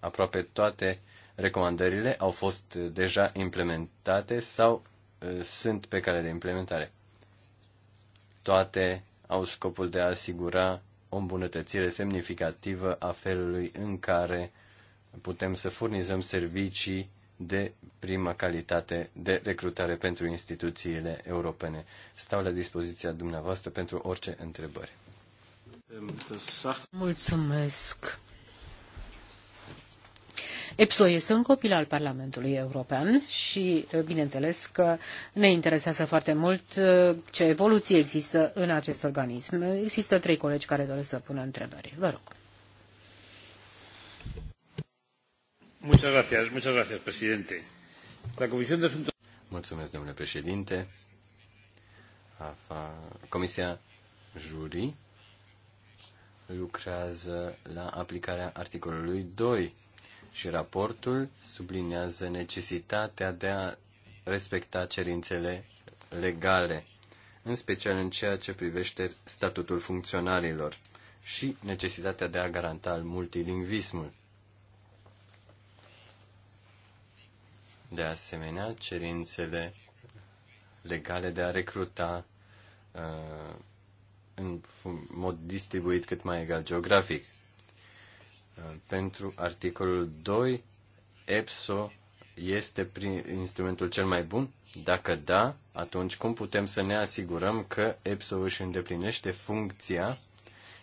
Aproape toate recomandările au fost uh, deja implementate sau sunt pe cale de implementare. Toate au scopul de a asigura o îmbunătățire semnificativă a felului în care putem să furnizăm servicii de prima calitate de recrutare pentru instituțiile europene. Stau la dispoziția dumneavoastră pentru orice întrebări. Mulțumesc. EPSO este un copil al Parlamentului European și, bineînțeles, că ne interesează foarte mult uh, ce evoluție există în acest organism. Există trei colegi care doresc să pună întrebări. Vă rog. La de Mulțumesc, domnule președinte. Comisia Jurii lucrează la aplicarea articolului 2 și raportul sublinează necesitatea de a respecta cerințele legale, în special în ceea ce privește statutul funcționarilor și necesitatea de a garanta multilingvismul. De asemenea, cerințele legale de a recruta uh, în mod distribuit cât mai egal geografic. Pentru articolul 2, EPSO este prin instrumentul cel mai bun? Dacă da, atunci cum putem să ne asigurăm că EPSO își îndeplinește funcția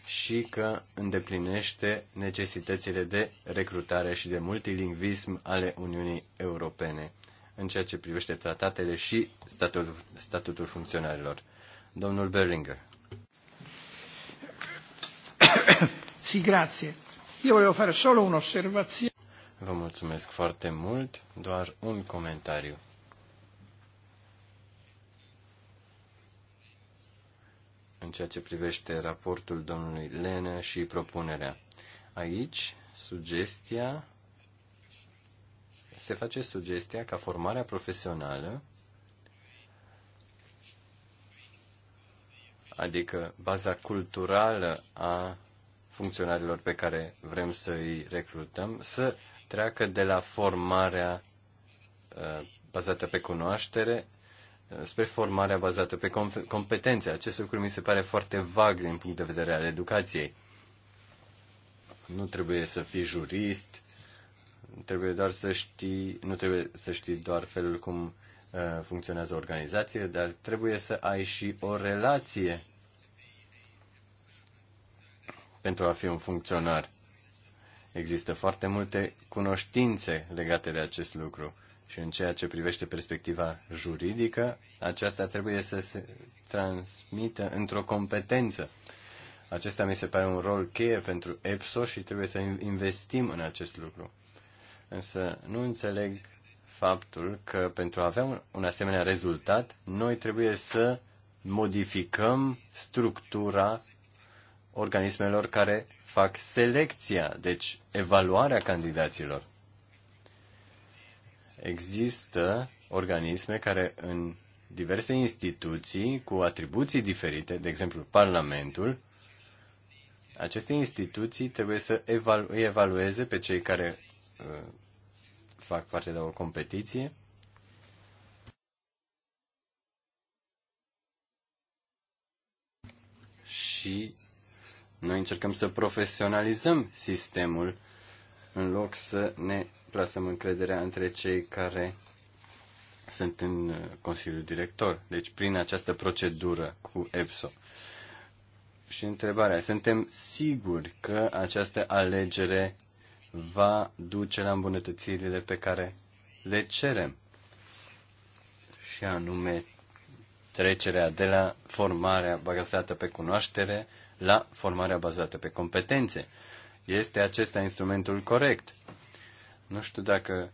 și că îndeplinește necesitățile de recrutare și de multilingvism ale Uniunii Europene în ceea ce privește tratatele și statul, statutul funcționarilor. Domnul Berlinger. Sì, grazie. Io volevo fare solo un'osservazione. Vă mulțumesc foarte mult, doar un comentariu. În ceea ce privește raportul domnului Lenă și propunerea. Aici, sugestia se face sugestia ca formarea profesională, adică baza culturală a funcționarilor pe care vrem să îi recrutăm să treacă de la formarea uh, bazată pe cunoaștere uh, spre formarea bazată pe competențe. Acest lucru mi se pare foarte vag din punct de vedere al educației. Nu trebuie să fii jurist, trebuie doar să știi, nu trebuie să știi doar felul cum uh, funcționează organizația, dar trebuie să ai și o relație pentru a fi un funcționar. Există foarte multe cunoștințe legate de acest lucru și în ceea ce privește perspectiva juridică, aceasta trebuie să se transmită într-o competență. Acesta mi se pare un rol cheie pentru EPSO și trebuie să investim în acest lucru. Însă nu înțeleg faptul că pentru a avea un, un asemenea rezultat, noi trebuie să modificăm structura organismelor care fac selecția, deci evaluarea candidaților. Există organisme care în diverse instituții cu atribuții diferite, de exemplu Parlamentul, aceste instituții trebuie să evalu- îi evalueze pe cei care uh, fac parte de o competiție. Și noi încercăm să profesionalizăm sistemul în loc să ne plasăm încrederea între cei care sunt în uh, Consiliul Director, deci prin această procedură cu EPSO. Și întrebarea, suntem siguri că această alegere va duce la îmbunătățirile pe care le cerem? Și anume trecerea de la formarea bazată pe cunoaștere la formarea bazată pe competențe. Este acesta instrumentul corect? Nu știu dacă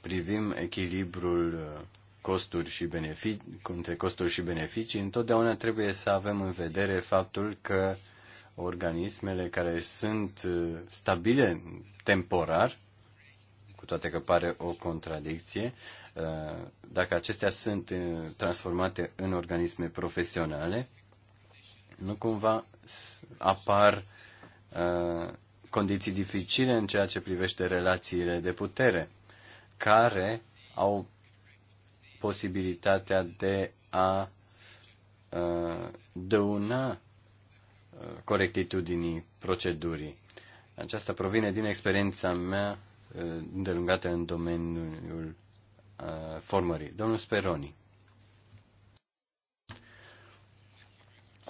privim echilibrul uh, costuri și beneficii, între costuri și beneficii, întotdeauna trebuie să avem în vedere faptul că organismele care sunt uh, stabile temporar, cu toate că pare o contradicție, uh, dacă acestea sunt transformate în organisme profesionale, nu cumva apar uh, condiții dificile în ceea ce privește relațiile de putere, care au posibilitatea de a uh, dăuna uh, corectitudinii procedurii. Aceasta provine din experiența mea uh, îndelungată în domeniul uh, formării. Domnul Speroni.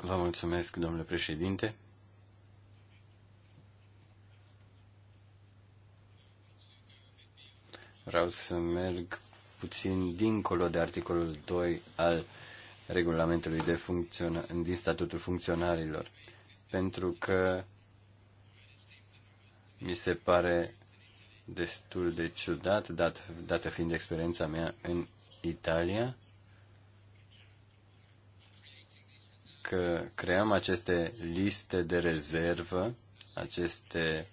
Vă mulțumesc, domnule președinte. Vreau să merg puțin dincolo de articolul 2 al regulamentului de funcționare din statutul funcționarilor, pentru că mi se pare destul de ciudat, dat, dată fiind experiența mea în Italia, Dacă creăm aceste liste de rezervă, aceste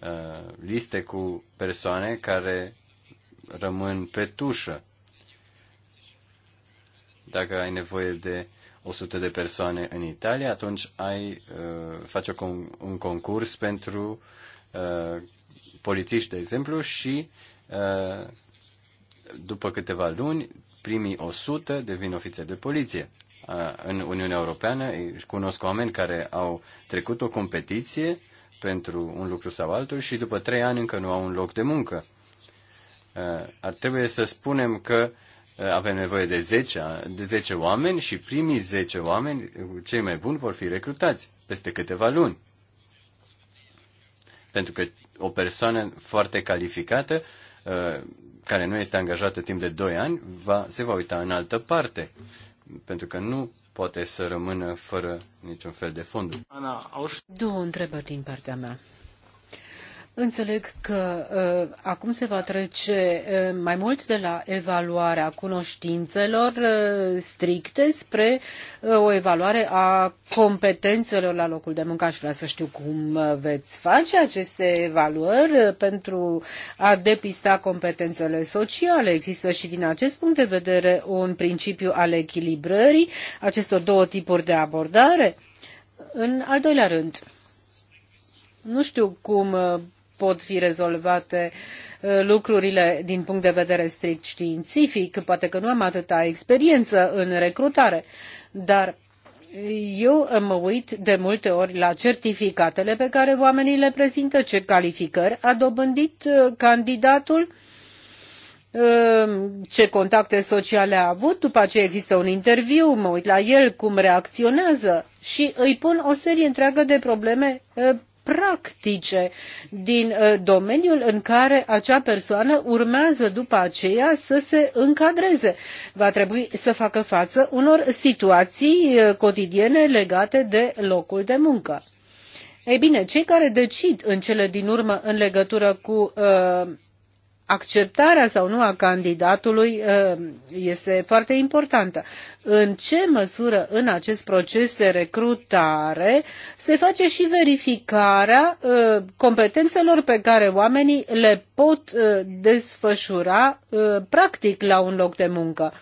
uh, liste cu persoane care rămân pe tușă, dacă ai nevoie de 100 de persoane în Italia, atunci ai uh, face con- un concurs pentru uh, polițiști, de exemplu, și uh, după câteva luni, primii 100 devin ofițeri de poliție în Uniunea Europeană. Cunosc oameni care au trecut o competiție pentru un lucru sau altul și după trei ani încă nu au un loc de muncă. Ar trebui să spunem că avem nevoie de 10, de 10 oameni și primii 10 oameni, cei mai buni, vor fi recrutați peste câteva luni. Pentru că o persoană foarte calificată, care nu este angajată timp de 2 ani, va, se va uita în altă parte pentru că nu poate să rămână fără niciun fel de fonduri. Două întrebări din partea mea. Înțeleg că uh, acum se va trece uh, mai mult de la evaluarea cunoștințelor uh, stricte spre uh, o evaluare a competențelor la locul de muncă. Aș vrea să știu cum uh, veți face aceste evaluări uh, pentru a depista competențele sociale. Există și din acest punct de vedere un principiu al echilibrării acestor două tipuri de abordare. În al doilea rând, nu știu cum uh, pot fi rezolvate uh, lucrurile din punct de vedere strict științific, poate că nu am atâta experiență în recrutare, dar eu mă uit de multe ori la certificatele pe care oamenii le prezintă, ce calificări a dobândit uh, candidatul, uh, ce contacte sociale a avut, după aceea există un interviu, mă uit la el cum reacționează și îi pun o serie întreagă de probleme practice din uh, domeniul în care acea persoană urmează după aceea să se încadreze. Va trebui să facă față unor situații uh, cotidiene legate de locul de muncă. Ei bine, cei care decid în cele din urmă în legătură cu uh, acceptarea sau nu a candidatului uh, este foarte importantă. În ce măsură în acest proces de recrutare se face și verificarea uh, competențelor pe care oamenii le pot uh, desfășura practic la un loc de muncă?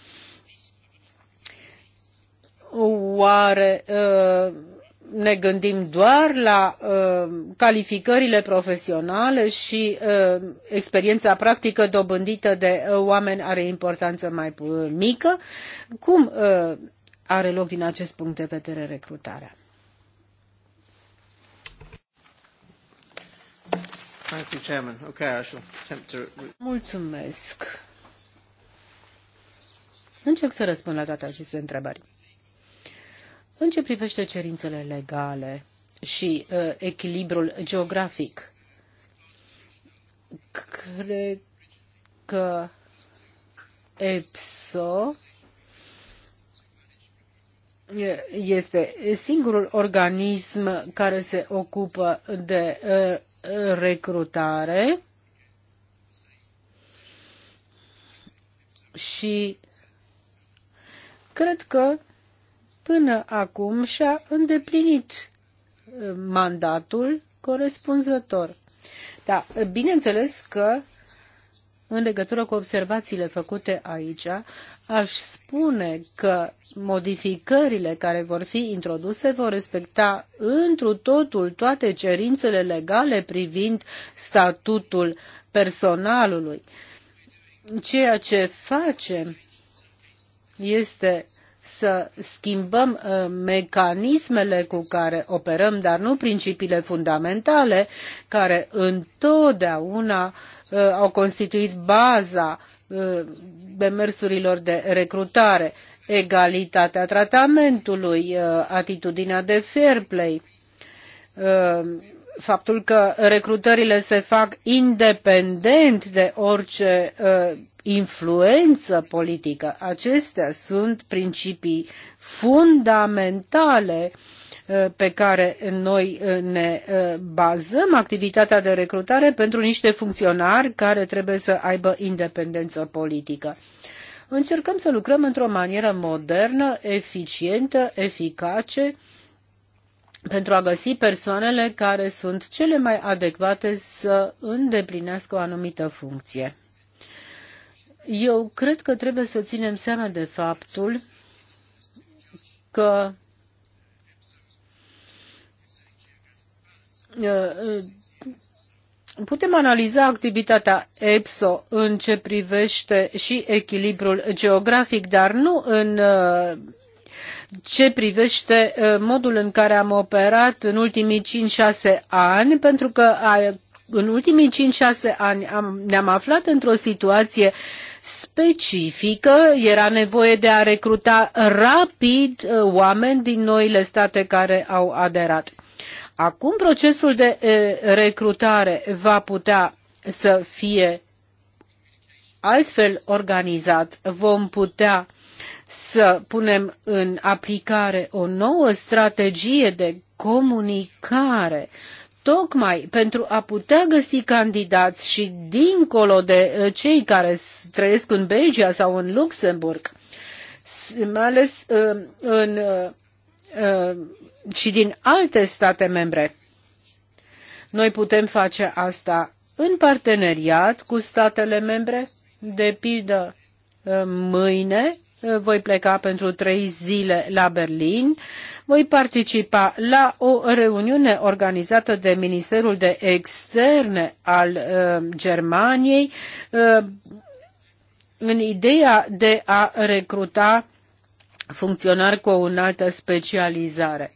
Oare uh, ne gândim doar la uh, calificările profesionale și uh, experiența practică dobândită de uh, oameni are importanță mai mică, cum uh, are loc din acest punct de vedere recrutarea? Mulțumesc. Încerc să răspund la toate aceste întrebări. În ce privește cerințele legale și uh, echilibrul geografic, cred că EPSO este singurul organism care se ocupă de uh, recrutare și cred că până acum și-a îndeplinit uh, mandatul corespunzător. Da, bineînțeles că în legătură cu observațiile făcute aici, aș spune că modificările care vor fi introduse vor respecta întru totul toate cerințele legale privind statutul personalului. Ceea ce facem este să schimbăm uh, mecanismele cu care operăm, dar nu principiile fundamentale care întotdeauna uh, au constituit baza uh, demersurilor de recrutare, egalitatea tratamentului, atitudinea de fair play, faptul că recrutările se fac independent de orice uh, influență politică. Acestea sunt principii fundamentale uh, pe care noi uh, ne uh, bazăm activitatea de recrutare pentru niște funcționari care trebuie să aibă independență politică. Încercăm să lucrăm într-o manieră modernă, eficientă, eficace, uh, pentru a găsi persoanele care sunt cele mai adecvate să îndeplinească o anumită funcție. Eu cred că trebuie să ținem seama de faptul că uh, putem analiza activitatea EPSO în ce privește și echilibrul geografic, dar nu în uh, ce privește uh, modul în care am operat în ultimii 5-6 ani, pentru că în ultimii 5-6 ani am, ne-am aflat într-o situație specifică, era nevoie de a recruta rapid uh, oameni din noile state care au aderat. Acum procesul de uh, recrutare va putea să fie altfel organizat. Vom putea să punem în aplicare o nouă strategie de comunicare tocmai pentru a putea găsi candidați și dincolo de uh, cei care trăiesc în Belgia sau în Luxemburg, mai ales uh, în, uh, și din alte state membre. Noi putem face asta în parteneriat cu statele membre, de pildă mâine voi pleca pentru trei zile la Berlin. Voi participa la o reuniune organizată de Ministerul de Externe al uh, Germaniei uh, în ideea de a recruta funcționari cu o înaltă specializare.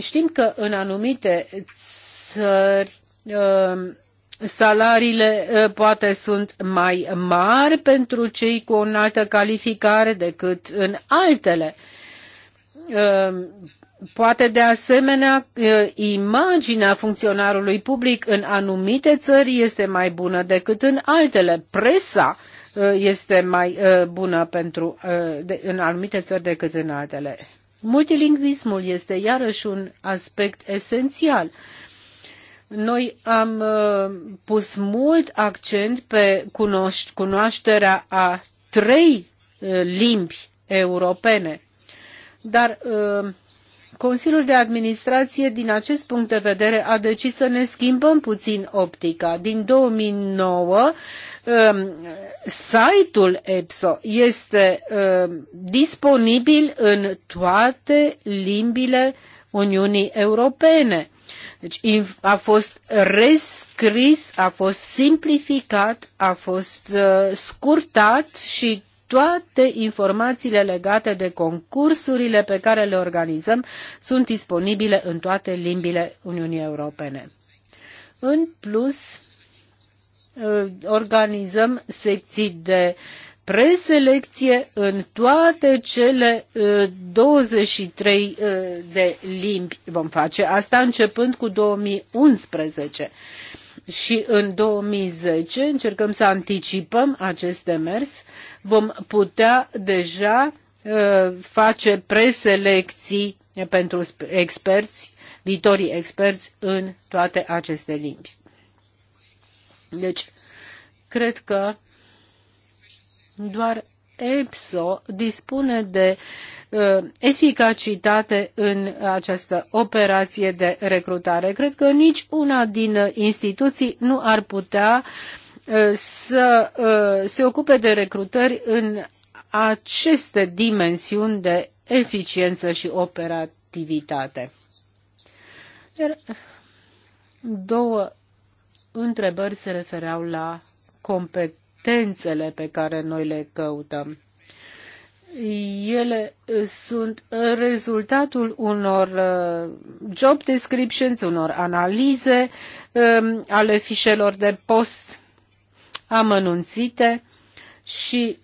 Știm că în anumite țări uh, salariile ă, poate sunt mai mari pentru cei cu o înaltă calificare decât în altele. Ă, poate de asemenea ă, imaginea funcționarului public în anumite țări este mai bună decât în altele. Presa este mai bună pentru, în anumite țări decât în altele. Multilingvismul este iarăși un aspect esențial noi am uh, pus mult accent pe cunoașterea a trei uh, limbi europene, dar uh, Consiliul de Administrație, din acest punct de vedere, a decis să ne schimbăm puțin optica. Din 2009, um, site-ul EPSO este um, disponibil în toate limbile Uniunii Europene. Deci a fost rescris, a fost simplificat, a fost uh, scurtat și toate informațiile legate de concursurile pe care le organizăm sunt disponibile în toate limbile Uniunii Europene. În plus, uh, organizăm secții de uh, preselecție în toate cele 23 uh, uh, de limbi. Vom face asta începând cu 2011. Și în 2010 încercăm să anticipăm acest demers. Vom putea deja uh, face preselecții pentru experți, viitorii experți în toate aceste limbi. Deci, cred că doar EPSO dispune de uh, eficacitate în această operație de recrutare. Cred că nici una din instituții nu ar putea uh, să uh, se ocupe de recrutări în aceste dimensiuni de eficiență și operativitate. Iar două întrebări se refereau la competență competențele pe care noi le căutăm. Ele sunt rezultatul unor uh, job descriptions, unor analize um, ale fișelor de post amănunțite și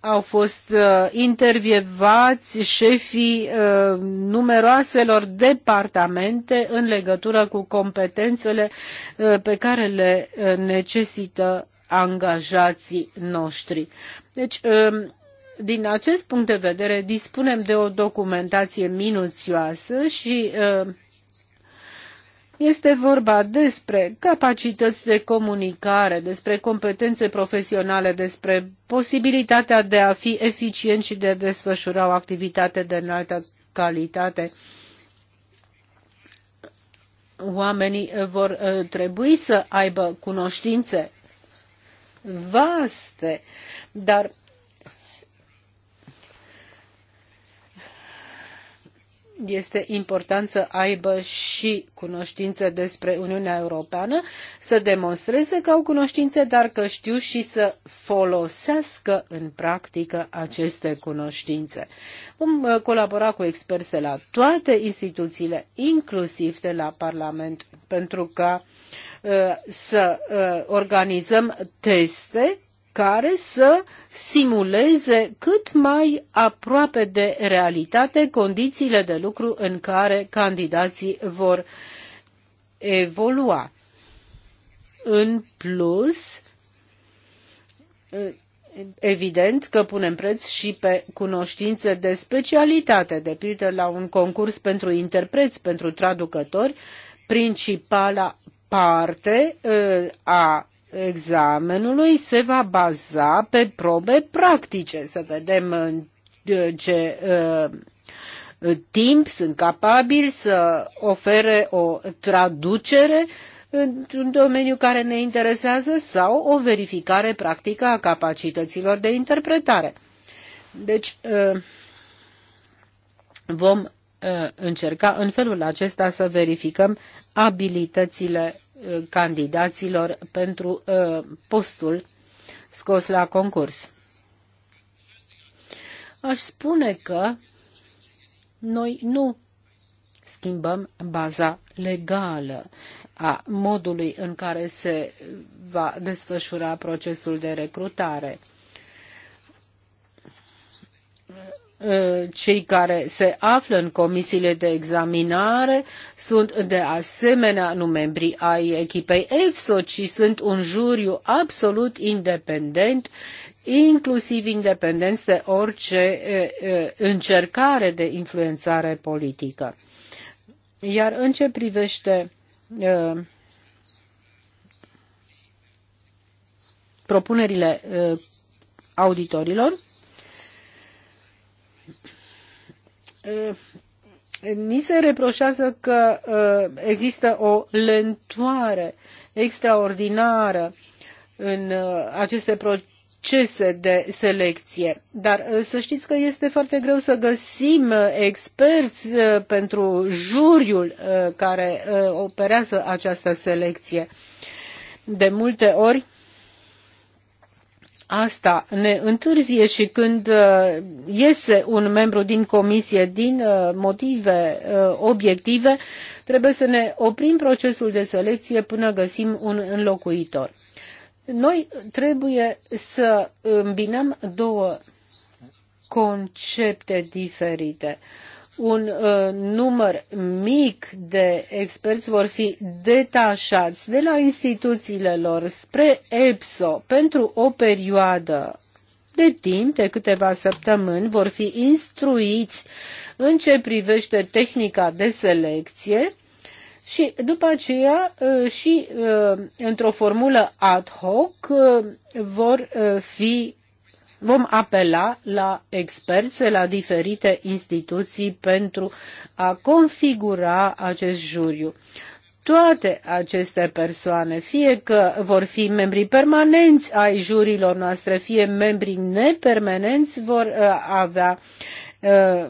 au fost uh, intervievați șefii uh, numeroaselor departamente în legătură cu competențele uh, pe care le uh, necesită angajații noștri. Deci, um, din acest punct de vedere, dispunem de o documentație minuțioasă și um, este vorba despre capacități de comunicare, despre competențe profesionale, despre posibilitatea de a fi eficient și de a desfășura o activitate de înaltă calitate. Oamenii uh, vor uh, trebui să aibă cunoștințe vaste, dar este important să aibă și cunoștințe despre Uniunea Europeană, să demonstreze că au cunoștințe, dar că știu și să folosească în practică aceste cunoștințe. Vom uh, colabora cu experți la toate instituțiile, inclusiv de la Parlament, pentru ca Uh, să uh, organizăm teste care să simuleze cât mai aproape de realitate condițiile de lucru în care candidații vor evolua. În plus, uh, evident că punem preț și pe cunoștințe de specialitate, de pildă la un concurs pentru interpreți, pentru traducători, principala parte ă, a examenului se va baza pe probe practice, să vedem ă, ce ă, timp sunt capabili să ofere o traducere într-un domeniu care ne interesează sau o verificare practică a capacităților de interpretare. Deci vom Uh, încerca în felul acesta să verificăm abilitățile uh, candidaților pentru uh, postul scos la concurs. Aș spune că noi nu schimbăm baza legală a modului în care se va desfășura procesul de recrutare. Ă, cei care se află în comisiile de examinare sunt de asemenea nu membri ai echipei EFSO, ci sunt un juriu absolut independent, inclusiv independenți de orice încercare de influențare politică. Iar în ce privește propunerile auditorilor, Uh, ni se reproșează că uh, există o lentoare extraordinară în uh, aceste procese de selecție. Dar să știți că este foarte greu să găsim experți pentru juriul care operează această selecție. De multe ori, asta ne întârzie și când uh, iese un membru din comisie din uh, motive uh, obiective, trebuie să ne oprim procesul de selecție până găsim un înlocuitor. Noi trebuie să îmbinăm două concepte diferite. Uh, un uh, număr mic de experți vor fi detașați de la instituțiile lor spre EPSO pentru o perioadă de timp de câteva săptămâni vor fi instruiți în ce privește tehnica de selecție și după aceea uh, și uh, într-o formulă ad hoc uh, vor fi vom apela la experți, la diferite instituții pentru a configura acest juriu toate aceste persoane, fie că vor fi membri permanenți ai jurilor noastre, fie membri nepermanenți, vor uh, avea Uh,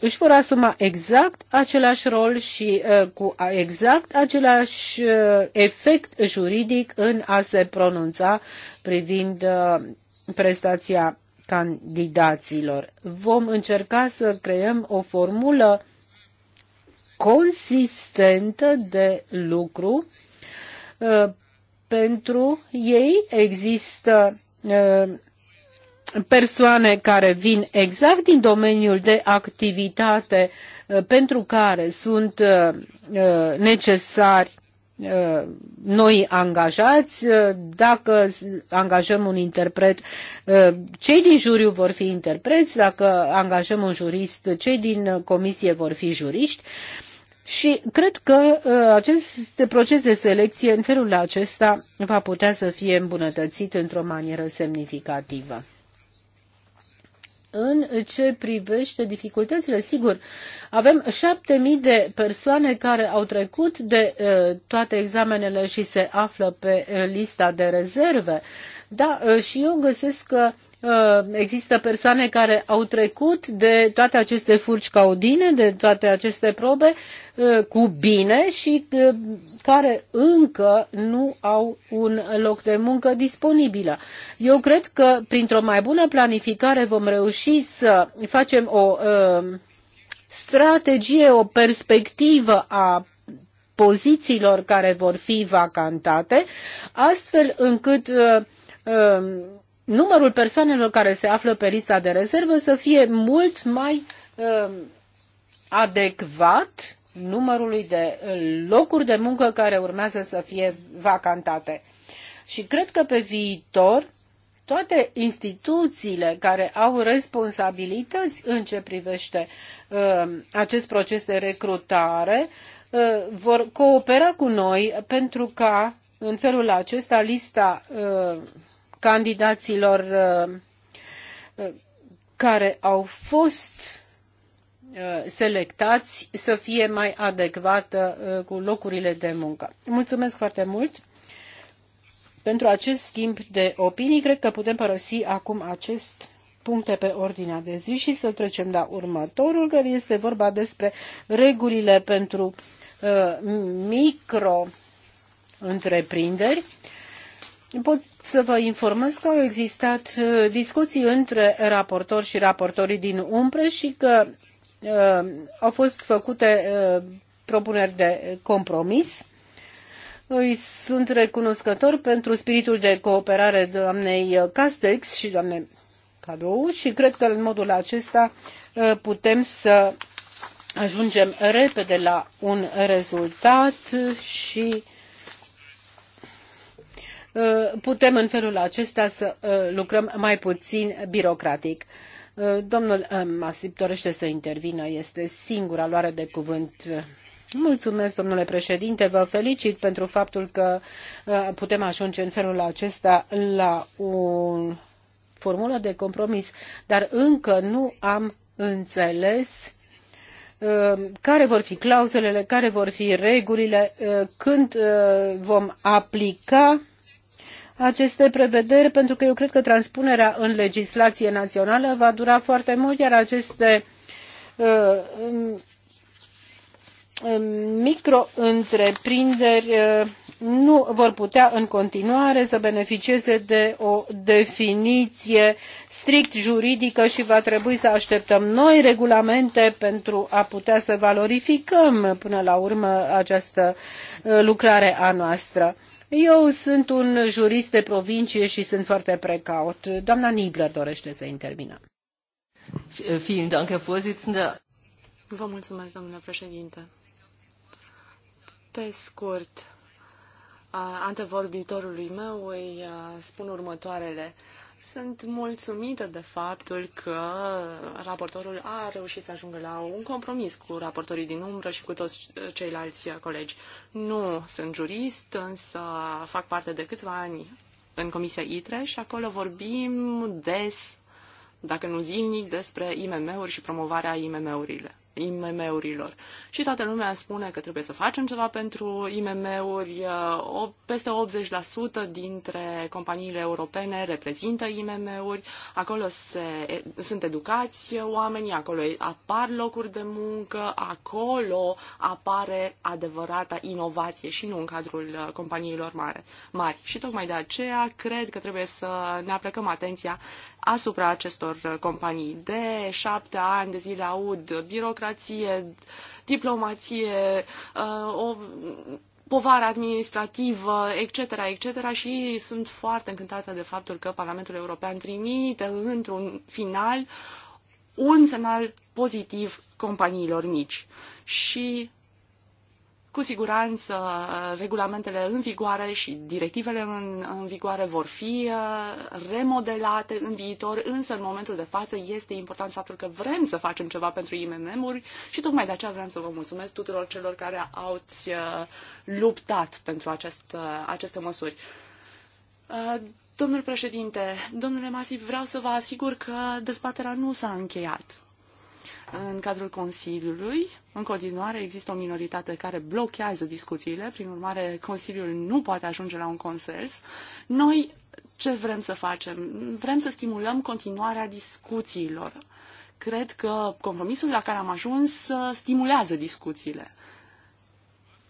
își vor asuma exact același rol și uh, cu exact același uh, efect juridic în a se pronunța privind prestația candidaților. Vom încerca să creăm o formulă consistentă de lucru. Pentru ei există persoane care vin exact din domeniul de activitate uh, pentru care sunt uh, uh, necesari noi angajați, dacă angajăm un interpret, cei din juriu vor fi interpreți, dacă angajăm un jurist, cei din comisie vor fi juriști. Și cred că acest proces de selecție în felul acesta va putea să fie îmbunătățit într-o manieră semnificativă în ce privește dificultățile, sigur, avem șapte mii de persoane care au trecut de uh, toate examenele și se află pe uh, lista de rezerve. Da, uh, și eu găsesc că uh, Uh, există persoane care au trecut de toate aceste furci caudine, de toate aceste probe uh, cu bine și uh, care încă nu au un loc de muncă disponibilă. Eu cred că printr-o mai bună planificare vom reuși să facem o strategie, o perspectivă a pozițiilor care vor fi vacantate, astfel încât numărul persoanelor care se află pe lista de rezervă să fie mult mai uh, adecvat numărului de uh, locuri de muncă care urmează să fie vacantate. Și cred că pe viitor toate instituțiile care au responsabilități în ce privește uh, acest proces de recrutare uh, vor coopera cu noi pentru ca în felul acesta lista uh, candidaților uh, uh, care au fost uh, selectați să fie mai adecvată cu locurile de muncă. Mulțumesc foarte mult pentru acest schimb de opinii. Cred că putem părăsi acum acest puncte pe ordinea de zi și să trecem la următorul, care este vorba despre regulile pentru uh, micro întreprinderi. Uh, Pot să vă informez că au existat uh, discuții între raportori și raportorii din umbră și că uh, au fost făcute uh, propuneri de compromis. Îi sunt recunoscător pentru spiritul de cooperare doamnei Castex și doamnei Cadou și cred că în modul acesta uh, putem să ajungem repede la un rezultat și Uh, putem în felul acesta să uh, lucrăm mai puțin birocratic. Uh, domnul Masip dorește să intervină, este singura luare de cuvânt. Mulțumesc, domnule președinte, vă felicit pentru faptul că putem ajunge în felul acesta la o formulă de compromis, dar încă nu am înțeles care vor fi clauzelele, care vor fi regulile, când vom aplica aceste prevederi pentru că eu cred că transpunerea în legislație națională va dura foarte mult, iar aceste uh, microîntreprinderi micro-întreprinderi uh, nu vor putea în continuare să beneficieze de o definiție strict juridică și va trebui să așteptăm noi regulamente pentru a putea să valorificăm până la urmă această uh, lucrare a noastră. Eu sunt un jurist de provincie și sunt foarte precaut. Doamna Nibler dorește să intervină. Vă mulțumesc, domnule președinte. Pe scurt, antevorbitorului meu îi spun următoarele. Sunt mulțumită de faptul că raportorul a reușit să ajungă la un compromis cu raportorii din umbră și cu toți ceilalți colegi. Nu sunt jurist, însă fac parte de câțiva ani în Comisia ITRE și acolo vorbim des, dacă nu zilnic, despre IMM-uri și promovarea IMM-urilor. IMM-urilor. Și toată lumea spune că trebuie să facem ceva pentru IMM-uri. Peste 80% dintre companiile europene reprezintă IMM-uri. Acolo se, sunt educați oamenii, acolo apar locuri de muncă, acolo apare adevărata inovație și nu în cadrul companiilor mari. Și tocmai de aceea cred că trebuie să ne aplecăm atenția asupra acestor uh, companii. De șapte ani de zile aud birocrație, diplomație, uh, o povară administrativă, etc., etc. și sunt foarte încântată de faptul că Parlamentul European trimite într-un final un semnal pozitiv companiilor mici. Și cu siguranță, uh, regulamentele în vigoare și directivele în, în vigoare vor fi uh, remodelate în viitor, însă în momentul de față este important faptul că vrem să facem ceva pentru IMM-uri și tocmai de aceea vreau să vă mulțumesc tuturor celor care au uh, luptat pentru acest, aceste măsuri. Domnul președinte, domnule Masiv, vreau să vă asigur că dezbaterea nu s-a încheiat. În cadrul Consiliului, în continuare, există o minoritate care blochează discuțiile, prin urmare, Consiliul nu poate ajunge la un consens. Noi ce vrem să facem? Vrem să stimulăm continuarea discuțiilor. Cred că compromisul la care am ajuns stimulează discuțiile.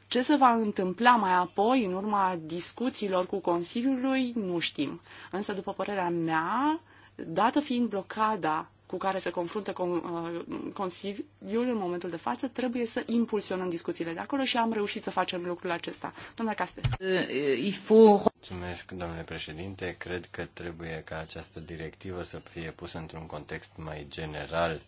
Ce se va întâmpla mai apoi, în urma discuțiilor cu Consiliului, nu știm. Însă, după părerea mea, dată fiind blocada cu care se confruntă uh, Consiliul în momentul de față, trebuie să impulsionăm discuțiile de acolo și am reușit să facem lucrul acesta. Doamna Caste. Uh, Mulțumesc, domnule președinte. Cred că trebuie ca această directivă să fie pusă într-un context mai general.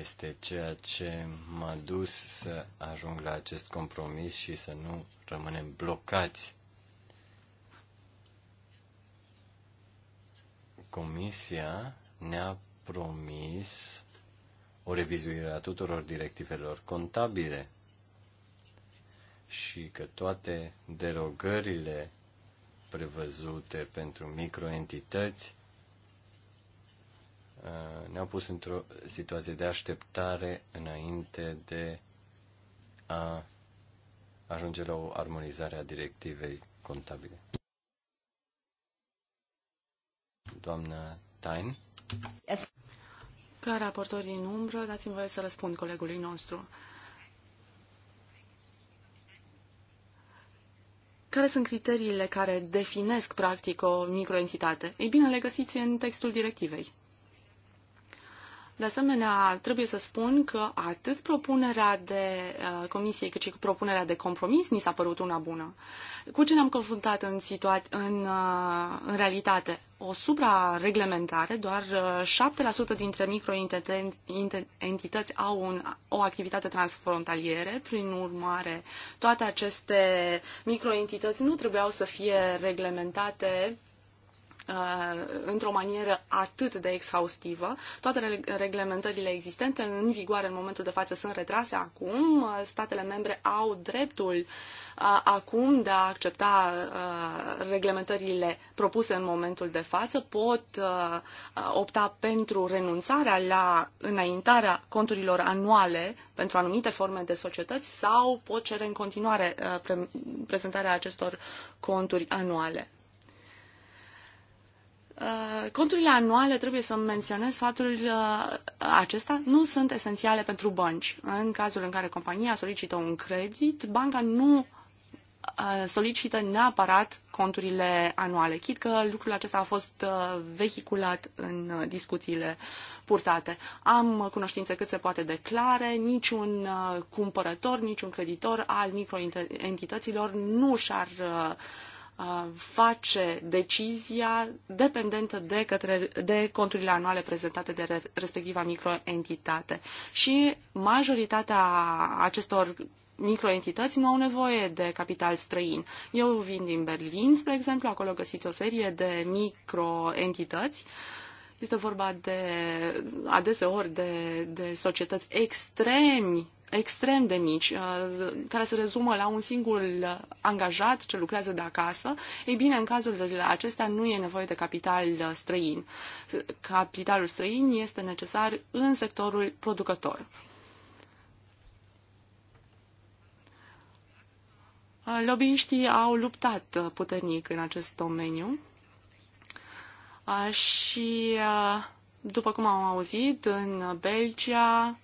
Este ceea ce m-a dus să ajung la acest compromis și să nu rămânem blocați Comisia ne-a promis o revizuire a tuturor directivelor contabile și că toate derogările prevăzute pentru microentități uh, ne-au pus într-o situație de așteptare înainte de a ajunge la o armonizare a directivei contabile. Doamna Tain. Ca raportor din umbră, dați-mi voie să răspund colegului nostru. Care sunt criteriile care definesc, practic, o microentitate? Ei bine, le găsiți în textul directivei. De asemenea, trebuie să spun că atât propunerea de uh, comisie cât și propunerea de compromis ni s-a părut una bună. Cu ce ne-am confruntat în, situa- în, uh, în realitate? O suprareglementare, doar uh, 7% dintre microentități au un, o activitate transfrontaliere, prin urmare toate aceste microentități nu trebuiau să fie reglementate Uh, într-o manieră atât de exhaustivă. Toate reglementările existente în vigoare în momentul de față sunt retrase acum. Uh, statele membre au dreptul uh, acum de a accepta reglementările propuse în momentul de față. Pot opta pentru renunțarea la înaintarea conturilor anuale pentru anumite forme de societăți sau pot cere în continuare prezentarea acestor conturi anuale. Uh, conturile anuale, trebuie să menționez faptul uh, acesta, nu sunt esențiale pentru bănci. În cazul în care compania solicită un credit, banca nu uh, solicită neapărat conturile anuale. Chit că lucrul acesta a fost vehiculat în discuțiile purtate. Am cunoștințe cât se poate declare, niciun cumpărător, niciun creditor al microentităților nu și-ar uh, face decizia dependentă de, către, de conturile anuale prezentate de respectiva microentitate. Și majoritatea acestor microentități nu au nevoie de capital străin. Eu vin din Berlin, spre exemplu, acolo găsiți o serie de microentități este vorba de adeseori de, de societăți extremi extrem de mici, uh, care se rezumă la un singur angajat ce lucrează de acasă, ei bine, în cazul acestea nu e nevoie de capital uh, străin. Capitalul străin este necesar în sectorul producător. Uh, lobbyiștii au luptat puternic în acest domeniu și, după cum am auzit, în Belgia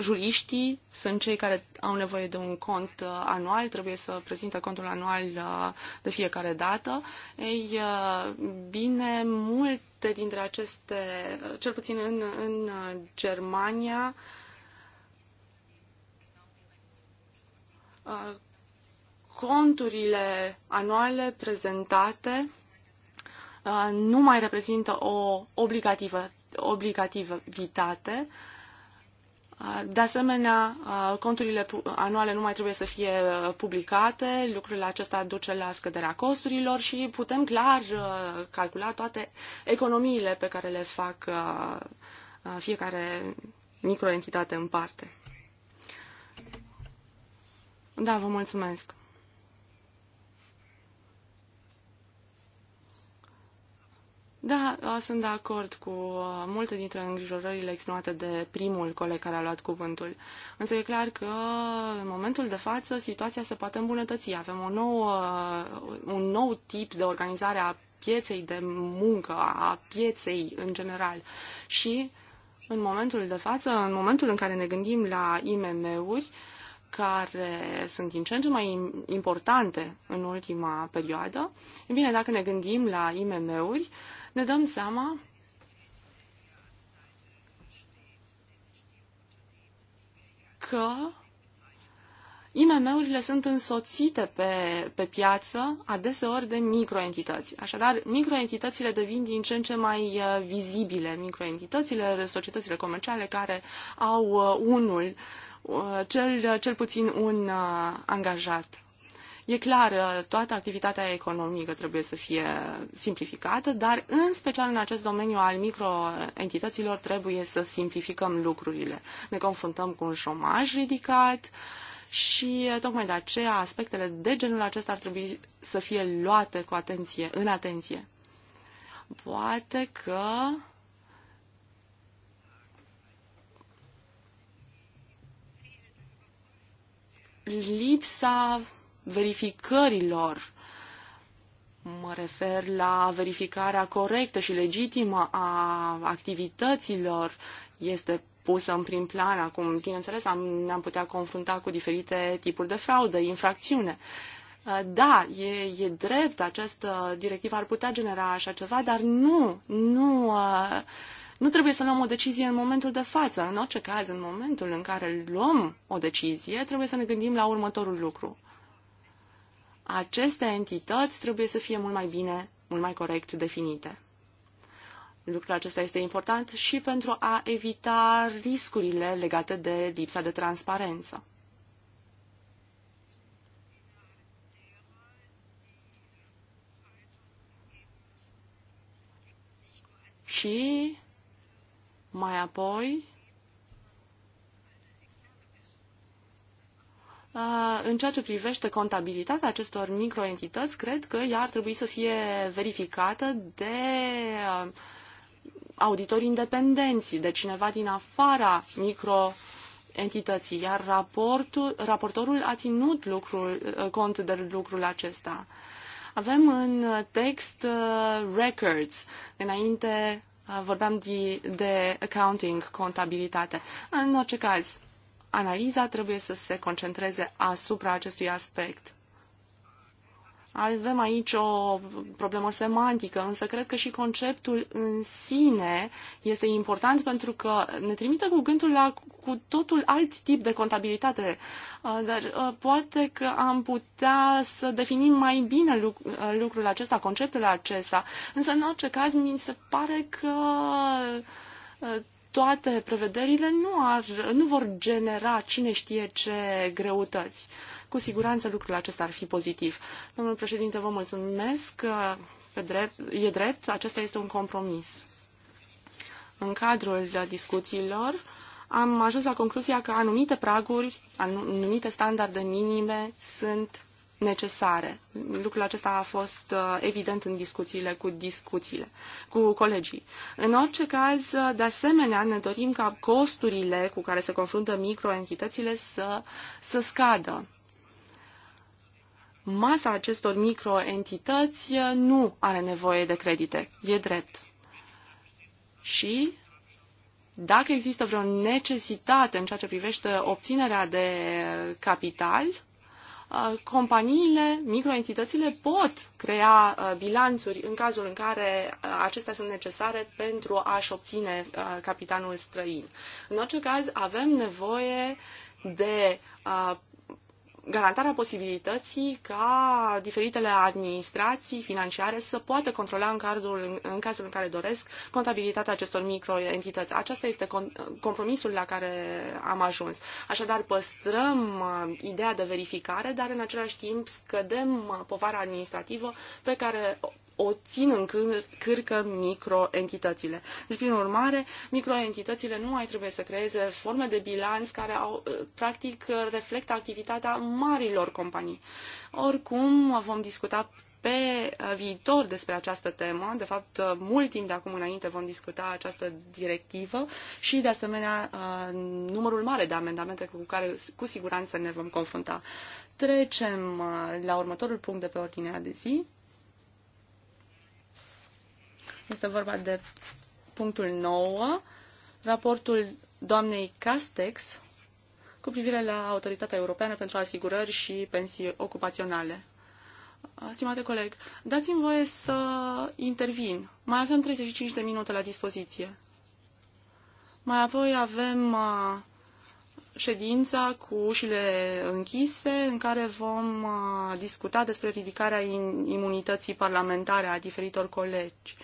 juriștii sunt cei care au nevoie de un cont uh, anual, trebuie să prezinte contul anual uh, de fiecare dată. Ei uh, bine, multe dintre aceste, cel puțin în, în Germania, conturile anuale prezentate nu mai reprezintă o obligativă, obligativitate, de asemenea, conturile anuale nu mai trebuie să fie publicate, lucrul acesta duce la scăderea costurilor și putem clar calcula toate economiile pe care le fac fiecare microentitate în parte. Da, vă mulțumesc. Da, sunt de acord cu multe dintre îngrijorările exprimate de primul coleg care a luat cuvântul. Însă e clar că în momentul de față situația se poate îmbunătăți. Avem o nouă, un nou tip de organizare a pieței de muncă, a pieței în general. Și în momentul de față, în momentul în care ne gândim la IMM-uri, care sunt din ce în ce mai importante în ultima perioadă. E bine, dacă ne gândim la IMM-uri, ne dăm seama că IMM-urile sunt însoțite pe, pe piață adeseori de microentități. Așadar, microentitățile devin din ce în ce mai uh, vizibile. Microentitățile, societățile comerciale care au uh, unul, uh, cel, cel puțin un angajat. E clar, uh, toată activitatea economică trebuie să fie simplificată, dar în special în acest domeniu al microentităților trebuie să simplificăm lucrurile. Ne confruntăm cu un șomaj ridicat, și uh, tocmai de aceea aspectele de genul acesta ar trebui să fie luate cu atenție, în atenție. Poate că lipsa verificărilor. Mă refer la verificarea corectă și legitimă a activităților. Este pusă în prim plan acum. Bineînțeles, am, ne-am putea confrunta cu diferite tipuri de fraudă, infracțiune. Uh, da, e, e drept, această directivă ar putea genera așa ceva, dar nu, nu, uh, nu trebuie să luăm o decizie în momentul de față. În orice caz, în momentul în care luăm o decizie, trebuie să ne gândim la următorul lucru aceste entități trebuie să fie mult mai bine, mult mai corect definite. Lucrul acesta este important și pentru a evita riscurile legate de lipsa de transparență. Și mai apoi Uh, în ceea ce privește contabilitatea acestor microentități, cred că ea ar trebui să fie verificată de uh, auditori independenți, de cineva din afara micro entității, iar raportul, raportorul a ținut lucrul, uh, cont de lucrul acesta. Avem în text uh, records. Înainte uh, vorbeam de, de accounting, contabilitate. În orice caz, analiza trebuie să se concentreze asupra acestui aspect. Avem aici o problemă semantică, însă cred că și conceptul în sine este important pentru că ne trimite cu gândul la cu totul alt tip de contabilitate. Uh, dar uh, poate că am putea să definim mai bine uh, lucrul acesta, conceptul acesta. Însă, în orice caz, mi se pare că toate prevederile nu, ar, nu vor genera cine știe ce greutăți. Cu siguranță lucrul acesta ar fi pozitiv. Domnul președinte, vă mulțumesc. Pe drept, e drept, acesta este un compromis. În cadrul discuțiilor am ajuns la concluzia că anumite praguri, anumite standarde minime sunt necesare. Lucrul acesta a fost uh, evident în discuțiile cu discuțiile, cu colegii. În orice caz, uh, de asemenea, ne dorim ca costurile cu care se confruntă microentitățile să, să scadă. Masa acestor microentități uh, nu are nevoie de credite, e drept. Și dacă există vreo necesitate în ceea ce privește obținerea de capital, companiile, microentitățile pot crea bilanțuri în cazul în care acestea sunt necesare pentru a-și obține capitanul străin. În orice caz, avem nevoie de garantarea posibilității ca diferitele administrații financiare să poată controla în, cardul, în cazul în care doresc contabilitatea acestor microentități. Aceasta este compromisul la care am ajuns. Așadar, păstrăm uh, ideea de verificare, dar în același timp scădem uh, povara administrativă pe care o țin în cârcă microentitățile. Deci, prin urmare, microentitățile nu mai trebuie să creeze forme de bilanț care au, uh, practic reflectă activitatea marilor companii. Oricum, vom discuta pe uh, viitor despre această temă. De fapt, uh, mult timp de acum înainte vom discuta această directivă și, de asemenea, numărul mare de amendamente cu care cu siguranță ne vom confrunta. Trecem la următorul punct de pe ordinea de zi. Este vorba de punctul 9, raportul doamnei Castex cu privire la Autoritatea Europeană pentru Asigurări și Pensii Ocupaționale. Stimate coleg, dați-mi voie să intervin. Mai avem 35 de minute la dispoziție. Mai apoi avem ședința cu ușile închise în care vom discuta despre ridicarea imunității parlamentare a diferitor colegi.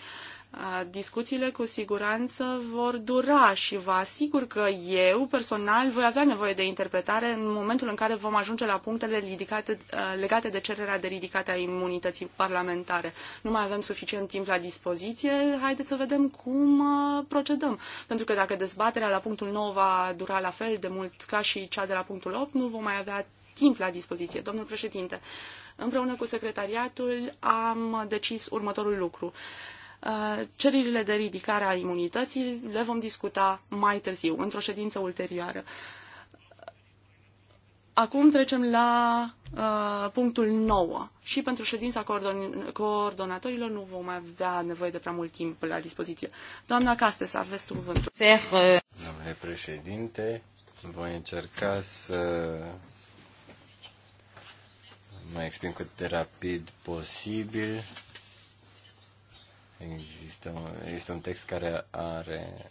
Discuțiile cu siguranță vor dura și vă asigur că eu personal voi avea nevoie de interpretare în momentul în care vom ajunge la punctele ridicate, legate de cererea de ridicare a imunității parlamentare. Nu mai avem suficient timp la dispoziție, haideți să vedem cum procedăm. Pentru că dacă dezbaterea la punctul 9 va dura la fel de mult ca și cea de la punctul 8, nu vom mai avea timp la dispoziție. Domnul președinte, împreună cu secretariatul am decis următorul lucru. Uh, cererile de ridicare a imunității le vom discuta mai târziu, într-o ședință ulterioară. Acum trecem la uh, punctul 9. Și pentru ședința coordon- coordonatorilor nu vom mai avea nevoie de prea mult timp la dispoziție. Doamna Castes, aveți cuvântul. Uh, Domnule președinte, voi încerca să mă exprim cât de rapid posibil. Există, există un text care are,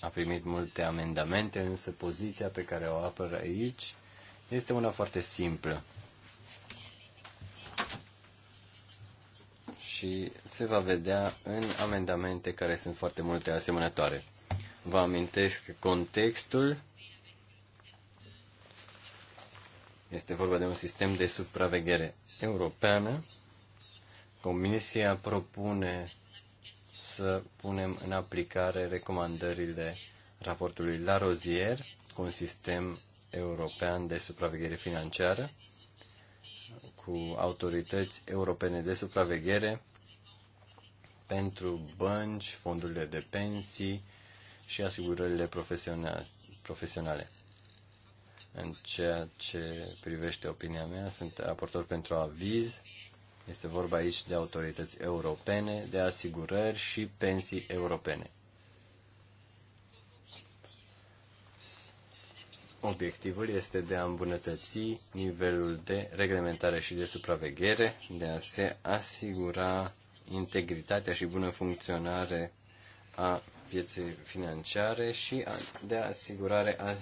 a primit multe amendamente, însă poziția pe care o apăr aici este una foarte simplă. Și se va vedea în amendamente care sunt foarte multe asemănătoare. Vă amintesc contextul. Este vorba de un sistem de supraveghere europeană Comisia propune să punem în aplicare recomandările raportului La Rozier cu un sistem european de supraveghere financiară, cu autorități europene de supraveghere pentru bănci, fondurile de pensii și asigurările profesionale. În ceea ce privește opinia mea, sunt raportor pentru aviz este vorba aici de autorități europene, de asigurări și pensii europene. Obiectivul este de a îmbunătăți nivelul de reglementare și de supraveghere, de a se asigura integritatea și bună funcționare a pieței financiare și de asigurare a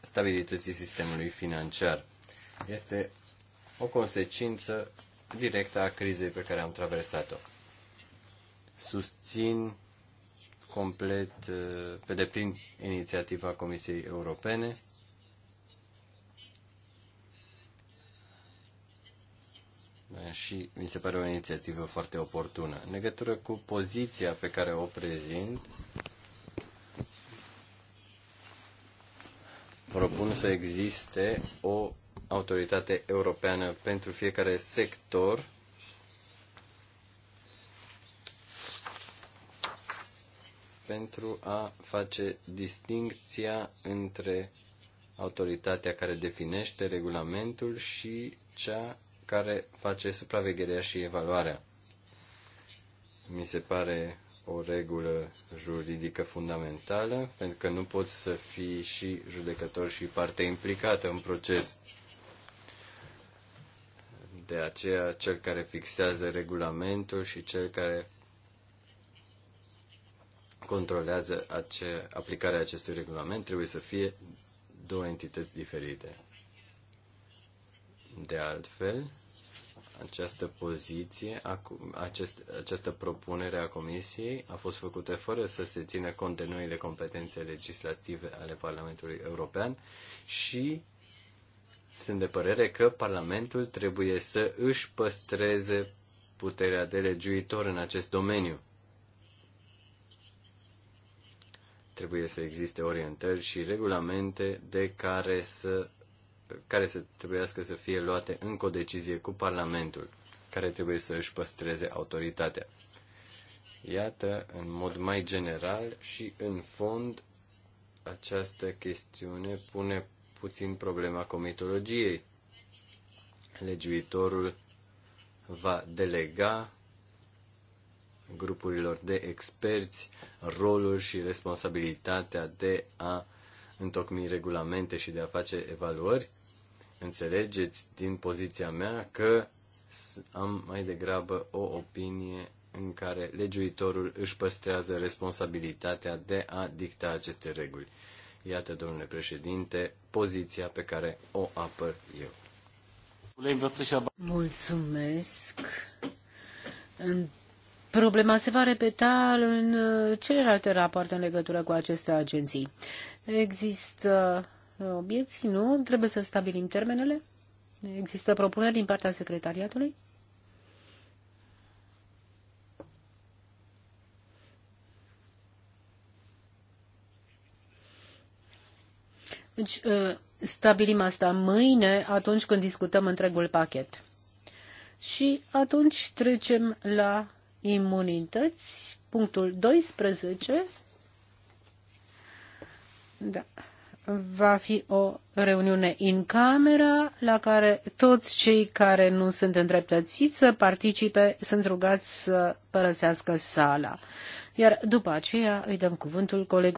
stabilității sistemului financiar. Este o consecință directă a crizei pe care am traversat-o. Susțin complet, uh, pe deplin, inițiativa Comisiei Europene și mi se pare o inițiativă foarte oportună. În legătură cu poziția pe care o prezint, propun să existe o autoritate europeană pentru fiecare sector. pentru a face distincția între autoritatea care definește regulamentul și cea care face supravegherea și evaluarea. Mi se pare o regulă juridică fundamentală, pentru că nu poți să fii și judecător și parte implicată în proces. De aceea, cel care fixează regulamentul și cel care controlează ace- aplicarea acestui regulament trebuie să fie două entități diferite. De altfel, această poziție, acest, această propunere a Comisiei a fost făcută fără să se țină cont de noile competențe legislative ale Parlamentului European și sunt de părere că Parlamentul trebuie să își păstreze puterea de legiuitor în acest domeniu. Trebuie să existe orientări și regulamente de care să care să trebuiască să fie luate în decizie cu Parlamentul, care trebuie să își păstreze autoritatea. Iată, în mod mai general și în fond, această chestiune pune puțin problema comitologiei. Legiuitorul va delega grupurilor de experți rolul și responsabilitatea de a întocmi regulamente și de a face evaluări. Înțelegeți din poziția mea că am mai degrabă o opinie în care legiuitorul își păstrează responsabilitatea de a dicta aceste reguli. Iată, domnule președinte, poziția pe care o apăr eu. Mulțumesc. Problema se va repeta în uh, celelalte rapoarte în legătură cu aceste agenții. Există uh, obiecții, nu? Trebuie să stabilim termenele? Există propuneri din partea secretariatului? Deci ă, stabilim asta mâine, atunci când discutăm întregul pachet. Și atunci trecem la imunități, punctul 12. Da. Va fi o reuniune în camera la care toți cei care nu sunt îndreptățiți să participe sunt rugați să părăsească sala. Iar după aceea îi dăm cuvântul colegului.